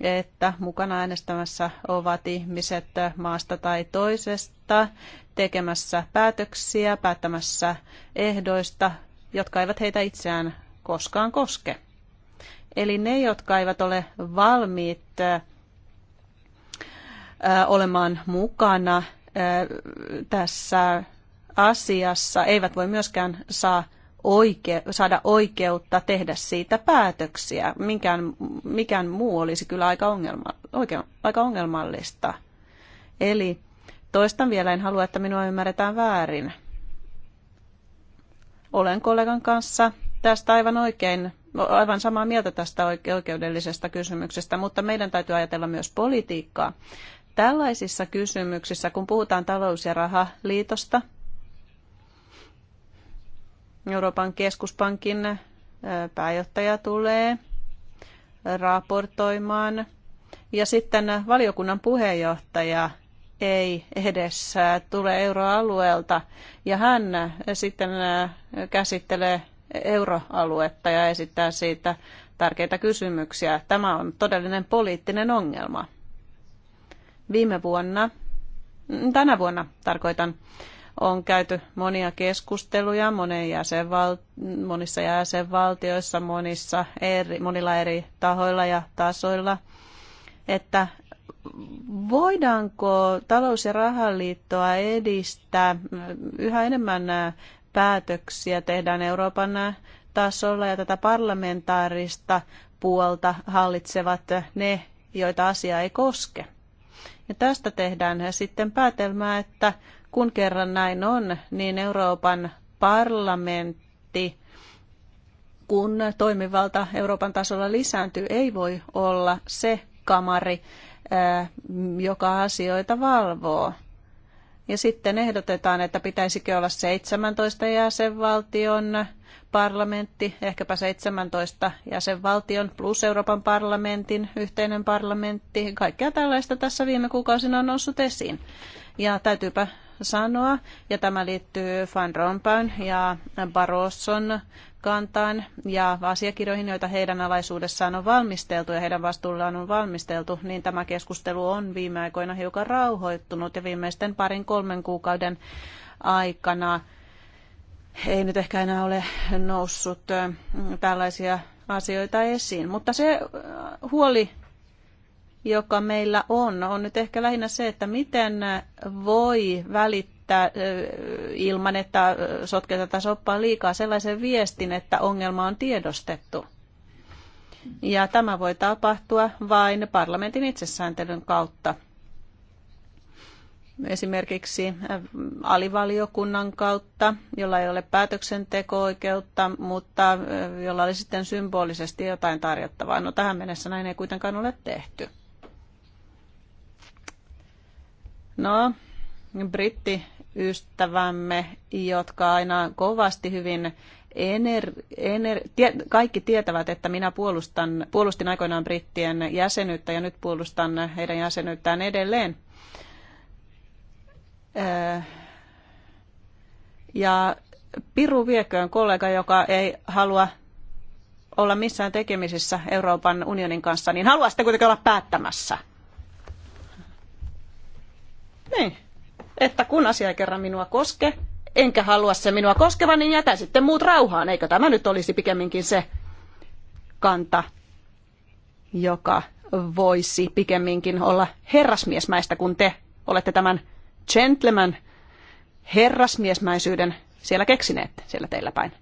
että mukana äänestämässä ovat ihmiset maasta tai toisesta tekemässä päätöksiä, päättämässä ehdoista, jotka eivät heitä itseään koskaan koske. Eli ne, jotka eivät ole valmiit Äh, olemaan mukana äh, tässä asiassa, eivät voi myöskään saa oike, saada oikeutta tehdä siitä päätöksiä. Minkään, mikään muu olisi kyllä aika, ongelma, oikein, aika ongelmallista. Eli toistan vielä, en halua, että minua ymmärretään väärin. Olen kollegan kanssa tästä aivan oikein, aivan samaa mieltä tästä oikeudellisesta kysymyksestä, mutta meidän täytyy ajatella myös politiikkaa. Tällaisissa kysymyksissä, kun puhutaan talous- ja rahaliitosta, Euroopan keskuspankin pääjohtaja tulee raportoimaan. Ja sitten valiokunnan puheenjohtaja ei edes tule euroalueelta ja hän sitten käsittelee euroaluetta ja esittää siitä tärkeitä kysymyksiä. Tämä on todellinen poliittinen ongelma. Viime vuonna, tänä vuonna tarkoitan, on käyty monia keskusteluja monen jäsenval, monissa jäsenvaltioissa, monissa eri, monilla eri tahoilla ja tasoilla, että voidaanko talous- ja rahaliittoa edistää yhä enemmän päätöksiä tehdään Euroopan tasolla ja tätä parlamentaarista puolta hallitsevat ne, joita asia ei koske. Ja tästä tehdään sitten päätelmää, että kun kerran näin on, niin Euroopan parlamentti, kun toimivalta Euroopan tasolla lisääntyy, ei voi olla se kamari, eh, joka asioita valvoo. Ja sitten ehdotetaan, että pitäisikö olla 17 jäsenvaltion parlamentti, ehkäpä 17 jäsenvaltion plus Euroopan parlamentin yhteinen parlamentti. Kaikkea tällaista tässä viime kuukausina on noussut esiin. Ja täytyypä sanoa, ja tämä liittyy Van Rompuyn ja Barroson kantaan ja asiakirjoihin, joita heidän alaisuudessaan on valmisteltu ja heidän vastuullaan on valmisteltu, niin tämä keskustelu on viime aikoina hiukan rauhoittunut ja viimeisten parin kolmen kuukauden aikana ei nyt ehkä enää ole noussut tällaisia asioita esiin. Mutta se huoli, joka meillä on, on nyt ehkä lähinnä se, että miten voi välittää ilman, että sotkee tätä soppaa liikaa sellaisen viestin, että ongelma on tiedostettu. Ja tämä voi tapahtua vain parlamentin itsesääntelyn kautta esimerkiksi äh, alivaliokunnan kautta, jolla ei ole päätöksenteko-oikeutta, mutta äh, jolla oli sitten symbolisesti jotain tarjottavaa. No tähän mennessä näin ei kuitenkaan ole tehty. No, brittiystävämme, jotka aina kovasti hyvin ener, ener, tie, kaikki tietävät, että minä puolustan, puolustin aikoinaan brittien jäsenyyttä ja nyt puolustan heidän jäsenyyttään edelleen – ja Piru vieköön kollega, joka ei halua olla missään tekemisissä Euroopan unionin kanssa, niin haluaa sitten kuitenkin olla päättämässä. Niin, että kun asia ei kerran minua koske, enkä halua se minua koskevan, niin jätä sitten muut rauhaan. Eikö tämä nyt olisi pikemminkin se kanta, joka voisi pikemminkin olla herrasmiesmäistä, kun te olette tämän gentleman herrasmiesmäisyyden siellä keksineet siellä teillä päin.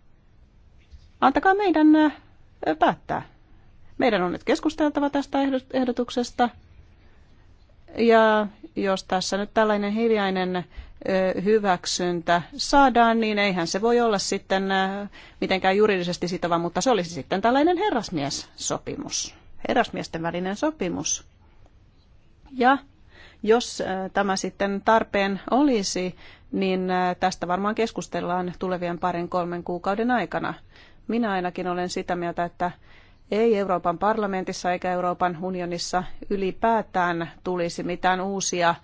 Antakaa meidän äh, päättää. Meidän on nyt keskusteltava tästä ehdotuksesta. Ja jos tässä nyt tällainen hiljainen äh, hyväksyntä saadaan, niin eihän se voi olla sitten äh, mitenkään juridisesti sitova, mutta se olisi sitten tällainen herrasmies-sopimus. Herrasmiesten välinen sopimus. Ja jos äh, tämä sitten tarpeen olisi, niin äh, tästä varmaan keskustellaan tulevien parin kolmen kuukauden aikana. Minä ainakin olen sitä mieltä, että ei Euroopan parlamentissa eikä Euroopan unionissa ylipäätään tulisi mitään uusia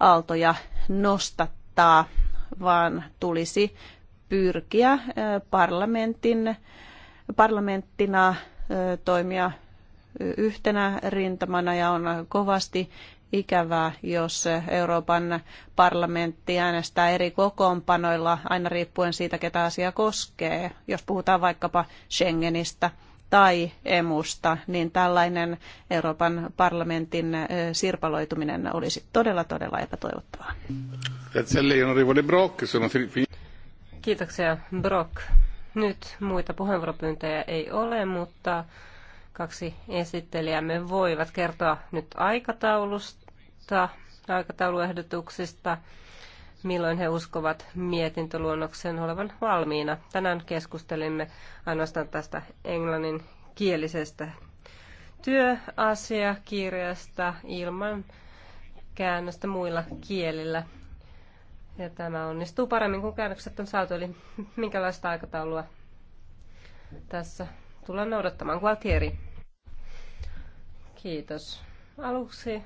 aaltoja nostattaa, vaan tulisi pyrkiä äh, parlamentin, parlamenttina toimia yhtenä rintamana ja on kovasti ikävää, jos Euroopan parlamentti äänestää eri kokoonpanoilla, aina riippuen siitä, ketä asia koskee. Jos puhutaan vaikkapa Schengenistä tai emusta, niin tällainen Euroopan parlamentin sirpaloituminen olisi todella, todella epätoivottavaa. Kiitoksia, Brock. Nyt muita puheenvuoropyyntöjä ei ole, mutta kaksi esittelijämme voivat kertoa nyt aikataulusta tietoa aikatauluehdotuksista, milloin he uskovat mietintöluonnoksen olevan valmiina. Tänään keskustelimme ainoastaan tästä englannin kielisestä työasiakirjasta ilman käännöstä muilla kielillä. Ja tämä onnistuu paremmin, kuin käännökset on saatu, eli minkälaista aikataulua tässä tullaan noudattamaan. Gualtieri. Kiitos. Aluksi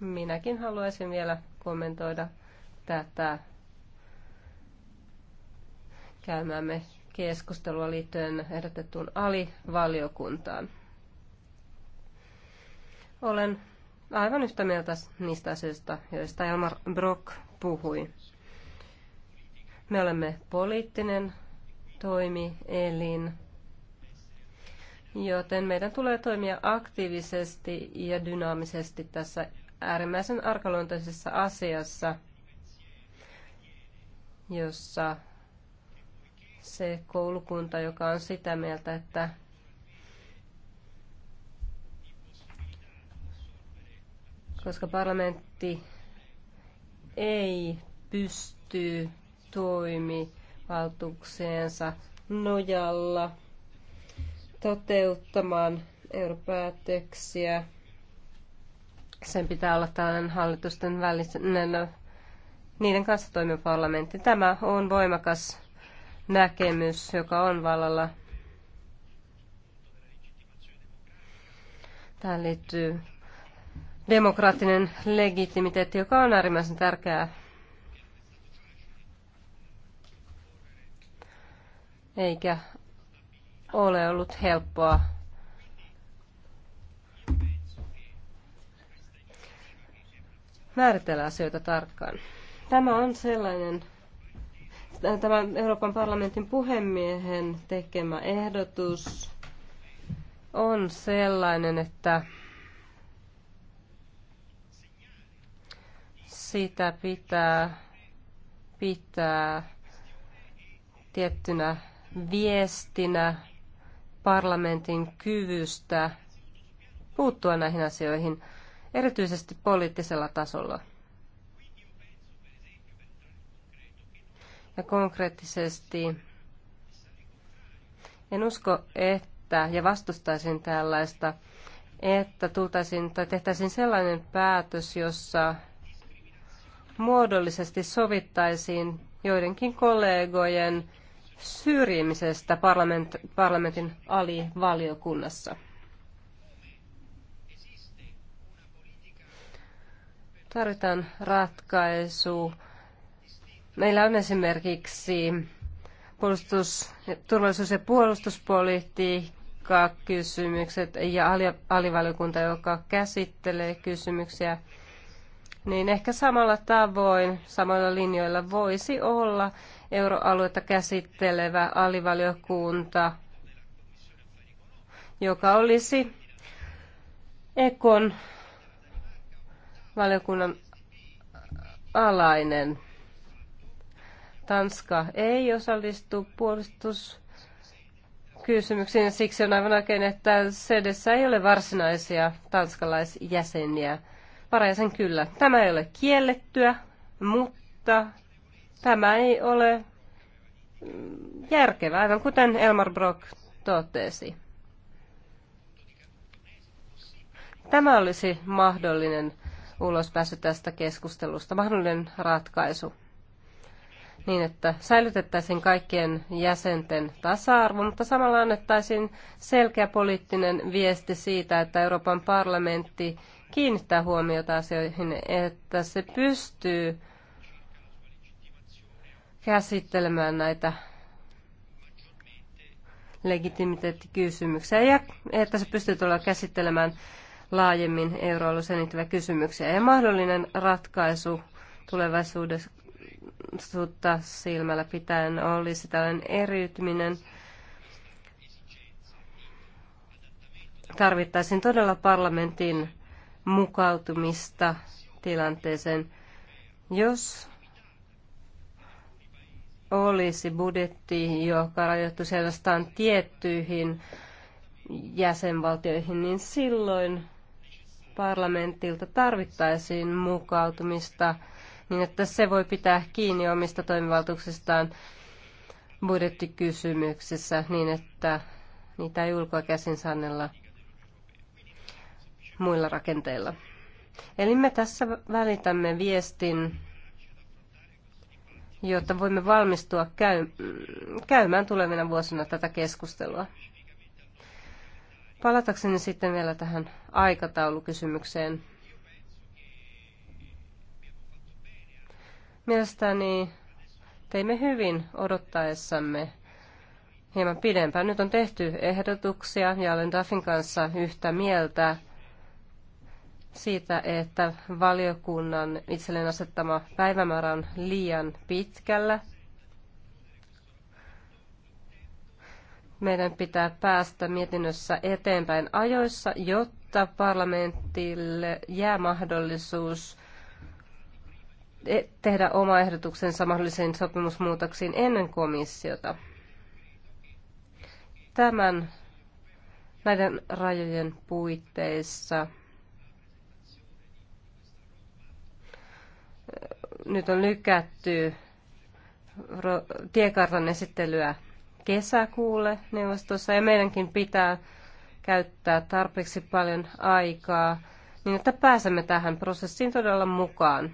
Minäkin haluaisin vielä kommentoida tätä käymäämme keskustelua liittyen ehdotettuun alivaliokuntaan. Olen aivan yhtä mieltä niistä asioista, joista Elmar Brock puhui. Me olemme poliittinen toimielin, joten meidän tulee toimia aktiivisesti ja dynaamisesti tässä äärimmäisen arkaluontoisessa asiassa, jossa se koulukunta, joka on sitä mieltä, että koska parlamentti ei pysty toimivaltuukseensa nojalla toteuttamaan europäätöksiä, sen pitää olla tällainen hallitusten välinen niiden kanssa toimiva parlamentti. Tämä on voimakas näkemys, joka on vallalla. Tähän liittyy demokraattinen legitimiteetti, joka on äärimmäisen tärkeää. Eikä ole ollut helppoa määritellä asioita tarkkaan. Tämä on sellainen, tämä Euroopan parlamentin puhemiehen tekemä ehdotus on sellainen, että sitä pitää pitää tiettynä viestinä parlamentin kyvystä puuttua näihin asioihin erityisesti poliittisella tasolla. Ja konkreettisesti en usko, että, ja vastustaisin tällaista, että tultaisiin tai tehtäisiin sellainen päätös, jossa muodollisesti sovittaisiin joidenkin kollegojen syrjimisestä parlamentin alivaliokunnassa. tarvitaan ratkaisu. Meillä on esimerkiksi puolustus, turvallisuus- ja puolustuspolitiikka kysymykset ja alivaliokunta, joka käsittelee kysymyksiä, niin ehkä samalla tavoin, samoilla linjoilla voisi olla euroaluetta käsittelevä alivaliokunta, joka olisi Ekon valiokunnan alainen. Tanska ei osallistu puolustuskysymyksiin, siksi on aivan oikein, että sedessä ei ole varsinaisia tanskalaisjäseniä. Paraisen kyllä. Tämä ei ole kiellettyä, mutta tämä ei ole järkevää, aivan kuten Elmar Brock totesi. Tämä olisi mahdollinen ulospääsy tästä keskustelusta, mahdollinen ratkaisu, niin että säilytettäisiin kaikkien jäsenten tasa-arvo, mutta samalla annettaisiin selkeä poliittinen viesti siitä, että Euroopan parlamentti kiinnittää huomiota asioihin, että se pystyy käsittelemään näitä legitimiteettikysymyksiä ja että se pystyy tulla käsittelemään laajemmin euroalueeseen liittyviä kysymyksiä. Ja mahdollinen ratkaisu tulevaisuudessa silmällä pitäen olisi tällainen eriytyminen. Tarvittaisiin todella parlamentin mukautumista tilanteeseen. Jos olisi budjetti, joka rajoittuisi ainoastaan tiettyihin jäsenvaltioihin, niin silloin parlamentilta tarvittaisiin mukautumista niin, että se voi pitää kiinni omista toimivaltuuksistaan budjettikysymyksissä niin, että niitä ei ulkoa käsin sannella muilla rakenteilla. Eli me tässä välitämme viestin, jotta voimme valmistua käymään tulevina vuosina tätä keskustelua. Palatakseni sitten vielä tähän aikataulukysymykseen. Mielestäni teimme hyvin odottaessamme hieman pidempään. Nyt on tehty ehdotuksia ja olen Duffin kanssa yhtä mieltä siitä, että valiokunnan itselleen asettama päivämäärä on liian pitkällä – Meidän pitää päästä mietinnössä eteenpäin ajoissa, jotta parlamentille jää mahdollisuus e- tehdä oma ehdotuksensa mahdollisiin sopimusmuutoksiin ennen komissiota. Tämän näiden rajojen puitteissa nyt on lykätty tiekartan esittelyä kesäkuulle neuvostossa ja meidänkin pitää käyttää tarpeeksi paljon aikaa niin, että pääsemme tähän prosessiin todella mukaan.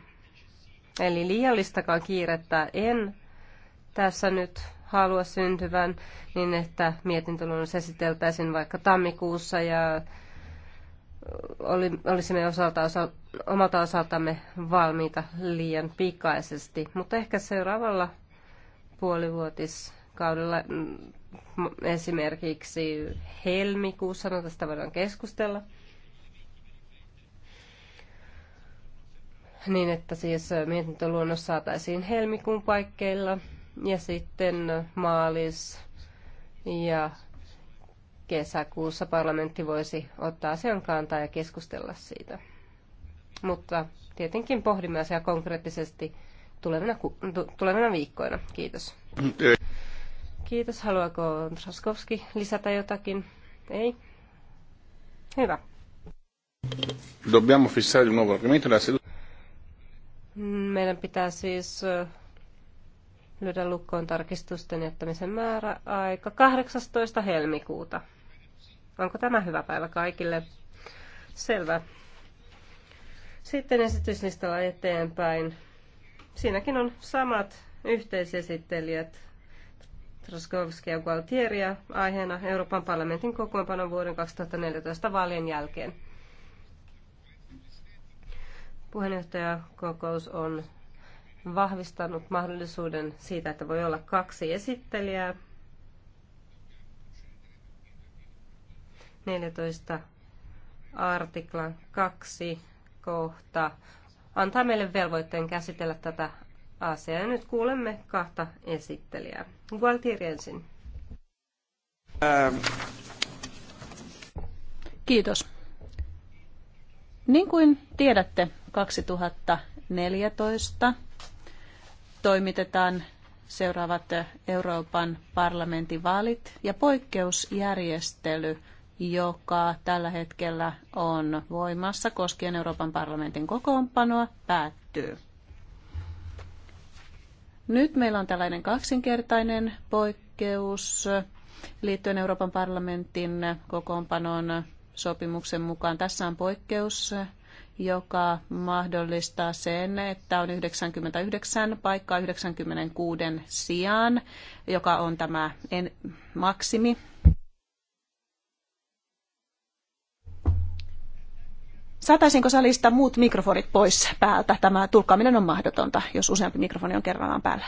Eli liiallistakaan kiirettä en tässä nyt halua syntyvän niin, että mietintöluonnos esiteltäisiin vaikka tammikuussa ja oli, olisimme osalta, osa, omalta osaltamme valmiita liian pikaisesti. Mutta ehkä seuraavalla puolivuotis kaudella mm, esimerkiksi helmikuussa, no tästä voidaan keskustella, niin että siis mietintöluonnos saataisiin helmikuun paikkeilla ja sitten maalis ja kesäkuussa parlamentti voisi ottaa asian kantaa ja keskustella siitä. Mutta tietenkin pohdimme asiaa konkreettisesti tulevina, tulevina viikkoina. Kiitos. Mm, Kiitos. Haluaako Traskowski lisätä jotakin? Ei? Hyvä. Dobbiamo fissare di nuovo l'argomento della seduta. Meidän pitää siis lyödä lukkoon tarkistusten jättämisen määrä aika 18. helmikuuta. Onko tämä hyvä päivä kaikille? Selvä. Sitten esityslistalla eteenpäin. Siinäkin on samat yhteisesittelijät Troskovskia Gualtieria aiheena Euroopan parlamentin kokoonpanon vuoden 2014 vaalien jälkeen. Puheenjohtajakokous on vahvistanut mahdollisuuden siitä, että voi olla kaksi esittelijää. 14 artiklan 2 kohta antaa meille velvoitteen käsitellä tätä ja Nyt kuulemme kahta esittelijää. Gualtieri ensin. Kiitos. Niin kuin tiedätte, 2014 toimitetaan seuraavat Euroopan parlamentin vaalit ja poikkeusjärjestely, joka tällä hetkellä on voimassa koskien Euroopan parlamentin kokoonpanoa, päättyy. Nyt meillä on tällainen kaksinkertainen poikkeus liittyen Euroopan parlamentin kokoonpanon sopimuksen mukaan. Tässä on poikkeus, joka mahdollistaa sen, että on 99 paikkaa 96 sijaan, joka on tämä maksimi Saataisinko salista muut mikrofonit pois päältä? Tämä tulkkaaminen on mahdotonta, jos useampi mikrofoni on kerrallaan päällä.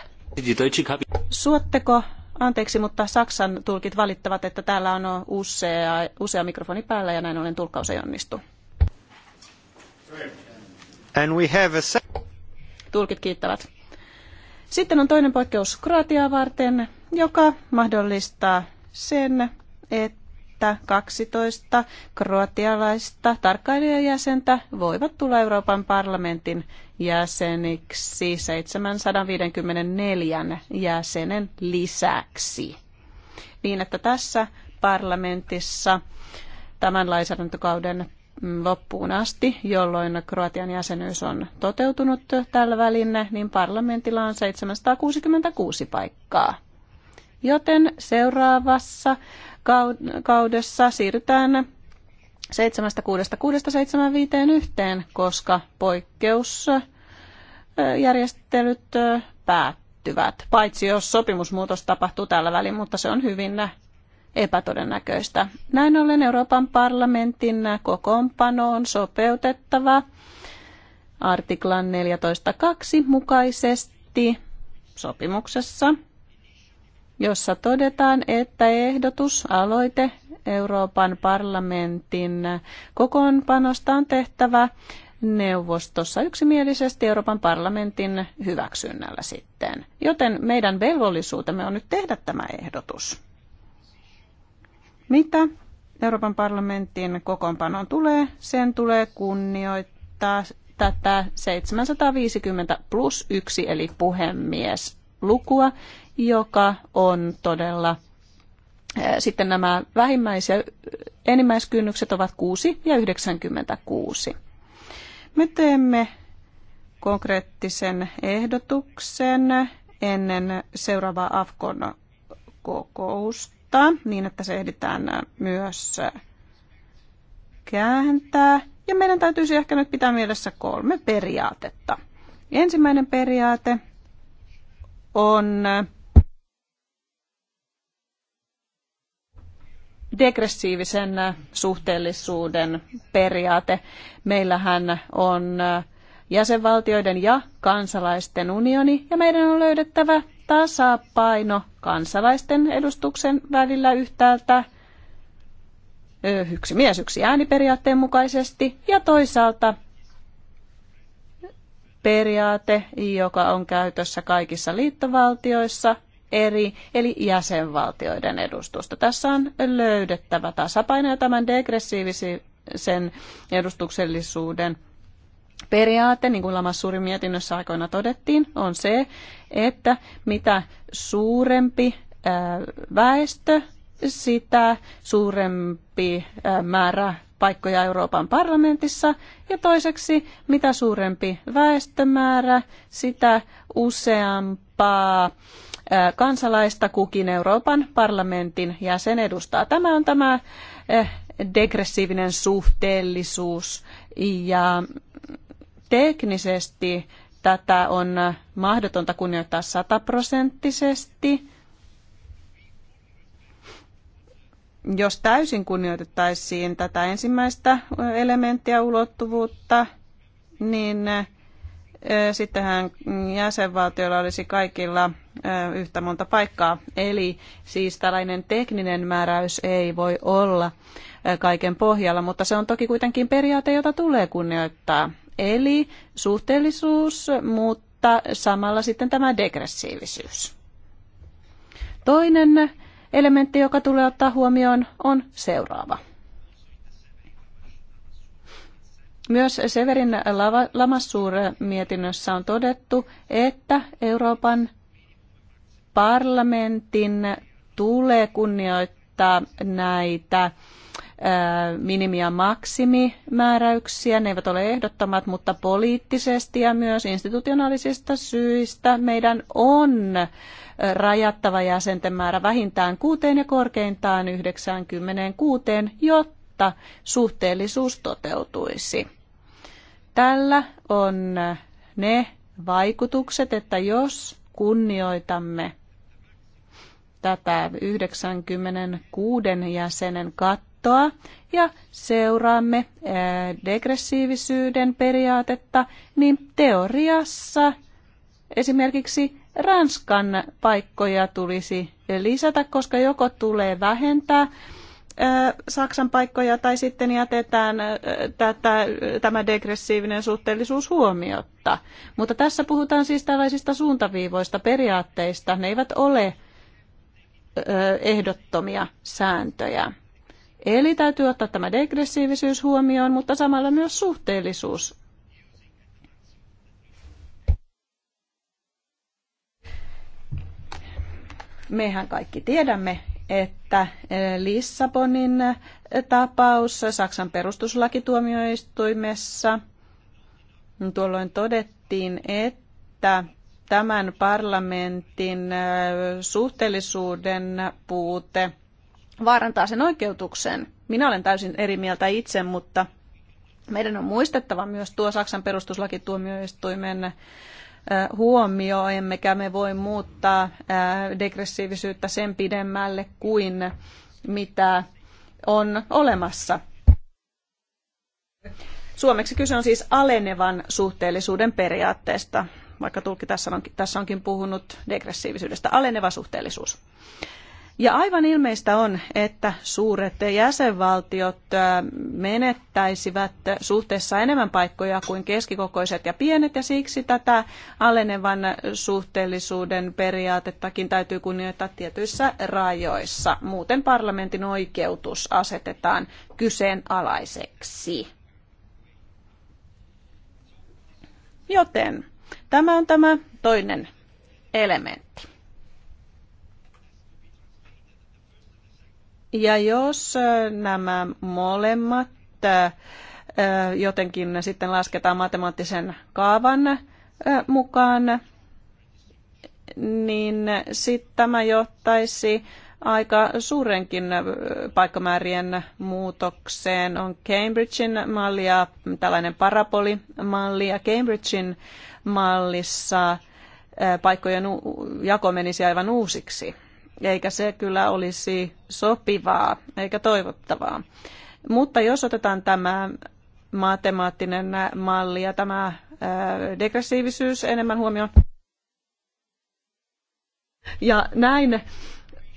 Suotteko? Anteeksi, mutta Saksan tulkit valittavat, että täällä on usea, usea mikrofoni päällä ja näin ollen tulkkaus ei onnistu. And we have a... Tulkit kiittävät. Sitten on toinen poikkeus Kroatiaa varten, joka mahdollistaa sen, että että 12 kroatialaista tarkkailijajäsentä voivat tulla Euroopan parlamentin jäseniksi 754 jäsenen lisäksi. Niin, että tässä parlamentissa tämän lainsäädäntökauden loppuun asti, jolloin Kroatian jäsenyys on toteutunut tällä välinne, niin parlamentilla on 766 paikkaa. Joten seuraavassa kaudessa siirrytään viiteen yhteen, koska poikkeusjärjestelyt päättyvät. Paitsi jos sopimusmuutos tapahtuu tällä välin, mutta se on hyvin epätodennäköistä. Näin ollen Euroopan parlamentin kokoonpano on sopeutettava artiklan 14.2 mukaisesti sopimuksessa jossa todetaan, että ehdotus, aloite Euroopan parlamentin kokoonpanosta on tehtävä neuvostossa yksimielisesti Euroopan parlamentin hyväksynnällä sitten. Joten meidän velvollisuutemme on nyt tehdä tämä ehdotus. Mitä Euroopan parlamentin kokoonpanoon tulee, sen tulee kunnioittaa tätä 750 plus 1 eli puhemies lukua, joka on todella eh, sitten nämä vähimmäis- ja enimmäiskynnykset ovat 6 ja 96. Me teemme konkreettisen ehdotuksen ennen seuraavaa AFKon kokousta, niin että se ehditään myös kääntää. Ja meidän täytyisi ehkä nyt pitää mielessä kolme periaatetta. Ensimmäinen periaate on degressiivisen suhteellisuuden periaate. Meillähän on jäsenvaltioiden ja kansalaisten unioni ja meidän on löydettävä tasapaino kansalaisten edustuksen välillä yhtäältä yksi mies yksi ääni periaatteen mukaisesti ja toisaalta periaate, joka on käytössä kaikissa liittovaltioissa eri, eli jäsenvaltioiden edustusta. Tässä on löydettävä tasapaino ja tämän degressiivisen edustuksellisuuden periaate, niin kuin Lamassuurin mietinnössä aikoina todettiin, on se, että mitä suurempi väestö, sitä suurempi määrä paikkoja Euroopan parlamentissa ja toiseksi mitä suurempi väestömäärä, sitä useampaa kansalaista kukin Euroopan parlamentin jäsen edustaa. Tämä on tämä degressiivinen suhteellisuus ja teknisesti tätä on mahdotonta kunnioittaa sataprosenttisesti jos täysin kunnioitettaisiin tätä ensimmäistä elementtiä ulottuvuutta, niin sittenhän jäsenvaltioilla olisi kaikilla yhtä monta paikkaa. Eli siis tällainen tekninen määräys ei voi olla kaiken pohjalla, mutta se on toki kuitenkin periaate, jota tulee kunnioittaa. Eli suhteellisuus, mutta samalla sitten tämä degressiivisyys. Toinen elementti, joka tulee ottaa huomioon, on seuraava. Myös Severin Lamassuur-mietinnössä on todettu, että Euroopan parlamentin tulee kunnioittaa näitä minimi- ja maksimimääräyksiä. Ne eivät ole ehdottomat, mutta poliittisesti ja myös institutionaalisista syistä meidän on rajattava jäsenten määrä vähintään kuuteen ja korkeintaan 96, jotta suhteellisuus toteutuisi. Tällä on ne vaikutukset, että jos kunnioitamme tätä 96 jäsenen kattoa, kattoa ja seuraamme eh, degressiivisyyden periaatetta, niin teoriassa esimerkiksi Ranskan paikkoja tulisi lisätä, koska joko tulee vähentää eh, Saksan paikkoja tai sitten jätetään eh, tätä, tämä degressiivinen suhteellisuus huomiotta. Mutta tässä puhutaan siis tällaisista suuntaviivoista, periaatteista. Ne eivät ole ehdottomia sääntöjä. Eli täytyy ottaa tämä degressiivisyys huomioon, mutta samalla myös suhteellisuus. Mehän kaikki tiedämme, että eh, Lissabonin eh, tapaus Saksan perustuslakituomioistuimessa mm, tuolloin todettiin, että tämän parlamentin eh, suhteellisuuden puute – vaarantaa sen oikeutuksen. Minä olen täysin eri mieltä itse, mutta meidän on muistettava myös tuo Saksan perustuslakituomioistuimen huomio, emmekä me voi muuttaa degressiivisyyttä sen pidemmälle kuin mitä on olemassa. Suomeksi kyse on siis alenevan suhteellisuuden periaatteesta, vaikka tulkki tässä, tässä onkin puhunut degressiivisyydestä, aleneva suhteellisuus. Ja aivan ilmeistä on, että suuret jäsenvaltiot äh, menettäisivät suhteessa enemmän paikkoja kuin keskikokoiset ja pienet, ja siksi tätä alenevan suhteellisuuden periaatettakin täytyy kunnioittaa tietyissä rajoissa. Muuten parlamentin oikeutus asetetaan kyseenalaiseksi. Joten tämä on tämä toinen elementti. Ja jos nämä molemmat jotenkin sitten lasketaan matemaattisen kaavan mukaan, niin sitten tämä johtaisi aika suurenkin paikkamäärien muutokseen. On Cambridgein malli ja tällainen parabolimalli. Ja Cambridgein mallissa paikkojen jako menisi aivan uusiksi eikä se kyllä olisi sopivaa eikä toivottavaa. Mutta jos otetaan tämä matemaattinen malli ja tämä äh, degressiivisyys enemmän huomioon, ja näin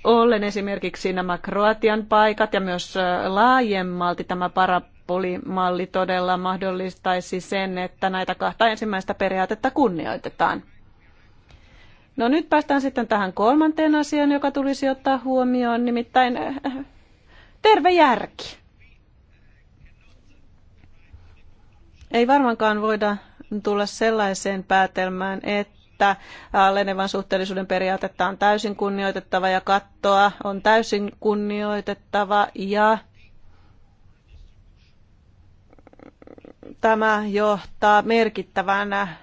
ollen esimerkiksi nämä Kroatian paikat ja myös äh, laajemmalti tämä parapolimalli todella mahdollistaisi sen, että näitä kahta ensimmäistä periaatetta kunnioitetaan. No nyt päästään sitten tähän kolmanteen asiaan, joka tulisi ottaa huomioon, nimittäin eh, terve järki. Ei varmaankaan voida tulla sellaiseen päätelmään, että alenevan suhteellisuuden periaatetta on täysin kunnioitettava ja kattoa on täysin kunnioitettava ja tämä johtaa merkittävään äh,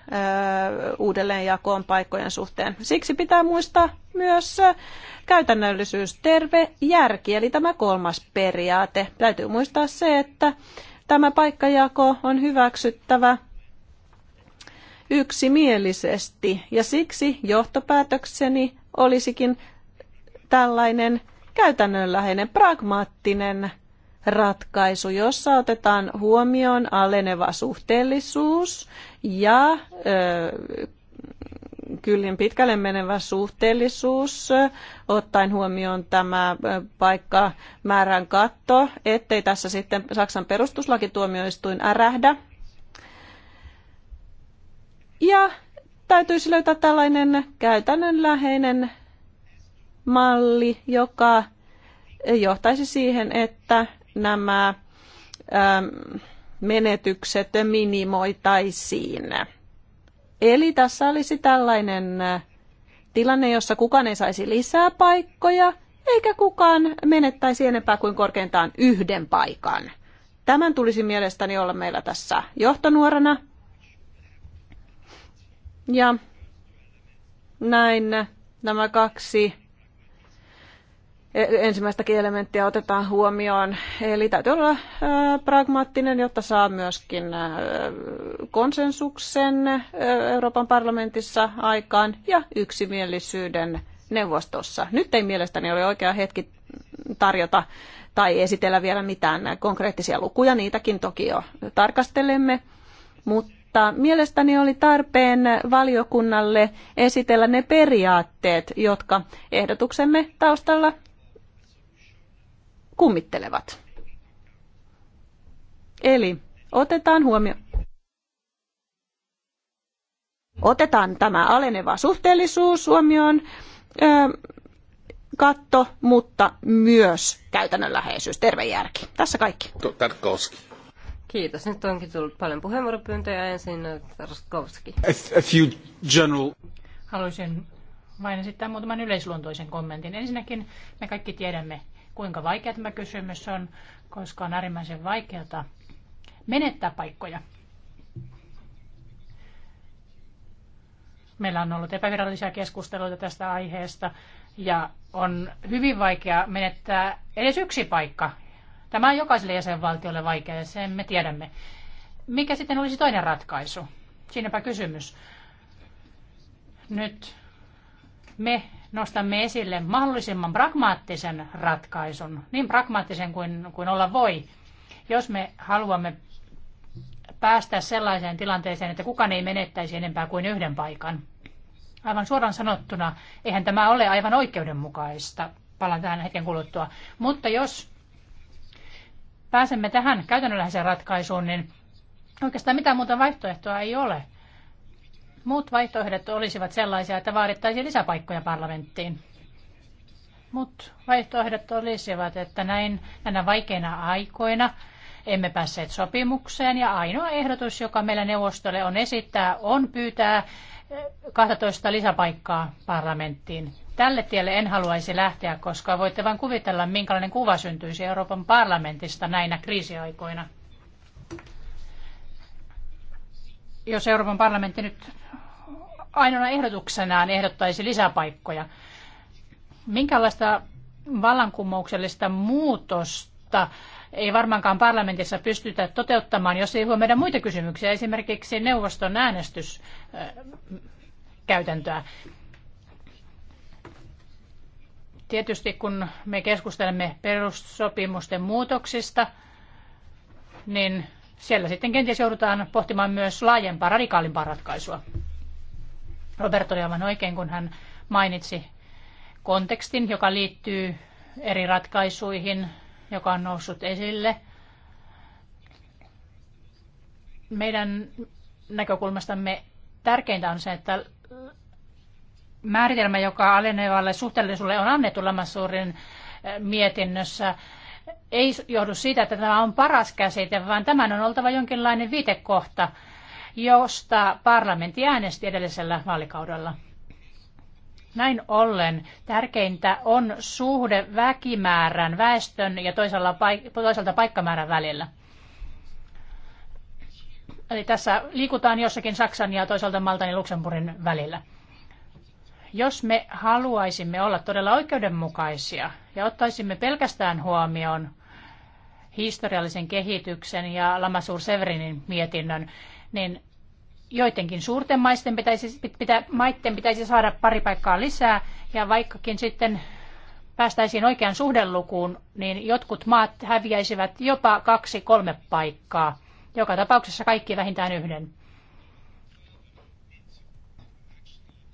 uudelleenjakoon paikkojen suhteen. Siksi pitää muistaa myös äh, käytännöllisyys, terve järki, eli tämä kolmas periaate. Täytyy muistaa se, että tämä paikkajako on hyväksyttävä yksimielisesti, ja siksi johtopäätökseni olisikin tällainen käytännönläheinen, pragmaattinen ratkaisu, jossa otetaan huomioon aleneva suhteellisuus ja ö, kyllin pitkälle menevä suhteellisuus, ottaen huomioon tämä paikka määrän katto, ettei tässä sitten Saksan perustuslakituomioistuin ärähdä. Ja täytyisi löytää tällainen käytännönläheinen malli, joka johtaisi siihen, että nämä ähm, menetykset minimoitaisiin. Eli tässä olisi tällainen äh, tilanne, jossa kukaan ei saisi lisää paikkoja, eikä kukaan menettäisi enempää kuin korkeintaan yhden paikan. Tämän tulisi mielestäni olla meillä tässä johtonuorana. Ja näin nämä kaksi ensimmäistä elementtiä otetaan huomioon. Eli täytyy olla pragmaattinen, jotta saa myöskin konsensuksen Euroopan parlamentissa aikaan ja yksimielisyyden neuvostossa. Nyt ei mielestäni ole oikea hetki tarjota tai esitellä vielä mitään konkreettisia lukuja, niitäkin toki jo tarkastelemme, mutta mielestäni oli tarpeen valiokunnalle esitellä ne periaatteet, jotka ehdotuksemme taustalla kummittelevat. Eli otetaan huomioon. Otetaan tämä aleneva suhteellisuus huomioon, öö, katto, mutta myös käytännönläheisyys, terve järki. Tässä kaikki. Tarkovski. Kiitos. Nyt onkin tullut paljon puheenvuoropyyntöjä ensin Tarkovski. A, a few general... Haluaisin vain esittää muutaman yleisluontoisen kommentin. Ensinnäkin me kaikki tiedämme, kuinka vaikea tämä kysymys on, koska on äärimmäisen vaikeata menettää paikkoja. Meillä on ollut epävirallisia keskusteluita tästä aiheesta ja on hyvin vaikea menettää edes yksi paikka. Tämä on jokaiselle jäsenvaltiolle vaikea ja sen me tiedämme. Mikä sitten olisi toinen ratkaisu? Siinäpä kysymys. Nyt me nostamme esille mahdollisimman pragmaattisen ratkaisun, niin pragmaattisen kuin, kuin olla voi, jos me haluamme päästä sellaiseen tilanteeseen, että kukaan ei menettäisi enempää kuin yhden paikan. Aivan suoraan sanottuna, eihän tämä ole aivan oikeudenmukaista, palaan tähän hetken kuluttua. Mutta jos pääsemme tähän käytännönläheiseen ratkaisuun, niin oikeastaan mitään muuta vaihtoehtoa ei ole. Muut vaihtoehdot olisivat sellaisia, että vaadittaisiin lisäpaikkoja parlamenttiin. Mut vaihtoehdot olisivat, että näin näinä vaikeina aikoina emme päässeet sopimukseen ja ainoa ehdotus, joka meillä neuvostolle on esittää, on pyytää 12 eh, lisäpaikkaa parlamenttiin. Tälle tielle en haluaisi lähteä, koska voitte vain kuvitella, minkälainen kuva syntyisi Euroopan parlamentista näinä kriisiaikoina. jos Euroopan parlamentti nyt ainoana ehdotuksenaan ehdottaisi lisäpaikkoja. Minkälaista vallankumouksellista muutosta ei varmaankaan parlamentissa pystytä toteuttamaan, jos ei huomioida muita kysymyksiä, esimerkiksi neuvoston äänestyskäytäntöä. Äh, Tietysti kun me keskustelemme perussopimusten muutoksista, niin siellä sitten kenties joudutaan pohtimaan myös laajempaa, radikaalimpaa ratkaisua. Robert oli aivan oikein, kun hän mainitsi kontekstin, joka liittyy eri ratkaisuihin, joka on noussut esille. Meidän näkökulmastamme tärkeintä on se, että määritelmä, joka alenevalle suhteellisuudelle on annettu Lamassuurin mietinnössä, ei johdu siitä, että tämä on paras käsite, vaan tämän on oltava jonkinlainen viitekohta, josta parlamentti äänesti edellisellä vaalikaudella. Näin ollen tärkeintä on suhde väkimäärän, väestön ja toisaalta paikkamäärän välillä. Eli tässä liikutaan jossakin Saksan ja toisaalta Maltan ja Luxemburgin välillä. Jos me haluaisimme olla todella oikeudenmukaisia ja ottaisimme pelkästään huomioon historiallisen kehityksen ja Lamasur Severinin mietinnön, niin joidenkin suurten maisten pitäisi, pitä, maitten pitäisi saada pari paikkaa lisää, ja vaikkakin sitten päästäisiin oikean suhdelukuun, niin jotkut maat häviäisivät jopa kaksi-kolme paikkaa. Joka tapauksessa kaikki vähintään yhden.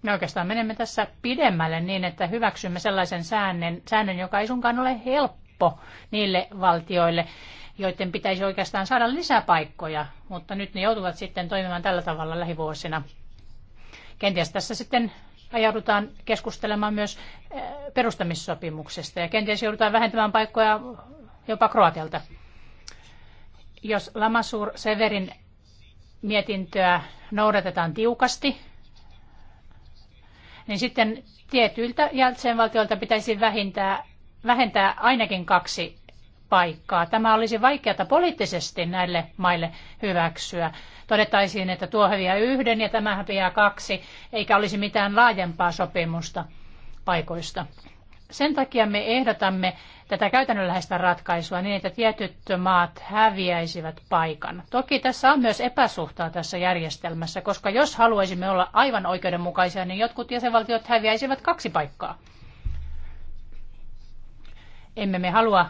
No oikeastaan menemme tässä pidemmälle niin, että hyväksymme sellaisen säännön, säännön joka ei sunkaan ole helppo niille valtioille, joiden pitäisi oikeastaan saada lisäpaikkoja, mutta nyt ne joutuvat sitten toimimaan tällä tavalla lähivuosina. Kenties tässä sitten ajaudutaan keskustelemaan myös eh, perustamissopimuksesta ja kenties joudutaan vähentämään paikkoja jopa Kroatialta. Jos Lamassur Severin mietintöä noudatetaan tiukasti, niin sitten tietyiltä jäsenvaltioilta pitäisi vähintää, vähentää ainakin kaksi paikkaa. Tämä olisi vaikeata poliittisesti näille maille hyväksyä. Todettaisiin, että tuo häviää yhden ja tämä häviää kaksi, eikä olisi mitään laajempaa sopimusta paikoista. Sen takia me ehdotamme tätä käytännönläheistä ratkaisua niin, että tietyt maat häviäisivät paikan. Toki tässä on myös epäsuhtaa tässä järjestelmässä, koska jos haluaisimme olla aivan oikeudenmukaisia, niin jotkut jäsenvaltiot häviäisivät kaksi paikkaa. Emme me halua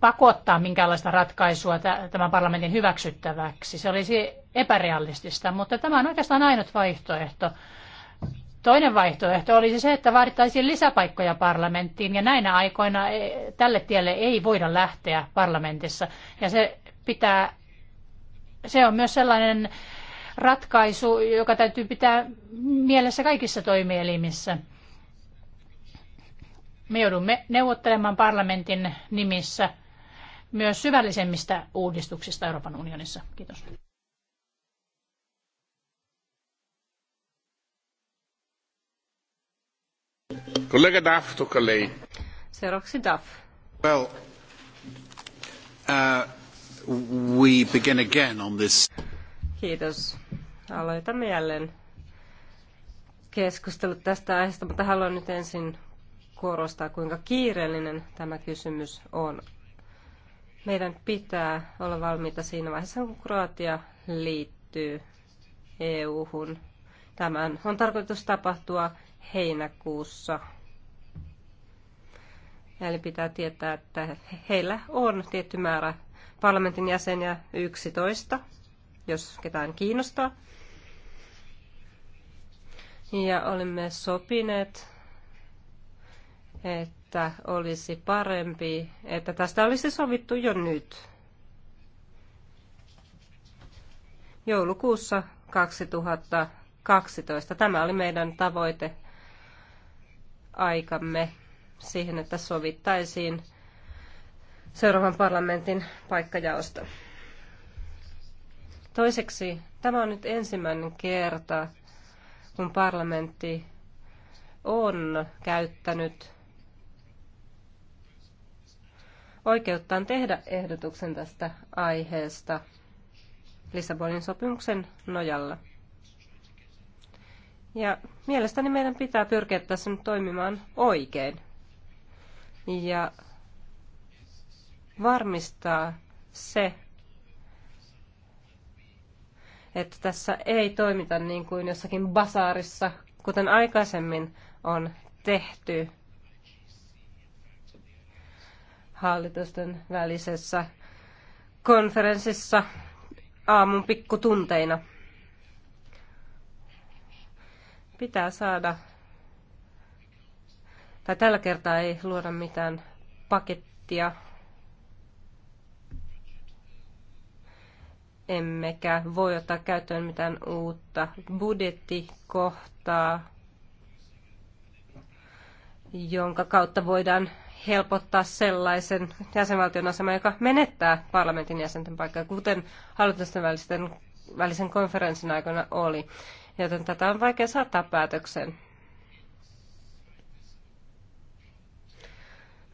pakottaa minkäänlaista ratkaisua tämän parlamentin hyväksyttäväksi. Se olisi epärealistista, mutta tämä on oikeastaan ainut vaihtoehto. Toinen vaihtoehto olisi se, että vaadittaisiin lisäpaikkoja parlamenttiin, ja näinä aikoina e, tälle tielle ei voida lähteä parlamentissa. Ja se, pitää, se on myös sellainen ratkaisu, joka täytyy pitää mielessä kaikissa toimielimissä. Me joudumme neuvottelemaan parlamentin nimissä myös syvällisemmistä uudistuksista Euroopan unionissa. Kiitos. Kollega Duff, tocca lei. Seuraavaksi Well, uh, we begin again on this. Kiitos. Aloitamme jälleen keskustelut tästä aiheesta, mutta haluan nyt ensin korostaa, kuinka kiireellinen tämä kysymys on. Meidän pitää olla valmiita siinä vaiheessa, kun Kroatia liittyy EU-hun. Tämän on tarkoitus tapahtua heinäkuussa. Eli pitää tietää, että heillä on tietty määrä parlamentin jäseniä 11, jos ketään kiinnostaa. Ja olimme sopineet, että olisi parempi, että tästä olisi sovittu jo nyt. Joulukuussa 2012. Tämä oli meidän tavoite aikamme siihen, että sovittaisiin seuraavan parlamentin paikkajaosta. Toiseksi, tämä on nyt ensimmäinen kerta, kun parlamentti on käyttänyt oikeuttaan tehdä ehdotuksen tästä aiheesta Lissabonin sopimuksen nojalla. Ja mielestäni meidän pitää pyrkiä tässä nyt toimimaan oikein ja varmistaa se, että tässä ei toimita niin kuin jossakin basaarissa, kuten aikaisemmin on tehty hallitusten välisessä konferenssissa aamun pikkutunteina. pitää saada, tai tällä kertaa ei luoda mitään pakettia, emmekä voi ottaa käyttöön mitään uutta budjettikohtaa, jonka kautta voidaan helpottaa sellaisen jäsenvaltion asemaa, joka menettää parlamentin jäsenten paikkaa, kuten hallitusten välisen konferenssin aikana oli joten tätä on vaikea saattaa päätökseen.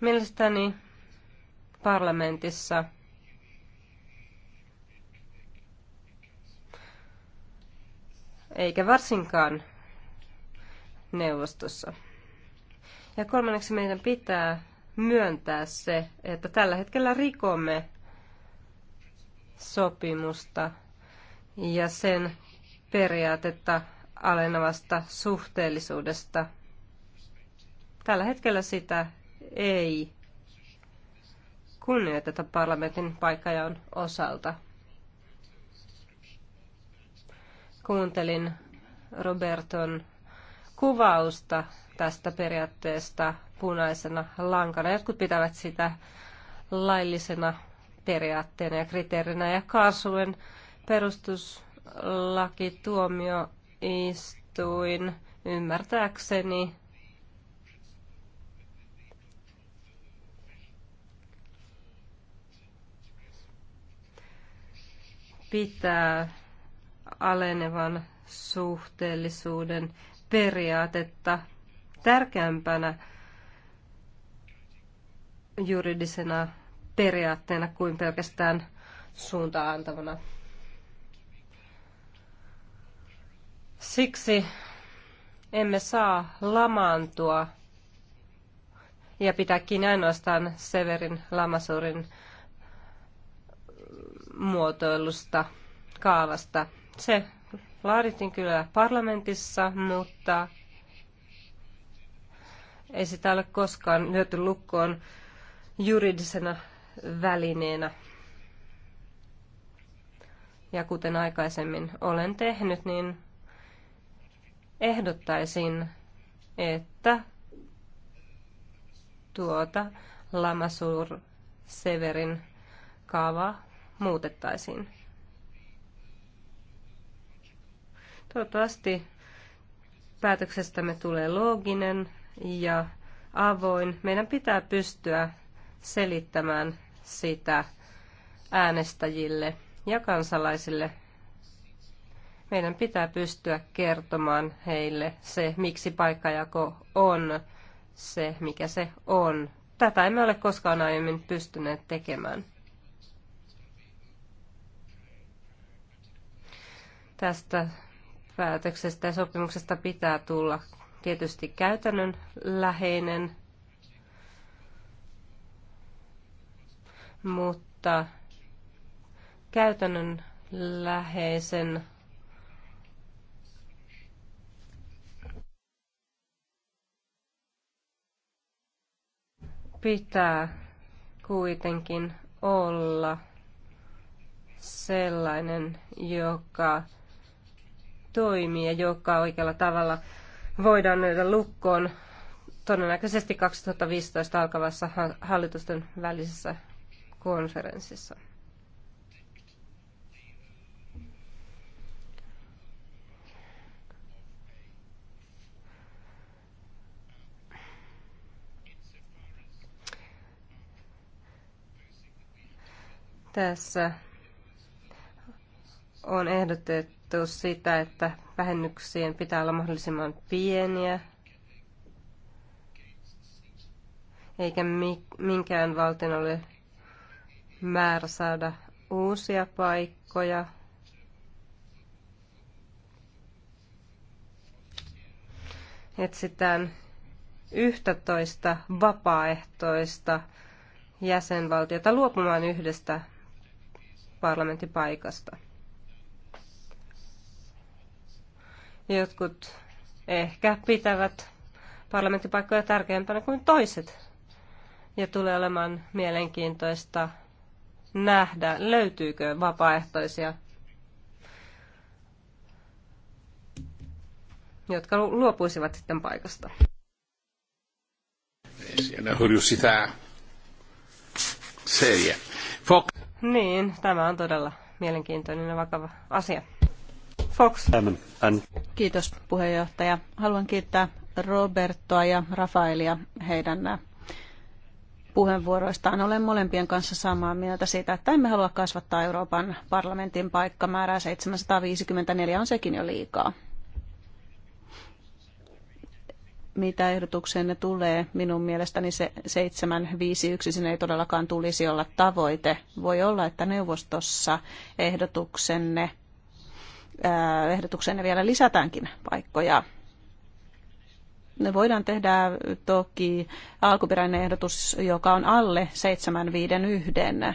Mielestäni parlamentissa eikä varsinkaan neuvostossa. Ja kolmanneksi meidän pitää myöntää se, että tällä hetkellä rikomme sopimusta ja sen periaatetta alenevasta suhteellisuudesta. Tällä hetkellä sitä ei kunnioiteta parlamentin paikkajaon osalta. Kuuntelin Roberton kuvausta tästä periaatteesta punaisena lankana. Jotkut pitävät sitä laillisena periaatteena ja kriteerinä ja Kaasuen perustus lakituomioistuin ymmärtääkseni pitää alenevan suhteellisuuden periaatetta tärkeämpänä juridisena periaatteena kuin pelkästään suuntaantavana. antavana Siksi emme saa lamaantua ja pitää kiinni ainoastaan Severin Lamasurin mm, muotoilusta, kaavasta. Se laadittiin kyllä parlamentissa, mutta ei sitä ole koskaan lyöty lukkoon juridisena välineenä. Ja kuten aikaisemmin olen tehnyt, niin ehdottaisin, että tuota Lamasur Severin kaavaa muutettaisiin. Toivottavasti päätöksestämme tulee looginen ja avoin. Meidän pitää pystyä selittämään sitä äänestäjille ja kansalaisille meidän pitää pystyä kertomaan heille se, miksi paikkajako on se, mikä se on. Tätä emme ole koskaan aiemmin pystyneet tekemään. Tästä päätöksestä ja sopimuksesta pitää tulla tietysti käytännön läheinen, mutta käytännön läheisen pitää kuitenkin olla sellainen, joka toimii ja joka oikealla tavalla voidaan löydä lukkoon todennäköisesti 2015 alkavassa hallitusten välisessä konferenssissa. Tässä on ehdotettu sitä, että vähennyksien pitää olla mahdollisimman pieniä, eikä minkään valtion ole määrä saada uusia paikkoja. Etsitään yhtätoista, vapaaehtoista jäsenvaltiota luopumaan yhdestä parlamenttipaikasta. Jotkut ehkä pitävät parlamenttipaikkoja tärkeämpänä kuin toiset. Ja tulee olemaan mielenkiintoista nähdä, löytyykö vapaaehtoisia, jotka luopuisivat sitten paikasta. Siinä on sitä seria. Fok. Niin, tämä on todella mielenkiintoinen ja vakava asia. Fox. Kiitos puheenjohtaja. Haluan kiittää Robertoa ja Rafaelia heidän äh, puheenvuoroistaan. Olen molempien kanssa samaa mieltä siitä, että emme halua kasvattaa Euroopan parlamentin paikkamäärää. 754 on sekin jo liikaa. mitä ehdotukseenne tulee, minun mielestäni se 751 sinne ei todellakaan tulisi olla tavoite. Voi olla, että neuvostossa ehdotuksenne, ää, äh, ehdotuksenne vielä lisätäänkin paikkoja. Ne voidaan tehdä toki alkuperäinen ehdotus, joka on alle 751.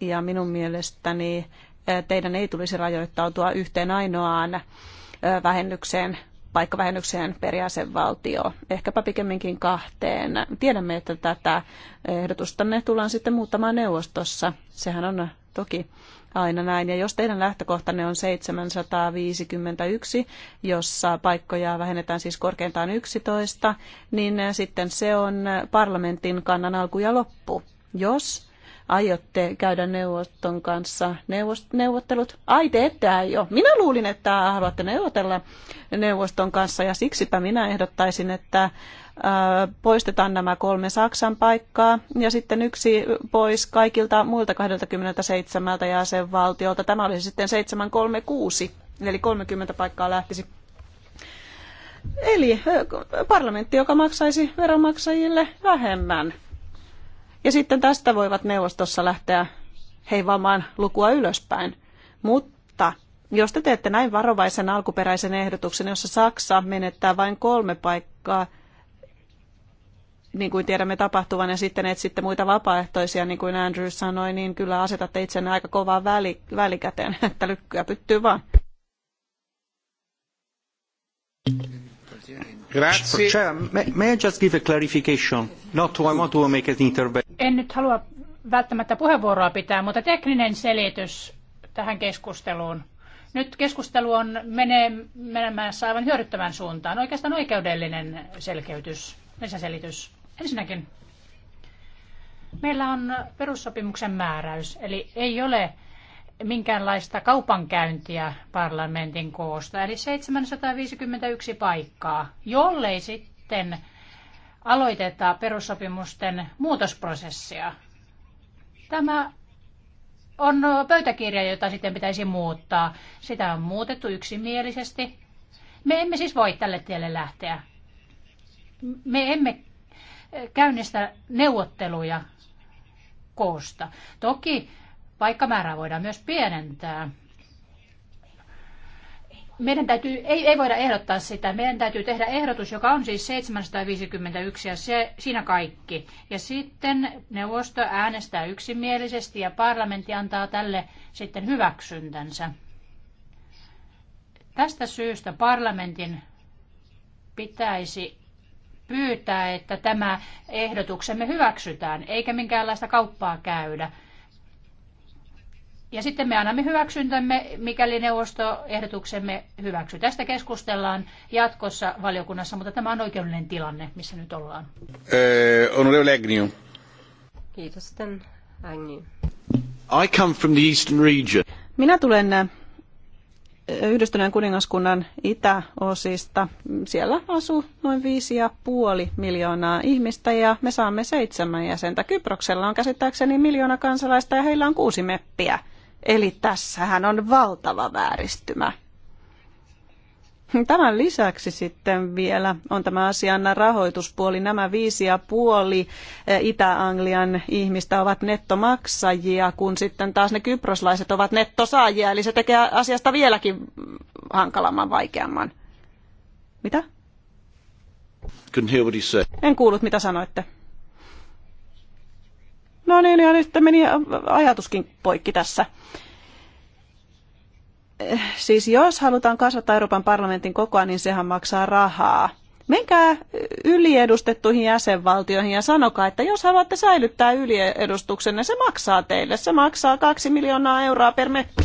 Ja minun mielestäni äh, teidän ei tulisi rajoittautua yhteen ainoaan äh, vähennykseen, paikkavähennykseen per valtio ehkäpä pikemminkin kahteen. Tiedämme, että tätä ehdotusta ne tullaan sitten muuttamaan neuvostossa. Sehän on toki aina näin. Ja jos teidän lähtökohtanne on 751, jossa paikkoja vähennetään siis korkeintaan 11, niin sitten se on parlamentin kannan alku ja loppu. Jos aiotte käydä neuvoston kanssa neuvost- neuvottelut? Ai te ette aio. Minä luulin, että haluatte neuvotella neuvoston kanssa ja siksipä minä ehdottaisin, että poistetaan nämä kolme Saksan paikkaa ja sitten yksi pois kaikilta muilta 27 jäsenvaltiolta. Tämä olisi sitten 736, eli 30 paikkaa lähtisi Eli parlamentti, joka maksaisi veronmaksajille vähemmän. Ja sitten tästä voivat neuvostossa lähteä heivaamaan lukua ylöspäin. Mutta jos te teette näin varovaisen alkuperäisen ehdotuksen, jossa Saksa menettää vain kolme paikkaa, niin kuin tiedämme tapahtuvan, ja sitten etsitte muita vapaaehtoisia, niin kuin Andrew sanoi, niin kyllä asetatte itsenne aika kovaa väli, välikäteen, että lykkyä pyttyy vaan may I just give a clarification? Not I want to make an En nyt halua välttämättä puheenvuoroa pitää, mutta tekninen selitys tähän keskusteluun. Nyt keskustelu on menee, menemässä aivan hyödyttävän suuntaan. Oikeastaan oikeudellinen selkeytys, lisäselitys. Ensinnäkin, meillä on perussopimuksen määräys, eli ei ole minkäänlaista kaupankäyntiä parlamentin koosta, eli 751 paikkaa, jollei sitten aloiteta perussopimusten muutosprosessia. Tämä on pöytäkirja, jota sitten pitäisi muuttaa. Sitä on muutettu yksimielisesti. Me emme siis voi tälle tielle lähteä. Me emme käynnistä neuvotteluja koosta. Toki paikkamäärää voidaan myös pienentää. Meidän täytyy, ei, ei voida ehdottaa sitä. Meidän täytyy tehdä ehdotus, joka on siis 751 ja se, siinä kaikki. Ja sitten neuvosto äänestää yksimielisesti ja parlamentti antaa tälle sitten hyväksyntänsä. Tästä syystä parlamentin pitäisi pyytää, että tämä ehdotuksemme hyväksytään, eikä minkäänlaista kauppaa käydä. Ja sitten me annamme hyväksyntämme, mikäli neuvostoehdotuksemme hyväksyy Tästä keskustellaan jatkossa valiokunnassa, mutta tämä on oikeudellinen tilanne, missä nyt ollaan. Honorable eh, Agnew. Kiitos sitten Agnew. I come from the eastern region. Minä tulen eh, Yhdistyneen kuningaskunnan itäosista. Siellä asuu noin 5,5 miljoonaa ihmistä ja me saamme seitsemän jäsentä. Kyproksella on käsittääkseni miljoona kansalaista ja heillä on kuusi meppiä. Eli tässähän on valtava vääristymä. Tämän lisäksi sitten vielä on tämä asian rahoituspuoli. Nämä viisi ja puoli eh, Itä-Anglian ihmistä ovat nettomaksajia, kun sitten taas ne kyproslaiset ovat nettosaajia. Eli se tekee asiasta vieläkin hankalamman, vaikeamman. Mitä? En kuullut, mitä sanoitte. No niin, ja nyt meni ajatuskin poikki tässä. Eh, siis jos halutaan kasvattaa Euroopan parlamentin kokoa, niin sehän maksaa rahaa. Menkää yliedustettuihin jäsenvaltioihin ja sanokaa, että jos haluatte säilyttää yliedustuksenne, se maksaa teille. Se maksaa kaksi miljoonaa euroa per meppi.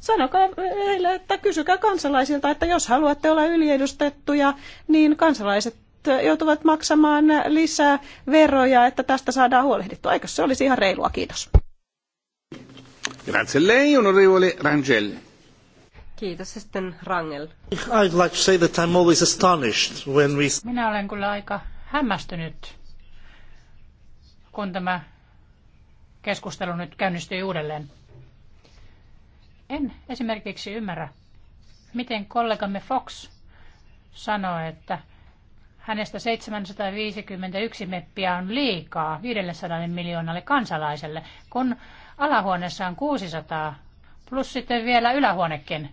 Sanokaa heille, että kysykää kansalaisilta, että jos haluatte olla yliedustettuja, niin kansalaiset Eh, joutuvat maksamaan lisää veroja, että tästä saadaan huolehdittua. Eikö se olisi ihan reilua? Kiitos. Grazie lei, onorevole Rangel. Kiitos sitten Rangel. I'd like to say that I'm always astonished when we... Minä olen kyllä aika hämmästynyt, kun tämä keskustelu nyt käynnistyi uudelleen. En esimerkiksi ymmärrä, miten kollegamme Fox sanoi, että hänestä 751 meppiä on liikaa 500 miljoonalle kansalaiselle, kun alahuoneessa on 600, plus sitten vielä ylähuonekin.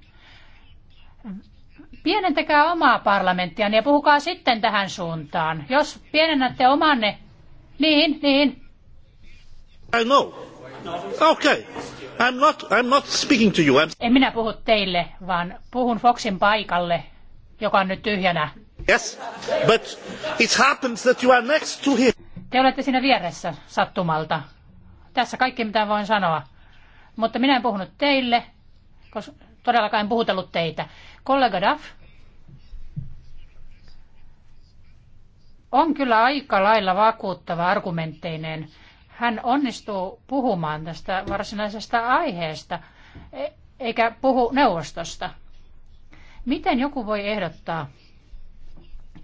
Pienentäkää omaa parlamenttia ja puhukaa sitten tähän suuntaan. Jos pienennätte omanne, niin, niin. I know. Okay. I'm not, I'm not speaking to you. I'm... En minä puhu teille, vaan puhun Foxin paikalle, joka on nyt tyhjänä. Yes, but it happens that you are next to him. Te olette siinä vieressä sattumalta. Tässä kaikki mitä voin sanoa. Mutta minä en puhunut teille, koska todellakaan en puhutellut teitä. Kollega Duff on kyllä aika lailla vakuuttava argumentteineen. Hän onnistuu puhumaan tästä varsinaisesta aiheesta, e-, eikä puhu neuvostosta. Miten joku voi ehdottaa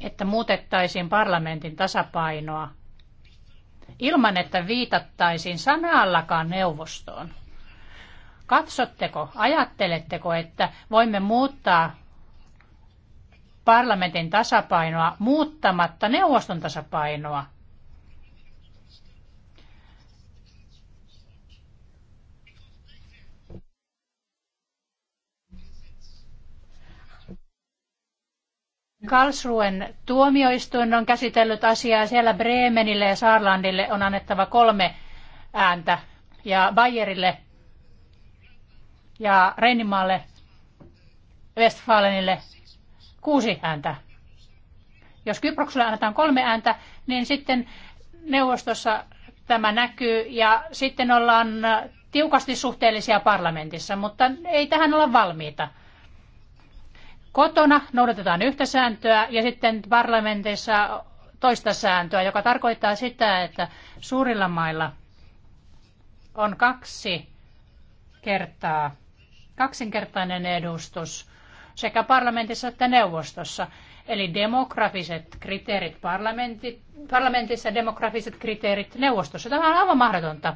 että muutettaisiin parlamentin tasapainoa ilman, että viitattaisiin sanallakaan neuvostoon? Katsotteko, ajatteletteko, että voimme muuttaa parlamentin tasapainoa muuttamatta neuvoston tasapainoa? Karlsruen tuomioistuin on käsitellyt asiaa ja siellä Bremenille ja Saarlandille on annettava kolme ääntä ja Bayerille ja Reinimaalle, Westfalenille kuusi ääntä. Jos Kyprokselle annetaan kolme ääntä, niin sitten neuvostossa tämä näkyy ja sitten ollaan tiukasti suhteellisia parlamentissa, mutta ei tähän olla valmiita kotona noudatetaan yhtä sääntöä ja sitten parlamenteissa toista sääntöä, joka tarkoittaa sitä, että suurilla mailla on kaksi kertaa, kaksinkertainen edustus sekä parlamentissa että neuvostossa. Eli demografiset kriteerit parlamentissa, demografiset kriteerit neuvostossa. Tämä on aivan mahdotonta.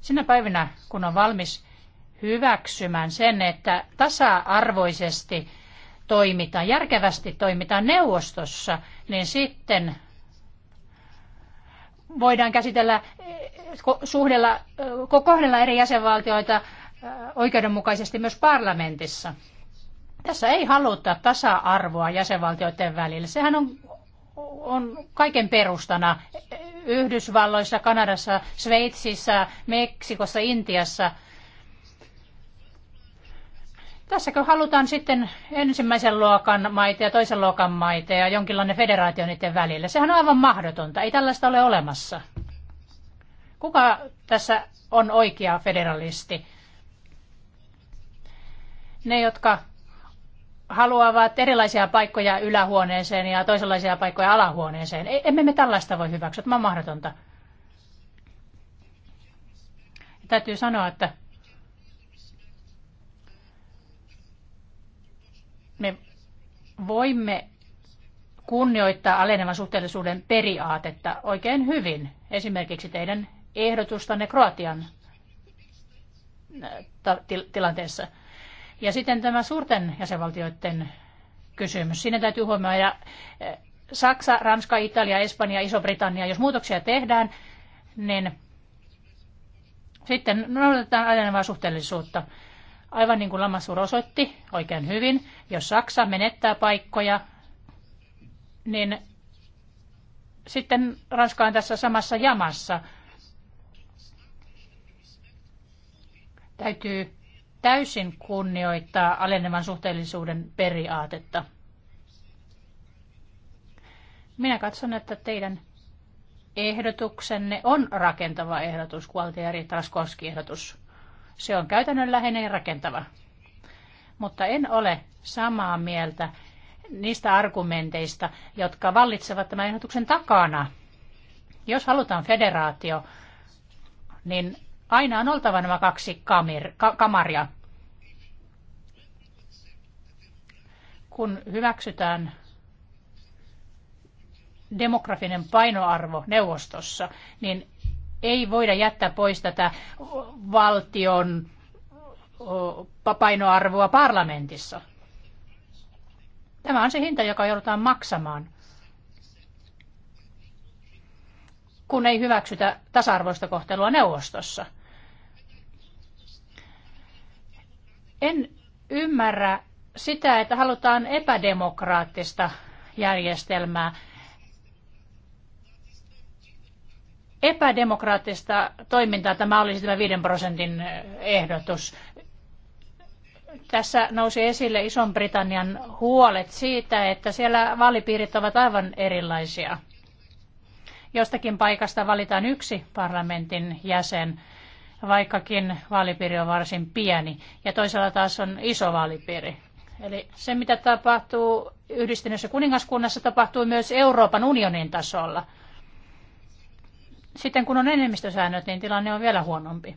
Sinä päivinä, kun on valmis hyväksymään sen, että tasa-arvoisesti toimitaan, järkevästi toimitaan neuvostossa, niin sitten voidaan käsitellä, suhdella, kohdella eri jäsenvaltioita oikeudenmukaisesti myös parlamentissa. Tässä ei haluta tasa-arvoa jäsenvaltioiden välillä. Sehän on, on kaiken perustana Yhdysvalloissa, Kanadassa, Sveitsissä, Meksikossa, Intiassa – Tässäkö halutaan sitten ensimmäisen luokan maita ja toisen luokan maita ja jonkinlainen federaatio niiden välillä? Sehän on aivan mahdotonta. Ei tällaista ole olemassa. Kuka tässä on oikea federalisti? Ne, jotka haluavat erilaisia paikkoja ylähuoneeseen ja toisenlaisia paikkoja alahuoneeseen. E- emme me tällaista voi hyväksyä, tämä on mahdotonta. Ja täytyy sanoa, että me voimme kunnioittaa alenevan suhteellisuuden periaatetta oikein hyvin. Esimerkiksi teidän ehdotustanne Kroatian äh, tilanteessa. Ja sitten tämä suurten jäsenvaltioiden kysymys. Siinä täytyy huomioida äh, Saksa, Ranska, Italia, Espanja, Iso-Britannia. Jos muutoksia tehdään, niin sitten noudatetaan alenevaa suhteellisuutta aivan niin kuin Lamassur osoitti oikein hyvin, jos Saksa menettää paikkoja, niin sitten Ranska on tässä samassa jamassa. Täytyy täysin kunnioittaa alenevan suhteellisuuden periaatetta. Minä katson, että teidän ehdotuksenne on rakentava ehdotus, Gualtieri Traskoski ehdotus. Se on käytännönläheinen ja rakentava. Mutta en ole samaa mieltä niistä argumenteista, jotka vallitsevat tämän ehdotuksen takana. Jos halutaan federaatio, niin aina on oltava nämä kaksi kamir, ka, kamaria. Kun hyväksytään demografinen painoarvo neuvostossa, niin ei voida jättää pois tätä valtion painoarvoa parlamentissa. Tämä on se hinta, joka joudutaan maksamaan, kun ei hyväksytä tasa-arvoista kohtelua neuvostossa. En ymmärrä sitä, että halutaan epädemokraattista järjestelmää. epädemokraattista toimintaa tämä olisi tämä 5 prosentin eh, ehdotus. Tässä nousi esille Ison-Britannian huolet siitä, että siellä vaalipiirit ovat aivan erilaisia. Jostakin paikasta valitaan yksi parlamentin jäsen, vaikkakin vaalipiiri on varsin pieni, ja toisella taas on iso vaalipiiri. Eli se, mitä tapahtuu yhdistyneessä kuningaskunnassa, tapahtuu myös Euroopan unionin tasolla – sitten kun on enemmistösäännöt, niin tilanne on vielä huonompi.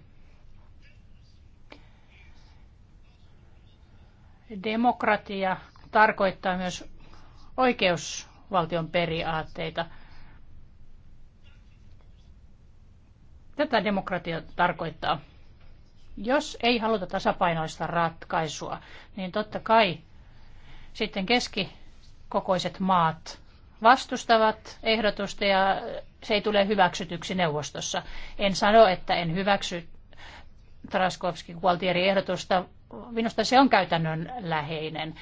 Demokratia tarkoittaa myös oikeusvaltion periaatteita. Tätä demokratia tarkoittaa. Jos ei haluta tasapainoista ratkaisua, niin totta kai sitten keskikokoiset maat vastustavat ehdotusta ja se ei tule hyväksytyksi neuvostossa. En sano, että en hyväksy Traskovskin kualtieri ehdotusta. Minusta se on käytännön läheinen.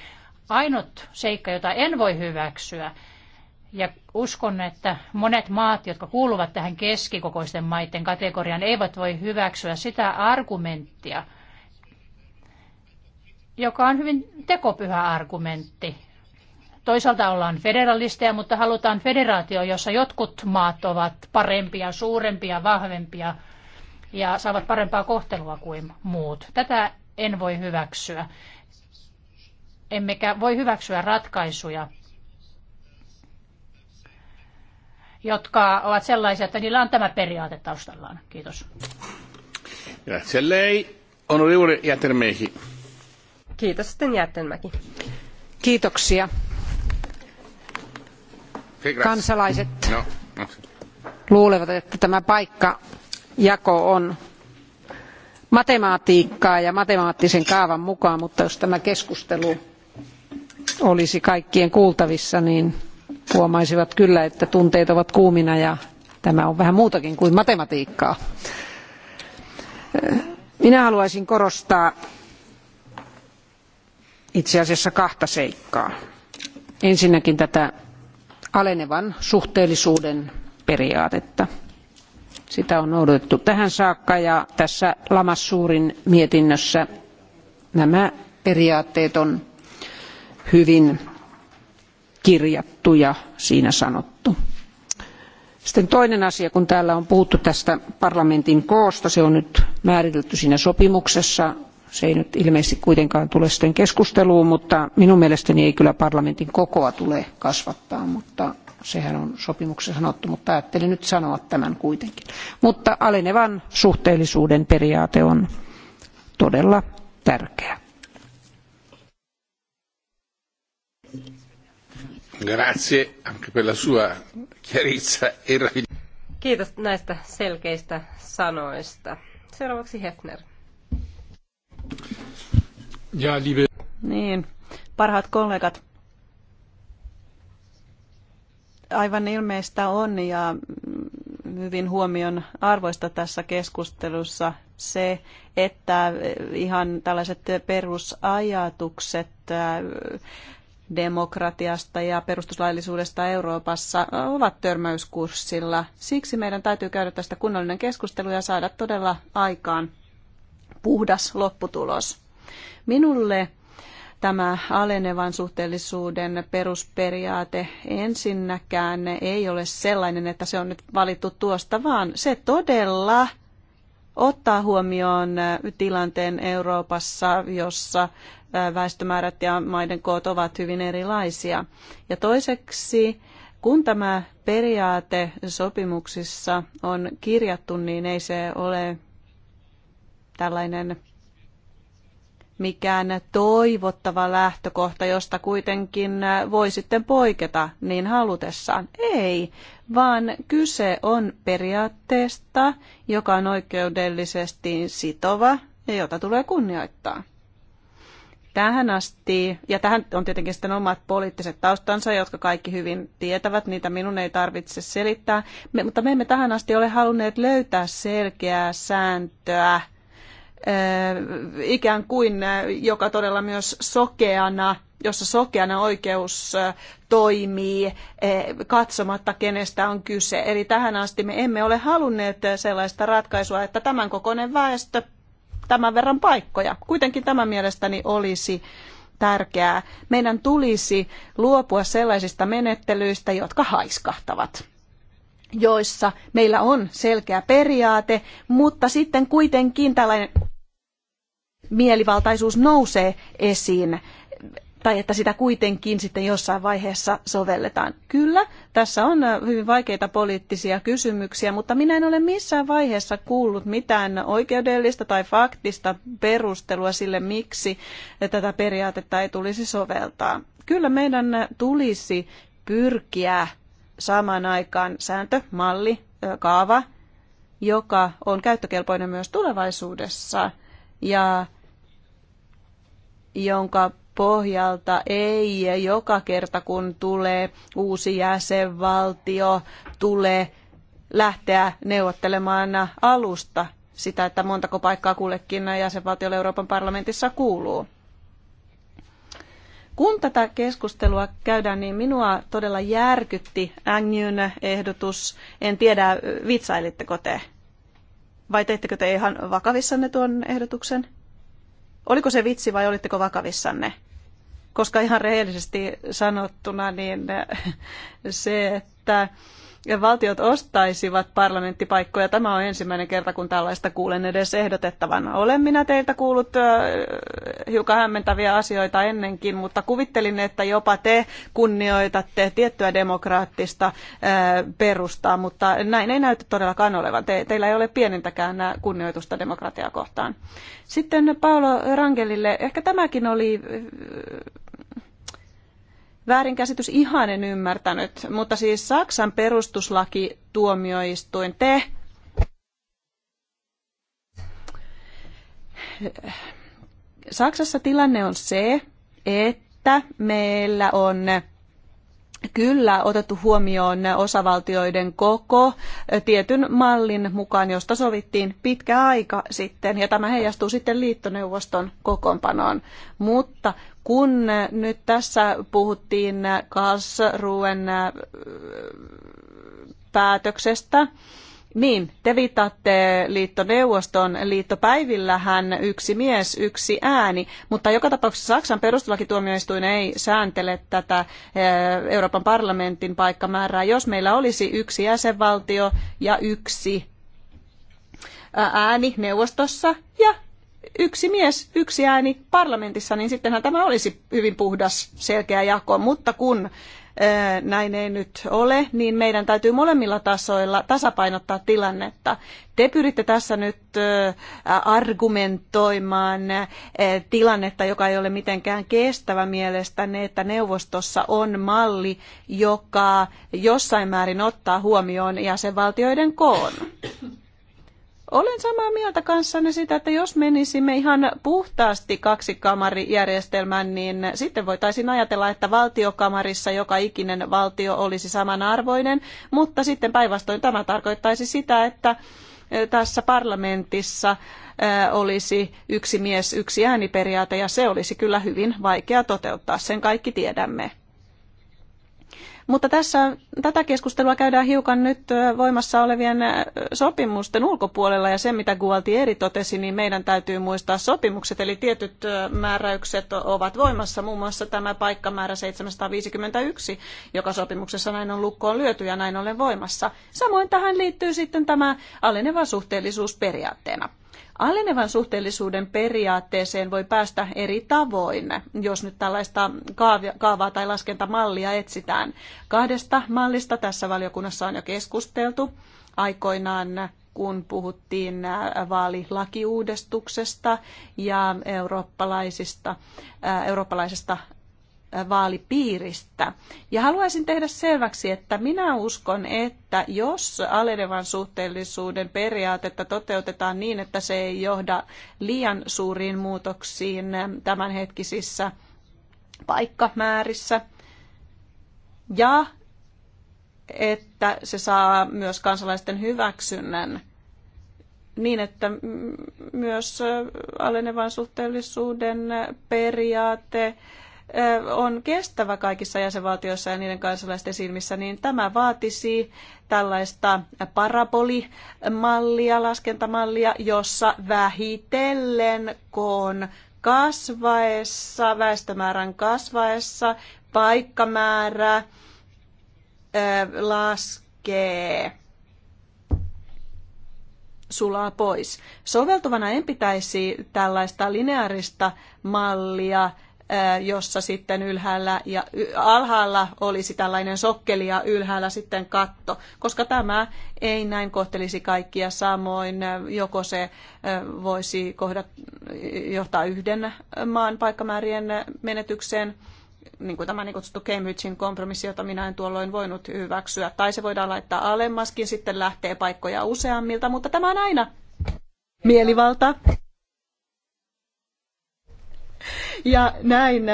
Ainut seikka, jota en voi hyväksyä, ja uskon, että monet maat, jotka kuuluvat tähän keskikokoisten maiden kategoriaan, eivät voi hyväksyä sitä argumenttia, joka on hyvin tekopyhä argumentti, Toisaalta ollaan federalisteja, mutta halutaan federaatio, jossa jotkut maat ovat parempia, suurempia, vahvempia ja saavat parempaa kohtelua kuin muut. Tätä en voi hyväksyä. Emmekä voi hyväksyä ratkaisuja, jotka ovat sellaisia, että niillä on tämä periaate taustallaan. Kiitos. Kiitos sitten Jättenmäki. Kiitoksia kansalaiset no, luulevat että tämä paikkajako on matematiikkaa ja matemaattisen kaavan mukaan mutta jos tämä keskustelu olisi kaikkien kuultavissa niin huomaisivat kyllä että tunteet ovat kuumina ja tämä on vähän muutakin kuin matematiikkaa. minä haluaisin korostaa itse asiassa kahta seikkaa ensinnäkin tätä alenevan suhteellisuuden periaatetta. Sitä on noudatettu tähän saakka ja tässä Lamassuurin mietinnössä nämä periaatteet on hyvin kirjattu ja siinä sanottu. Sitten toinen asia, kun täällä on puhuttu tästä parlamentin koosta, se on nyt määritelty siinä sopimuksessa se ei nyt ilmeisesti kuitenkaan tule sitten keskusteluun, mutta minun mielestäni ei kyllä parlamentin kokoa tule kasvattaa, mutta sehän on sopimuksessa sanottu, mutta ajattelin nyt sanoa tämän kuitenkin. Mutta alenevan suhteellisuuden periaate on todella tärkeä. Grazie anche per la sua chiarezza e Kiitos näistä selkeistä sanoista. Seuraavaksi Hefner. Ja, liebe... Niin, parhaat kollegat. Aivan ilmeistä on ja hyvin huomion arvoista tässä keskustelussa se, että ihan tällaiset perusajatukset äh, demokratiasta ja perustuslaillisuudesta Euroopassa ovat törmäyskurssilla. Siksi meidän täytyy käydä tästä kunnollinen keskustelu ja saada todella aikaan puhdas lopputulos. Minulle tämä alenevan suhteellisuuden perusperiaate ensinnäkään ei ole sellainen, että se on nyt valittu tuosta, vaan se todella ottaa huomioon tilanteen Euroopassa, jossa väestömäärät ja maiden koot ovat hyvin erilaisia. Ja toiseksi, kun tämä periaate sopimuksissa on kirjattu, niin ei se ole tällainen mikään toivottava lähtökohta, josta kuitenkin voi sitten poiketa niin halutessaan. Ei, vaan kyse on periaatteesta, joka on oikeudellisesti sitova ja jota tulee kunnioittaa. Tähän asti, ja tähän on tietenkin sitten omat poliittiset taustansa, jotka kaikki hyvin tietävät, niitä minun ei tarvitse selittää, me, mutta me emme tähän asti ole halunneet löytää selkeää sääntöä, ikään kuin, joka todella myös sokeana, jossa sokeana oikeus toimii katsomatta, kenestä on kyse. Eli tähän asti me emme ole halunneet sellaista ratkaisua, että tämän kokoinen väestö tämän verran paikkoja. Kuitenkin tämä mielestäni olisi tärkeää. Meidän tulisi luopua sellaisista menettelyistä, jotka haiskahtavat joissa meillä on selkeä periaate, mutta sitten kuitenkin tällainen mielivaltaisuus nousee esiin tai että sitä kuitenkin sitten jossain vaiheessa sovelletaan. Kyllä, tässä on äh, hyvin vaikeita poliittisia kysymyksiä, mutta minä en ole missään vaiheessa kuullut mitään oikeudellista tai faktista perustelua sille, miksi tätä periaatetta ei tulisi soveltaa. Kyllä meidän tulisi pyrkiä saamaan aikaan sääntö, malli, kaava, joka on käyttökelpoinen myös tulevaisuudessa ja jonka pohjalta ei joka kerta kun tulee uusi jäsenvaltio, tulee lähteä neuvottelemaan alusta sitä, että montako paikkaa kullekin jäsenvaltiolle Euroopan parlamentissa kuuluu. Kun tätä keskustelua käydään, niin minua todella järkytti Ängyn ehdotus. En tiedä, vitsailitteko te? Vai teittekö te ihan vakavissanne tuon ehdotuksen? Oliko se vitsi vai olitteko vakavissanne? Koska ihan rehellisesti sanottuna, niin se, että ja valtiot ostaisivat parlamenttipaikkoja. Tämä on ensimmäinen kerta, kun tällaista kuulen edes ehdotettavan. Olen minä teiltä kuullut hiukan hämmentäviä asioita ennenkin, mutta kuvittelin, että jopa te kunnioitatte tiettyä demokraattista perustaa, mutta näin ei näytä todellakaan olevan. Te, teillä ei ole pienintäkään kunnioitusta demokratiaa kohtaan. Sitten Paolo Rangelille, ehkä tämäkin oli väärinkäsitys ihan en ymmärtänyt, mutta siis Saksan perustuslaki tuomioistuin te Saksassa tilanne on se, että meillä on kyllä otettu huomioon osavaltioiden koko tietyn mallin mukaan, josta sovittiin pitkä aika sitten, ja tämä heijastuu sitten liittoneuvoston kokoonpanoon. Mutta kun nyt tässä puhuttiin Karlsruen äh, päätöksestä, niin, te viittaatte liittoneuvoston liittopäivillähän yksi mies, yksi ääni, mutta joka tapauksessa Saksan perustuslakituomioistuin ei sääntele tätä äh, Euroopan parlamentin paikkamäärää. Jos meillä olisi yksi jäsenvaltio ja yksi ääni neuvostossa ja yksi mies, yksi ääni parlamentissa, niin sittenhän tämä olisi hyvin puhdas, selkeä jako. Mutta kun näin ei nyt ole, niin meidän täytyy molemmilla tasoilla tasapainottaa tilannetta. Te pyritte tässä nyt argumentoimaan tilannetta, joka ei ole mitenkään kestävä mielestäni, että neuvostossa on malli, joka jossain määrin ottaa huomioon jäsenvaltioiden koon. Olen samaa mieltä kanssanne sitä, että jos menisimme ihan puhtaasti kaksikamarijärjestelmään, niin sitten voitaisiin ajatella, että valtiokamarissa joka ikinen valtio olisi samanarvoinen, mutta sitten päinvastoin tämä tarkoittaisi sitä, että e, tässä parlamentissa e, olisi yksi mies, yksi ääniperiaate, ja se olisi kyllä hyvin vaikea toteuttaa, sen kaikki tiedämme. Mutta tässä, tätä keskustelua käydään hiukan nyt voimassa olevien sopimusten ulkopuolella ja se, mitä eri totesi, niin meidän täytyy muistaa sopimukset, eli tietyt määräykset ovat voimassa, muun muassa tämä paikkamäärä 751, joka sopimuksessa näin on lukkoon lyöty ja näin ollen voimassa. Samoin tähän liittyy sitten tämä aleneva suhteellisuus periaatteena. Alenevan suhteellisuuden periaatteeseen voi päästä eri tavoin, jos nyt tällaista kaavaa tai laskentamallia etsitään. Kahdesta mallista tässä valiokunnassa on jo keskusteltu aikoinaan kun puhuttiin vaalilakiuudistuksesta ja eurooppalaisista, eurooppalaisesta vaalipiiristä. Ja haluaisin tehdä selväksi, että minä uskon, että jos alenevan suhteellisuuden periaatetta toteutetaan niin, että se ei johda liian suuriin muutoksiin tämänhetkisissä paikkamäärissä, ja että se saa myös kansalaisten hyväksynnän niin, että myös alenevan suhteellisuuden periaate on kestävä kaikissa jäsenvaltioissa ja niiden kansalaisten silmissä, niin tämä vaatisi tällaista parabolimallia, laskentamallia, jossa vähitellen koon kasvaessa, väestömäärän kasvaessa, paikkamäärä laskee sulaa pois. Soveltuvana en pitäisi tällaista lineaarista mallia jossa sitten ylhäällä ja alhaalla olisi tällainen sokkeli ja ylhäällä sitten katto, koska tämä ei näin kohtelisi kaikkia samoin, joko se voisi kohdat, johtaa yhden maan paikkamäärien menetykseen, niin kuin tämä niin kutsuttu Cambridgein kompromissi, jota minä en tuolloin voinut hyväksyä. Tai se voidaan laittaa alemmaskin, sitten lähtee paikkoja useammilta, mutta tämä on aina mielivalta. Ja näin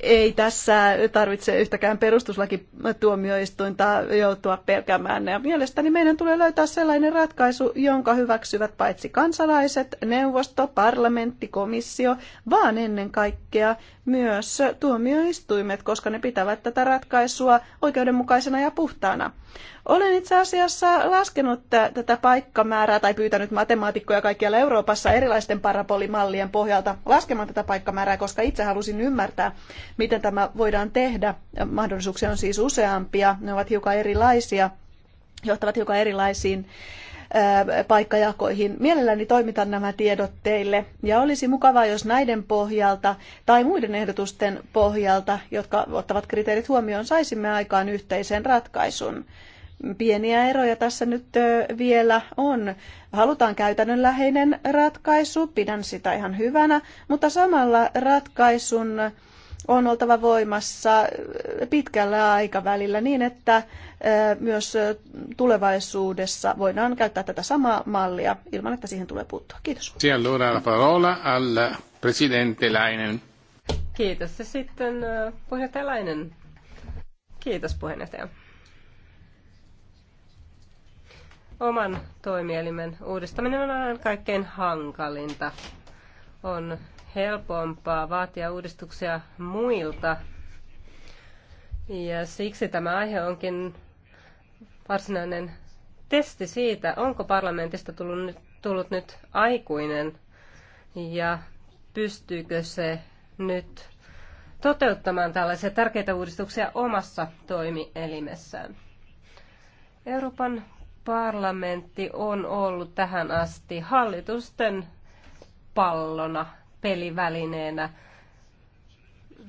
ei tässä tarvitse yhtäkään perustuslakituomioistuinta joutua pelkäämään. Ja mielestäni meidän tulee löytää sellainen ratkaisu, jonka hyväksyvät paitsi kansalaiset, neuvosto, parlamentti, komissio, vaan ennen kaikkea myös tuomioistuimet, koska ne pitävät tätä ratkaisua oikeudenmukaisena ja puhtaana. Olen itse asiassa laskenut tätä paikkamäärää tai pyytänyt matemaatikkoja kaikkialla Euroopassa erilaisten parapolimallien pohjalta laskemaan tätä paikkamäärää, koska itse halusin ymmärtää, Miten tämä voidaan tehdä? Mahdollisuuksia on siis useampia, ne ovat hiukan erilaisia, johtavat hiukan erilaisiin paikkajakoihin. Mielelläni toimitan nämä tiedot teille ja olisi mukavaa, jos näiden pohjalta tai muiden ehdotusten pohjalta, jotka ottavat kriteerit huomioon, saisimme aikaan yhteisen ratkaisun. Pieniä eroja tässä nyt vielä on. Halutaan käytännönläheinen ratkaisu, pidän sitä ihan hyvänä, mutta samalla ratkaisun on oltava voimassa pitkällä aikavälillä niin, että myös tulevaisuudessa voidaan käyttää tätä samaa mallia ilman, että siihen tulee puuttua. Kiitos. Allora la parola al presidente Lainen. Kiitos. Ja sitten puheenjohtaja Lainen. Kiitos puheenjohtaja. Oman toimielimen uudistaminen on aina kaikkein hankalinta. On helpompaa vaatia uudistuksia muilta. Ja siksi tämä aihe onkin varsinainen testi siitä, onko parlamentista tullut nyt, tullut nyt aikuinen ja pystyykö se nyt toteuttamaan tällaisia tärkeitä uudistuksia omassa toimielimessään. Euroopan parlamentti on ollut tähän asti hallitusten pallona pelivälineenä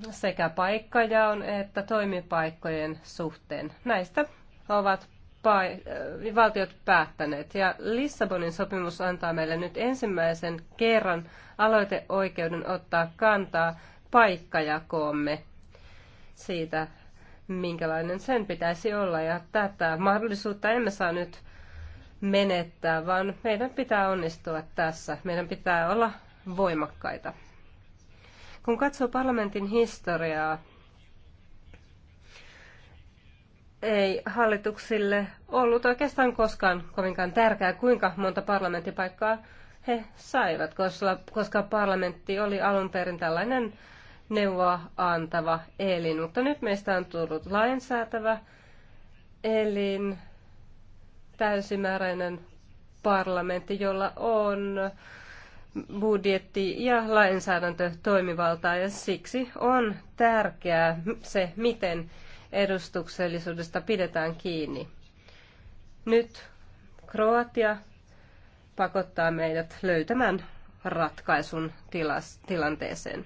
sekä paikkajaon että toimipaikkojen suhteen. Näistä ovat äh, valtiot päättäneet. Ja Lissabonin sopimus antaa meille nyt ensimmäisen kerran aloiteoikeuden ottaa kantaa paikkajakoomme siitä, minkälainen sen pitäisi olla. Ja tätä mahdollisuutta emme saa nyt menettää, vaan meidän pitää onnistua tässä. Meidän pitää olla voimakkaita. Kun katsoo parlamentin historiaa, ei hallituksille ollut oikeastaan koskaan kovinkaan tärkeää, kuinka monta parlamenttipaikkaa he saivat, koska parlamentti oli alun perin tällainen neuvoa antava elin. Mutta nyt meistä on tullut lainsäätävä elin, täysimääräinen parlamentti, jolla on budjetti- ja toimivaltaa ja siksi on tärkeää se, miten edustuksellisuudesta pidetään kiinni. Nyt Kroatia pakottaa meidät löytämään ratkaisun tilas, tilanteeseen.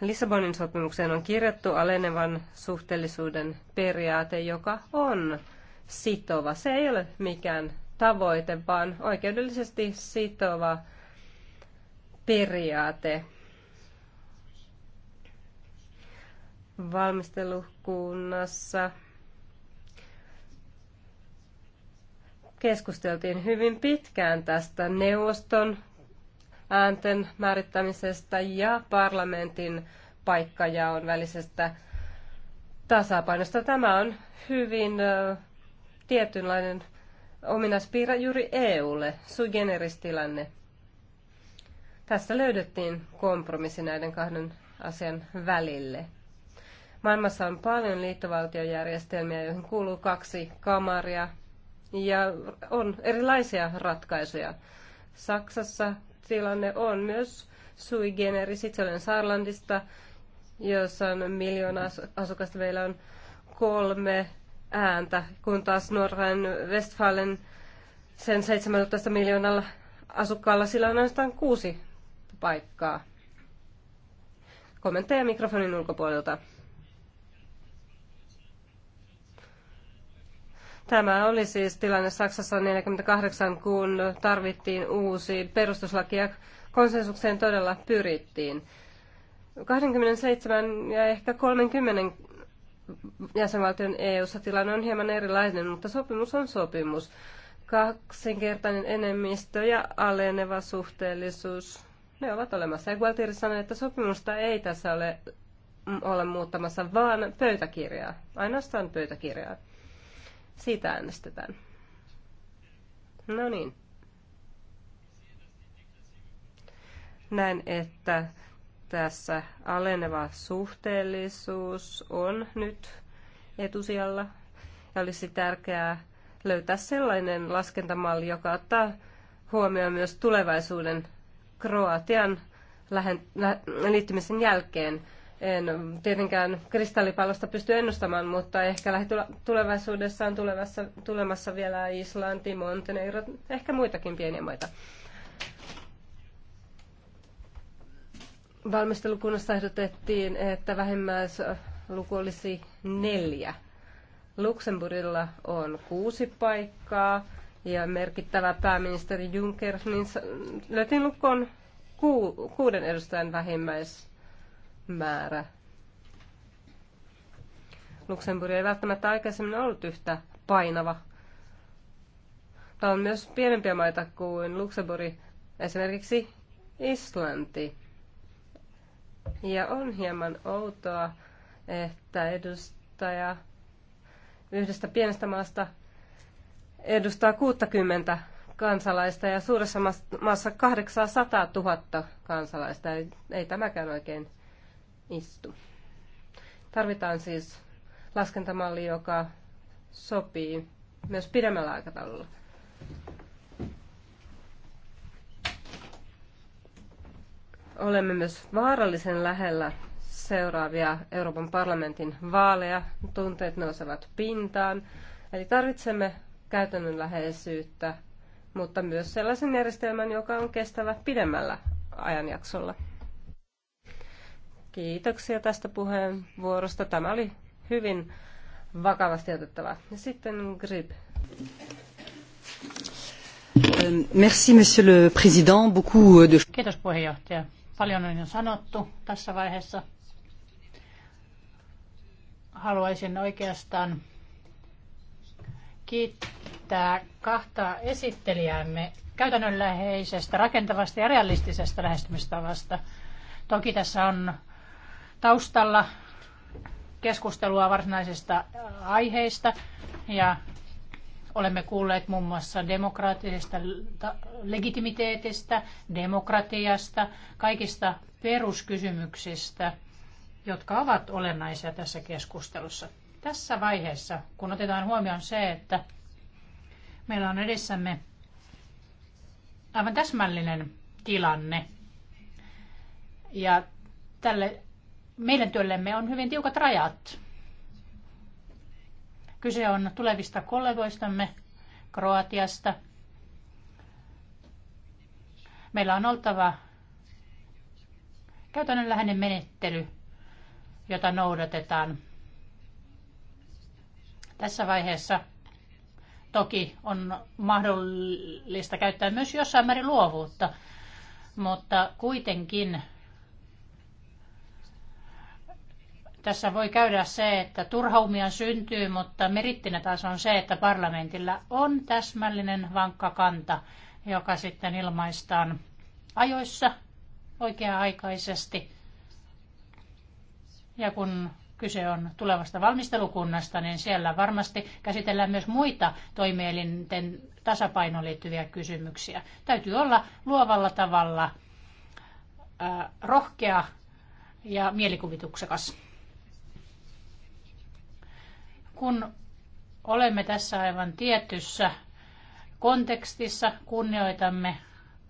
Lissabonin sopimukseen on kirjattu alenevan suhteellisuuden periaate, joka on sitova. Se ei ole mikään tavoite, vaan oikeudellisesti sitova periaate. Valmistelukunnassa keskusteltiin hyvin pitkään tästä neuvoston äänten määrittämisestä ja parlamentin paikkajaon välisestä tasapainosta. Tämä on hyvin tietynlainen ominaispiirre juuri EUlle, sui tilanne. Tässä löydettiin kompromissi näiden kahden asian välille. Maailmassa on paljon liittovaltiojärjestelmiä, joihin kuuluu kaksi kamaria ja on erilaisia ratkaisuja. Saksassa tilanne on myös sui generis. Itse olen Saarlandista, jossa on miljoona asukasta. Meillä on kolme ääntä, kun taas Norran Westfalen sen 17 miljoonalla asukkaalla sillä on ainoastaan kuusi paikkaa. Kommentteja mikrofonin ulkopuolelta. Tämä oli siis tilanne Saksassa 48, kun tarvittiin uusi perustuslaki ja konsensukseen todella pyrittiin. 27 ja ehkä 30 jäsenvaltion EU-ssa tilanne on hieman erilainen, mutta sopimus on sopimus. Kaksinkertainen enemmistö ja aleneva suhteellisuus. Ne ovat olemassa. Gualtieri sanoi, että sopimusta ei tässä ole ole muuttamassa, vaan pöytäkirjaa. Ainoastaan pöytäkirjaa. Siitä äänestetään. No niin. Näin, että tässä aleneva suhteellisuus on nyt etusijalla. Ja olisi tärkeää löytää sellainen laskentamalli, joka ottaa huomioon myös tulevaisuuden Kroatian liittymisen jälkeen. En tietenkään kristallipallosta pysty ennustamaan, mutta ehkä tulevaisuudessa on tulevassa, tulemassa vielä Islanti, Montenegro, ehkä muitakin pieniä maita. Valmistelukunnassa ehdotettiin, että vähimmäisluku olisi neljä. Luxemburgilla on kuusi paikkaa, ja merkittävä pääministeri Juncker, niin löytiin lukon kuuden edustajan vähimmäismäärä. Luxemburg ei välttämättä aikaisemmin ollut yhtä painava. Tämä on myös pienempiä maita kuin Luxemburg, esimerkiksi Islanti. Ja on hieman outoa, että edustaja yhdestä pienestä maasta edustaa 60 kansalaista ja suuressa maassa 800 000 kansalaista. Ei, ei tämäkään oikein istu. Tarvitaan siis laskentamalli, joka sopii myös pidemmällä aikataululla. Olemme myös vaarallisen lähellä seuraavia Euroopan parlamentin vaaleja. Tunteet nousevat pintaan. Eli tarvitsemme käytännönläheisyyttä, mutta myös sellaisen järjestelmän, joka on kestävä pidemmällä ajanjaksolla. Kiitoksia tästä puheenvuorosta. Tämä oli hyvin vakavasti otettava. Ja sitten Grib. Euh, merci, monsieur le président. Beaucoup de... Kiitos puheenjohtaja. Paljon on jo sanottu tässä vaiheessa. Haluaisin oikeastaan kiittää kiittää kahta esittelijäämme käytännönläheisestä, rakentavasta ja realistisesta lähestymistavasta. Toki tässä on taustalla keskustelua varsinaisista aiheista ja olemme kuulleet muun muassa demokraattisesta legitimiteetistä, demokratiasta, kaikista peruskysymyksistä, jotka ovat olennaisia tässä keskustelussa. Tässä vaiheessa, kun otetaan huomioon se, että Meillä on edessämme aivan täsmällinen tilanne. Ja tälle meidän työllemme on hyvin tiukat rajat. Kyse on tulevista kollegoistamme Kroatiasta. Meillä on oltava käytännönläheinen menettely, jota noudatetaan. Tässä vaiheessa Toki on mahdollista käyttää myös jossain määrin luovuutta, mutta kuitenkin tässä voi käydä se, että turhaumia syntyy, mutta merittinä taas on se, että parlamentilla on täsmällinen vankka kanta, joka sitten ilmaistaan ajoissa oikea-aikaisesti. Ja kun kyse on tulevasta valmistelukunnasta, niin siellä varmasti käsitellään myös muita toimielinten tasapainoon liittyviä kysymyksiä. Täytyy olla luovalla tavalla rohkea ja mielikuvituksekas. Kun olemme tässä aivan tietyssä kontekstissa, kunnioitamme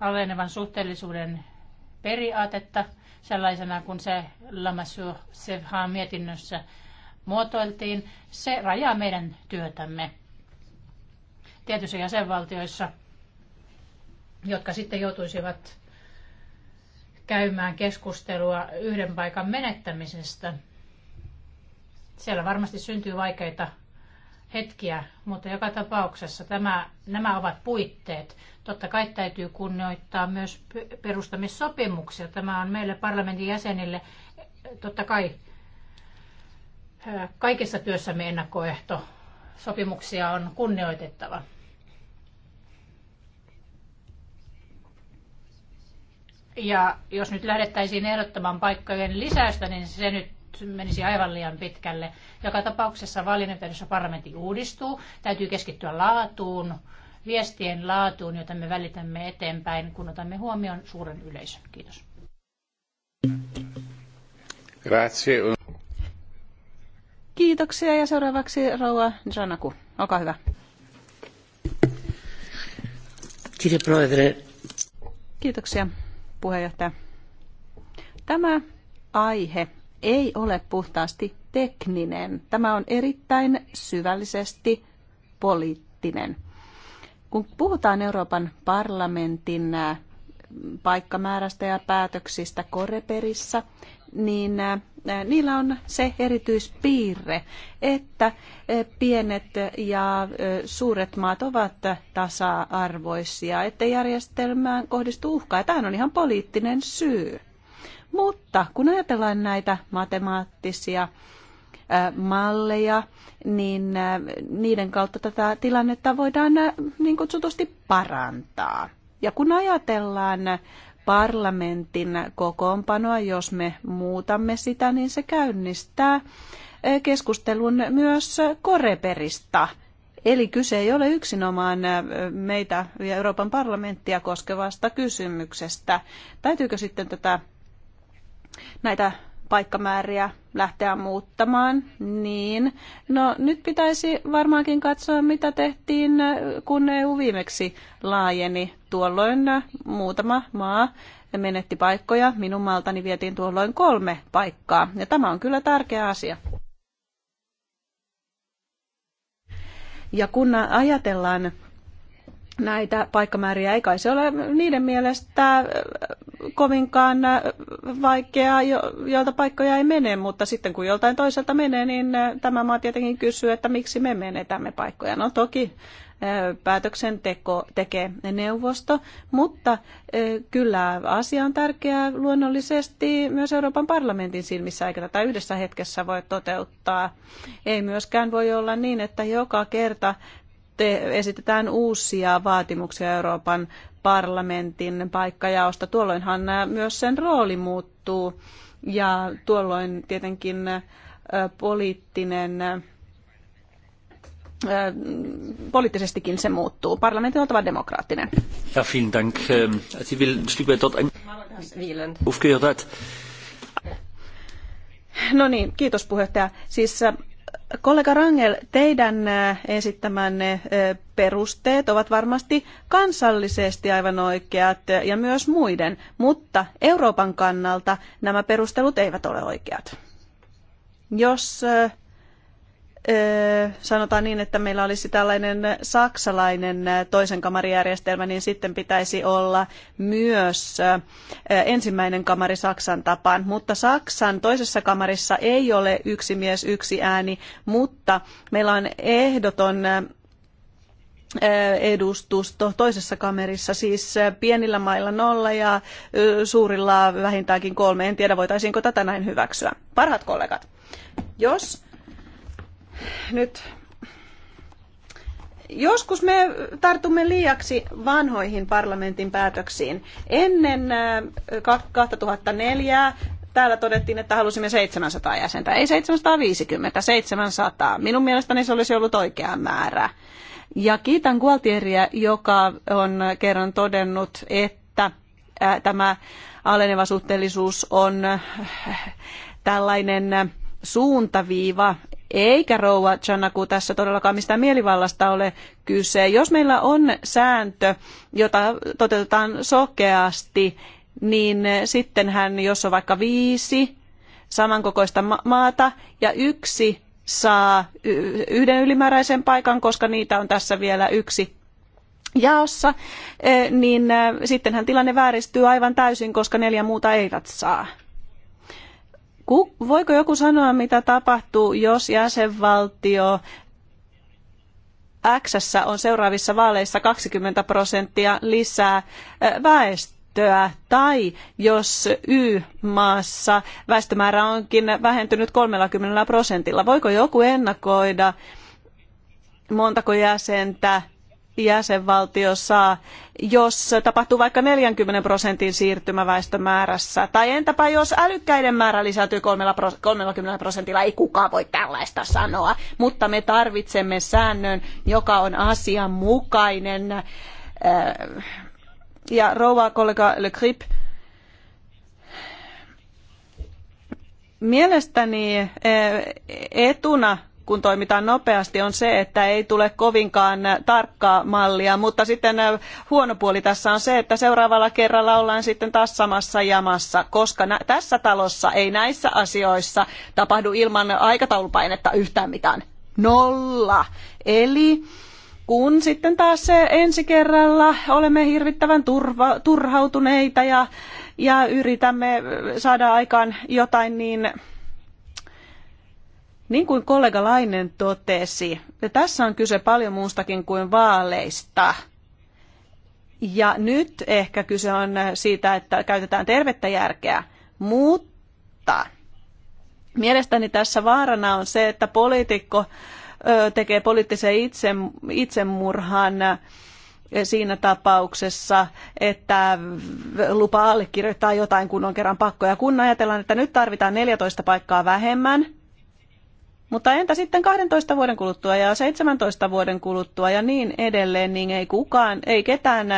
alenevan suhteellisuuden periaatetta sellaisena kuin se Lamassur Sevhaan mietinnössä muotoiltiin. Se rajaa meidän työtämme tietyissä jäsenvaltioissa, jotka sitten joutuisivat käymään keskustelua yhden paikan menettämisestä. Siellä varmasti syntyy vaikeita hetkiä, mutta joka tapauksessa tämä, nämä ovat puitteet. Totta kai täytyy kunnioittaa myös perustamissopimuksia. Tämä on meille parlamentin jäsenille totta kai kaikessa työssämme ennakkoehto. Sopimuksia on kunnioitettava. Ja jos nyt lähdettäisiin ehdottamaan paikkojen lisäystä, niin se nyt menisi aivan liian pitkälle. Joka tapauksessa valinnanperäisessä parlamentti uudistuu. Täytyy keskittyä laatuun, viestien laatuun, jota me välitämme eteenpäin, kun otamme huomioon suuren yleisön. Kiitos. Grazie. Kiitoksia ja seuraavaksi rouva Janaku. Olkaa hyvä. Kiitoksia puheenjohtaja. Tämä aihe ei ole puhtaasti tekninen. Tämä on erittäin syvällisesti poliittinen. Kun puhutaan Euroopan parlamentin paikkamäärästä ja päätöksistä Koreperissä, niin niillä on se erityispiirre, että pienet ja suuret maat ovat tasa-arvoisia, että järjestelmään kohdistuu uhkaa. Tämä on ihan poliittinen syy. Mutta kun ajatellaan näitä matemaattisia malleja, niin niiden kautta tätä tilannetta voidaan niin kutsutusti parantaa. Ja kun ajatellaan parlamentin kokoonpanoa, jos me muutamme sitä, niin se käynnistää keskustelun myös koreperista. Eli kyse ei ole yksinomaan meitä ja Euroopan parlamenttia koskevasta kysymyksestä. Täytyykö sitten tätä näitä paikkamääriä lähteä muuttamaan. Niin. No nyt pitäisi varmaankin katsoa, mitä tehtiin, kun EU viimeksi laajeni. Tuolloin muutama maa menetti paikkoja. Minun maaltani vietiin tuolloin kolme paikkaa. Ja tämä on kyllä tärkeä asia. Ja kun ajatellaan näitä paikkamääriä. kai se ole niiden mielestä äh, kovinkaan äh, vaikeaa, jolta paikkoja ei mene, mutta sitten kun joltain toiselta menee, niin äh, tämä maa tietenkin kysyy, että miksi me menetämme paikkoja. No toki päätöksenteko tekee neuvosto, mutta kyllä asia on tärkeää luonnollisesti myös Euroopan parlamentin silmissä, eikä tätä yhdessä hetkessä voi toteuttaa. Ei myöskään voi olla niin, että joka kerta te, esitetään uusia vaatimuksia Euroopan parlamentin paikkajaosta. Tuolloinhan myös sen rooli muuttuu ja tuolloin tietenkin poliittinen poliittisestikin se muuttuu. Parlamentin on oltava demokraattinen. Ja, vielen dank. Also ähm, will ein Stück weit dort No niin, kiitos puheenjohtaja. Siis Kollega Rangel, teidän äh, esittämänne äh, perusteet ovat varmasti kansallisesti aivan oikeat äh, ja myös muiden, mutta Euroopan kannalta nämä perustelut eivät ole oikeat. Jos sanotaan niin, että meillä olisi tällainen saksalainen toisen kamarijärjestelmä, niin sitten pitäisi olla myös ensimmäinen kamari Saksan tapaan. Mutta Saksan toisessa kamarissa ei ole yksi mies, yksi ääni, mutta meillä on ehdoton edustusto toisessa kamerissa, siis pienillä mailla nolla ja suurilla vähintäänkin kolme. En tiedä, voitaisiinko tätä näin hyväksyä. Parhaat kollegat, jos nyt joskus me tartumme liiaksi vanhoihin parlamentin päätöksiin. Ennen 2004 äh, täällä todettiin, että halusimme 700 jäsentä, ei 750, 700. Minun mielestäni se olisi ollut oikea määrä. Ja kiitän Gualtieriä, joka on kerran todennut, että äh, tämä aleneva suhteellisuus on äh, tällainen suuntaviiva eikä rouva Chanaku tässä todellakaan mistään mielivallasta ole kyse. Jos meillä on sääntö, jota toteutetaan sokeasti, niin sittenhän jos on vaikka viisi samankokoista maata ja yksi saa yhden ylimääräisen paikan, koska niitä on tässä vielä yksi jaossa, eh, niin eh, sittenhän tilanne vääristyy aivan täysin, koska neljä muuta eivät saa. Ku, voiko joku sanoa, mitä tapahtuu, jos jäsenvaltio X on seuraavissa vaaleissa 20 prosenttia lisää väestöä, tai jos Y-maassa väestömäärä onkin vähentynyt 30 prosentilla. Voiko joku ennakoida, montako jäsentä jäsenvaltio saa, jos tapahtuu vaikka 40 prosentin siirtymä väestömäärässä? Tai entäpä jos älykkäiden määrä lisääntyy 30 prosentilla? Ei kukaan voi tällaista sanoa, mutta me tarvitsemme säännön, joka on asianmukainen. Äh, ja rouva kollega Le Grip, mielestäni äh, etuna kun toimitaan nopeasti, on se, että ei tule kovinkaan tarkkaa mallia, mutta sitten huono puoli tässä on se, että seuraavalla kerralla ollaan sitten taas samassa jamassa, koska tässä talossa ei näissä asioissa tapahdu ilman aikataulupainetta yhtään mitään. Nolla. Eli kun sitten taas se ensi kerralla olemme hirvittävän turva, turhautuneita ja, ja yritämme saada aikaan jotain, niin niin kuin kollega Lainen totesi, tässä on kyse paljon muustakin kuin vaaleista. Ja nyt ehkä kyse on siitä, että käytetään tervettä järkeä, mutta mielestäni tässä vaarana on se, että poliitikko tekee poliittisen itsemurhan siinä tapauksessa, että lupa allekirjoittaa jotain, kun on kerran pakko. Ja kun ajatellaan, että nyt tarvitaan 14 paikkaa vähemmän, mutta entä sitten 12 vuoden kuluttua ja 17 vuoden kuluttua ja niin edelleen, niin ei kukaan, ei ketään ö,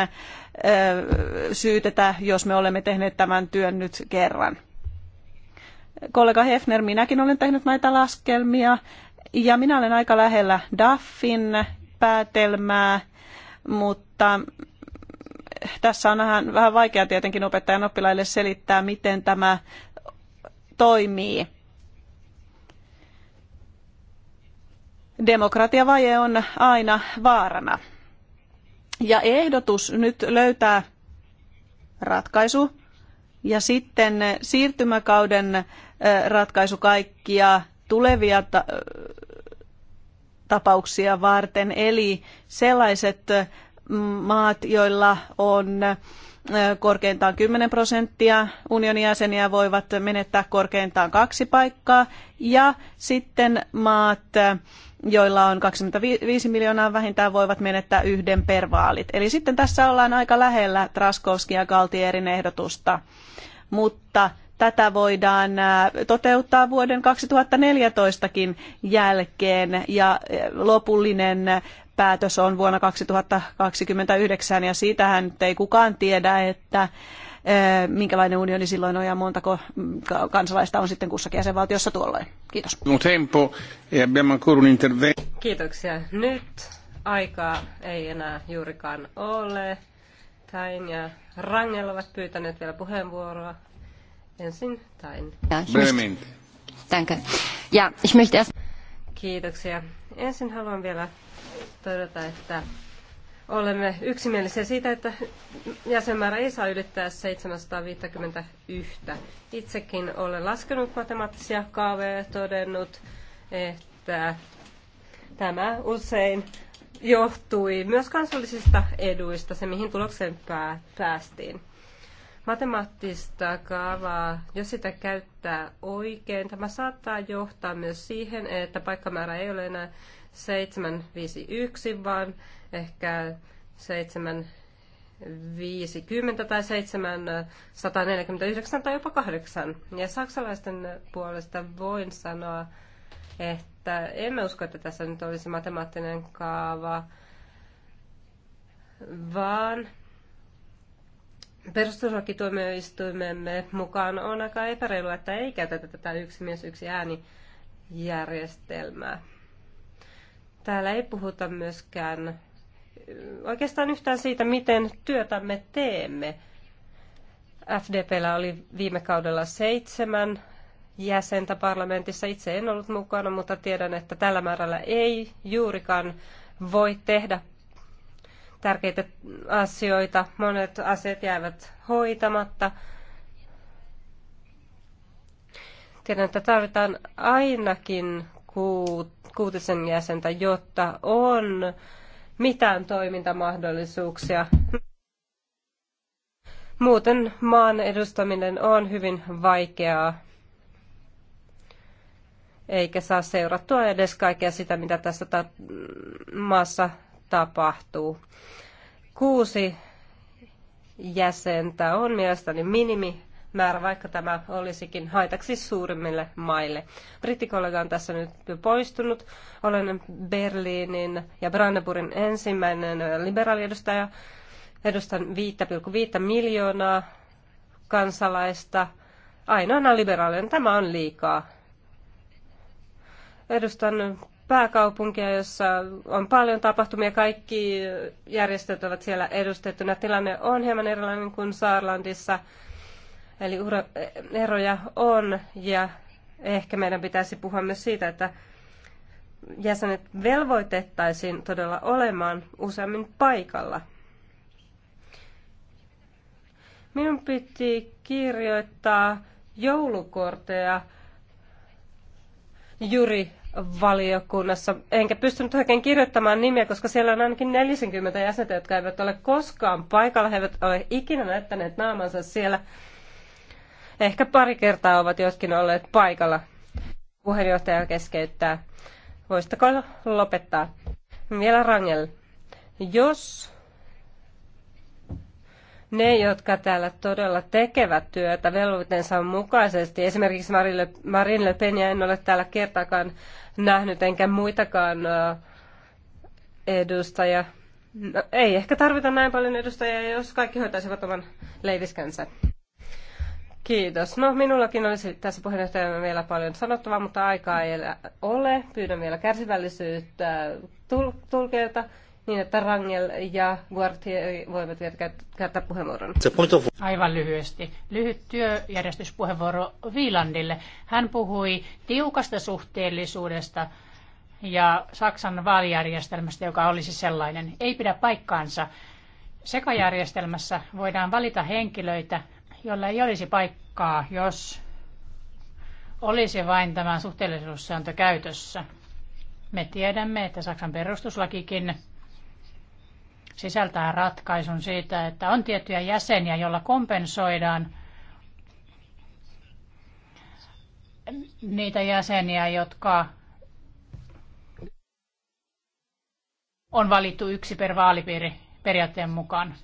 syytetä, jos me olemme tehneet tämän työn nyt kerran. Kollega Hefner, minäkin olen tehnyt näitä laskelmia ja minä olen aika lähellä Daffin päätelmää, mutta tässä on vähän, vähän vaikea tietenkin opettajan oppilaille selittää, miten tämä toimii demokratiavaje on aina vaarana. Ja ehdotus nyt löytää ratkaisu ja sitten siirtymäkauden ratkaisu kaikkia tulevia ta- tapauksia varten, eli sellaiset maat, joilla on korkeintaan 10 prosenttia unionin jäseniä voivat menettää korkeintaan kaksi paikkaa ja sitten maat, joilla on 25 miljoonaa vähintään voivat menettää yhden per vaalit. Eli sitten tässä ollaan aika lähellä Traskowski ja Galtierin ehdotusta, mutta tätä voidaan toteuttaa vuoden 2014kin jälkeen ja lopullinen päätös on vuonna 2029 ja siitähän ei kukaan tiedä, että Eh, minkälainen unioni silloin on ja montako mm, kansalaista on sitten kussakin jäsenvaltiossa tuolloin. Kiitos. E Kiitoksia. Nyt aikaa ei enää juurikaan ole. Tain ja Rangel ovat pyytäneet vielä puheenvuoroa. Ensin Tain. Danke. Ja, ich möchte Kiitoksia. Ensin haluan vielä todeta, että olemme yksimielisiä siitä, että jäsenmäärä ei saa ylittää 751. Itsekin olen laskenut matemaattisia kaavoja ja todennut, että tämä usein johtui myös kansallisista eduista, se mihin tulokseen päästiin. Matemaattista kaavaa, jos sitä käyttää oikein, tämä saattaa johtaa myös siihen, että paikkamäärä ei ole enää 751, vaan ehkä 750 tai 749 äh, tai jopa 8. Ja saksalaisten puolesta voin sanoa, että emme usko, että tässä nyt olisi matemaattinen kaava, vaan perustuslakituomioistuimemme mukaan on aika epäreilua, että ei käytetä tätä yksi mies yksi ääni järjestelmää. Täällä ei puhuta myöskään oikeastaan yhtään siitä, miten työtämme teemme. FDPllä oli viime kaudella seitsemän jäsentä parlamentissa. Itse en ollut mukana, mutta tiedän, että tällä määrällä ei juurikaan voi tehdä tärkeitä asioita. Monet asiat jäävät hoitamatta. Tiedän, että tarvitaan ainakin kuutisen jäsentä, jotta on mitään toimintamahdollisuuksia. Muuten maan edustaminen on hyvin vaikeaa, eikä saa seurattua edes kaikkea sitä, mitä tässä ta- maassa tapahtuu. Kuusi jäsentä on mielestäni minimi määrä, vaikka tämä olisikin haitaksi suurimmille maille. Brittikollega on tässä nyt jo poistunut. Olen Berliinin ja Brandenburgin ensimmäinen liberaaliedustaja. Edustan 5,5 miljoonaa kansalaista. Ainoana liberaalinen tämä on liikaa. Edustan pääkaupunkia, jossa on paljon tapahtumia. Kaikki järjestöt ovat siellä edustettuna. Tilanne on hieman erilainen kuin Saarlandissa Eli eroja on ja ehkä meidän pitäisi puhua myös siitä, että jäsenet velvoitettaisiin todella olemaan useammin paikalla. Minun piti kirjoittaa joulukorteja Juri valiokunnassa. Enkä pystynyt oikein kirjoittamaan nimiä, koska siellä on ainakin 40 jäsentä, jotka eivät ole koskaan paikalla. He eivät ole ikinä näyttäneet naamansa siellä. Ehkä pari kertaa ovat jotkin olleet paikalla. Puheenjohtaja keskeyttää. Voisitteko lopettaa? Vielä Rangel. Jos ne, jotka täällä todella tekevät työtä velvoitensa mukaisesti. Esimerkiksi Marine Le Penia en ole täällä kertaakaan nähnyt, enkä muitakaan edustajia. No, ei ehkä tarvita näin paljon edustajia, jos kaikki hoitaisivat oman leiviskänsä. Kiitos. No, minullakin olisi tässä puheenjohtajana vielä paljon sanottavaa, mutta aikaa ei ole. Pyydän vielä kärsivällisyyttä tul- tulkeilta niin, että Rangel ja Guartieri voivat vielä käyttää puheenvuoron. Aivan lyhyesti. Lyhyt työjärjestyspuheenvuoro Viilandille. Hän puhui tiukasta suhteellisuudesta ja Saksan vaalijärjestelmästä, joka olisi sellainen. Ei pidä paikkaansa. Sekajärjestelmässä voidaan valita henkilöitä jolla ei olisi paikkaa, jos olisi vain tämä suhteellisuussääntö käytössä. Me tiedämme, että Saksan perustuslakikin sisältää ratkaisun siitä, että on tiettyjä jäseniä, joilla kompensoidaan niitä jäseniä, jotka on valittu yksi per vaalipiiri periaatteen mukaan.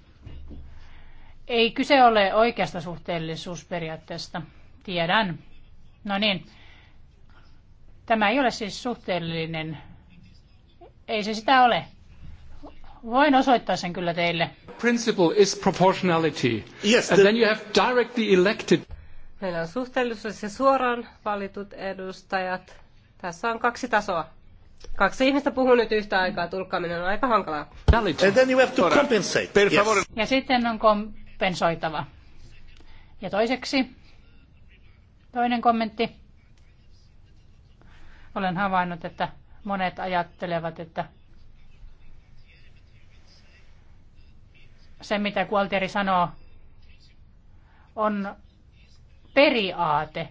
Ei kyse ole oikeasta suhteellisuusperiaatteesta. Tiedän. No niin. Tämä ei ole siis suhteellinen. Ei se sitä ole. Voin osoittaa sen kyllä teille. Principle is proportionality. Yes, And then you have directly elected. Meillä on suhteellisuus ja suoraan valitut edustajat. Tässä on kaksi tasoa. Kaksi ihmistä puhuu nyt yhtä aikaa, tulkkaaminen on aika hankalaa. And then you have to compensate. Per Ja sitten on kom- kompensoitava. Ja toiseksi, toinen kommentti. Olen havainnut, että monet ajattelevat, että se mitä Gualtieri sanoo on periaate.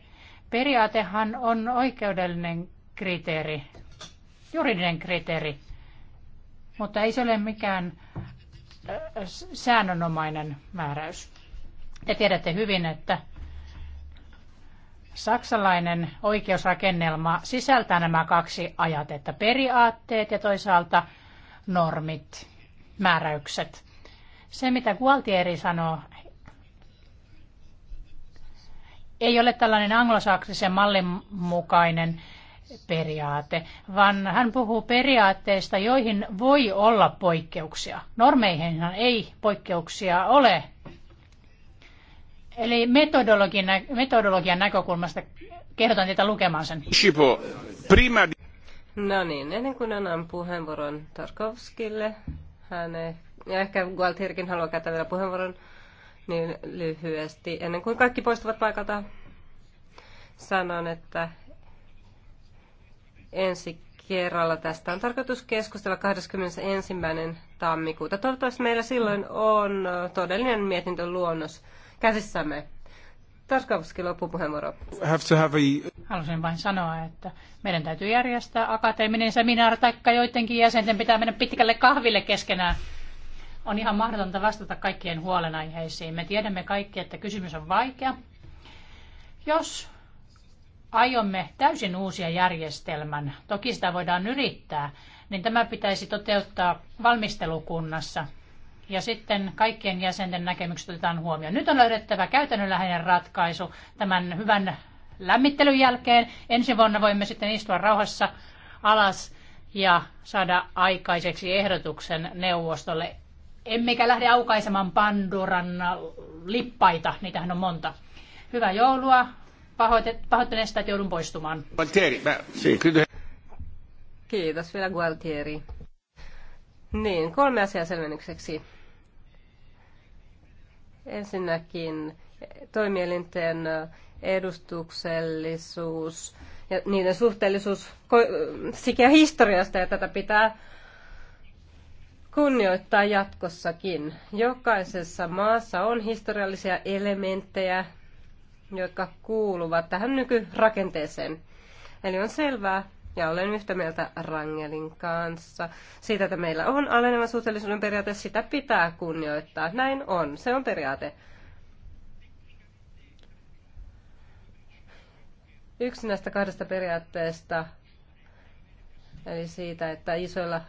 Periaatehan on oikeudellinen kriteeri, juridinen kriteeri, mutta ei se ole mikään säännönomainen määräys. Te tiedätte hyvin, että saksalainen oikeusrakennelma sisältää nämä kaksi ajatetta, periaatteet ja toisaalta normit, määräykset. Se, mitä Gualtieri sanoo, ei ole tällainen anglosaksisen mallin mukainen periaate, vaan hän puhuu periaatteista, joihin voi olla poikkeuksia. Normeihinhan ei poikkeuksia ole. Eli metodologian, metodologian näkökulmasta kehotan teitä lukemaan sen. No niin, ennen kuin annan puheenvuoron Tarkovskille, hän e- ja ehkä Gualtierkin haluaa käyttää vielä puheenvuoron niin lyhyesti, ennen kuin kaikki poistuvat paikalta, sanon, että ensi kerralla. Tästä on tarkoitus keskustella 21. tammikuuta. Toivottavasti meillä silloin on todellinen mietintöluonnos käsissämme. Tarkovski loppupuheenvuoro. Have to have a... vain sanoa, että meidän täytyy järjestää akateeminen seminaari, taikka joidenkin jäsenten pitää mennä pitkälle kahville keskenään. On ihan mahdotonta vastata kaikkien huolenaiheisiin. Me tiedämme kaikki, että kysymys on vaikea. Jos aiomme täysin uusia järjestelmän, toki sitä voidaan yrittää, niin tämä pitäisi toteuttaa valmistelukunnassa. Ja sitten kaikkien jäsenten näkemykset otetaan huomioon. Nyt on löydettävä käytännönläheinen ratkaisu tämän hyvän lämmittelyn jälkeen. Ensi vuonna voimme sitten istua rauhassa alas ja saada aikaiseksi ehdotuksen neuvostolle. Emmekä lähde aukaisemaan Panduran lippaita, niitähän on monta. Hyvää joulua, Pahoittelen että joudun poistumaan. Gualtieri, mä... Kiitos vielä Gualtieri. Niin, kolme asiaa selvennykseksi. Ensinnäkin toimielinten edustuksellisuus ja niiden suhteellisuus sikä historiasta, ja tätä pitää kunnioittaa jatkossakin. Jokaisessa maassa on historiallisia elementtejä, jotka kuuluvat tähän nykyrakenteeseen. Eli on selvää, ja olen yhtä mieltä Rangelin kanssa. Siitä, että meillä on alenevan suhteellisuuden periaate, sitä pitää kunnioittaa. Näin on, se on periaate. Yksi näistä kahdesta periaatteesta, eli siitä, että isoilla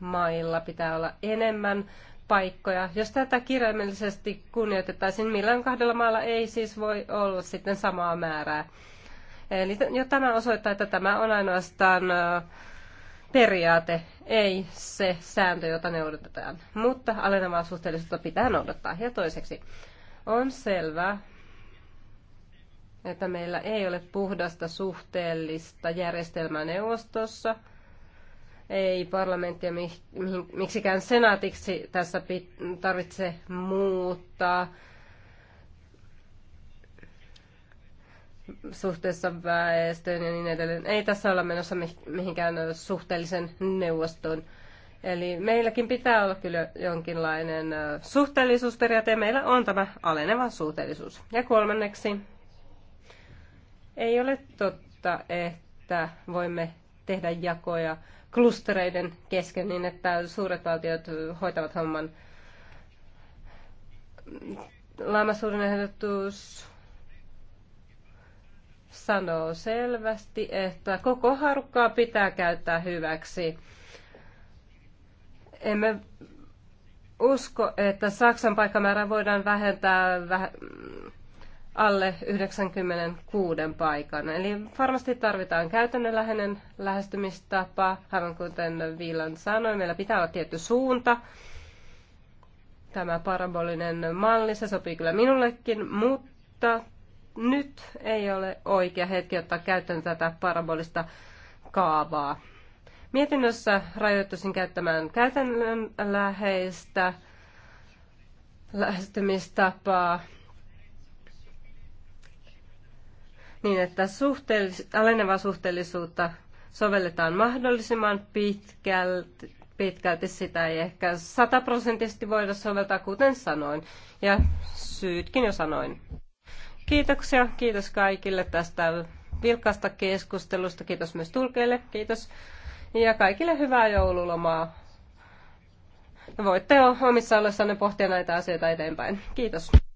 mailla pitää olla enemmän paikkoja, Jos tätä kirjaimellisesti kunnioitettaisiin, millään kahdella maalla ei siis voi olla sitten samaa määrää. Eli jo tämä osoittaa, että tämä on ainoastaan periaate, ei se sääntö, jota noudatetaan. Mutta alenemaa suhteellisuutta pitää noudattaa. Ja toiseksi, on selvää, että meillä ei ole puhdasta suhteellista järjestelmää neuvostossa – ei parlamenttia miksikään senaatiksi tässä tarvitse muuttaa suhteessa väestöön ja niin edelleen. Ei tässä olla menossa mihinkään suhteellisen neuvoston. Eli meilläkin pitää olla kyllä jonkinlainen suhteellisuusperiaate. Meillä on tämä aleneva suhteellisuus. Ja kolmanneksi, ei ole totta, että voimme tehdä jakoja klustereiden kesken niin, että suuret valtiot hoitavat homman. Laamasuuden ehdotus sanoo selvästi, että koko harukkaa pitää käyttää hyväksi. Emme usko, että Saksan paikkamäärä voidaan vähentää alle 96 paikan. Eli varmasti tarvitaan käytännönläheinen lähestymistapa, aivan kuten Viilan sanoi, meillä pitää olla tietty suunta. Tämä parabolinen malli, se sopii kyllä minullekin, mutta nyt ei ole oikea hetki ottaa käyttöön tätä parabolista kaavaa. Mietinnössä rajoittuisin käyttämään käytännönläheistä lähestymistapaa, niin, että suhteellis- alenevaa suhteellisuutta sovelletaan mahdollisimman pitkälti, pitkälti sitä ei ehkä sataprosenttisesti voida soveltaa, kuten sanoin. Ja syytkin jo sanoin. Kiitoksia, kiitos kaikille tästä vilkasta keskustelusta. Kiitos myös tulkeille, kiitos. Ja kaikille hyvää joululomaa. No, voitte jo omissa ollessanne pohtia näitä asioita eteenpäin. Kiitos.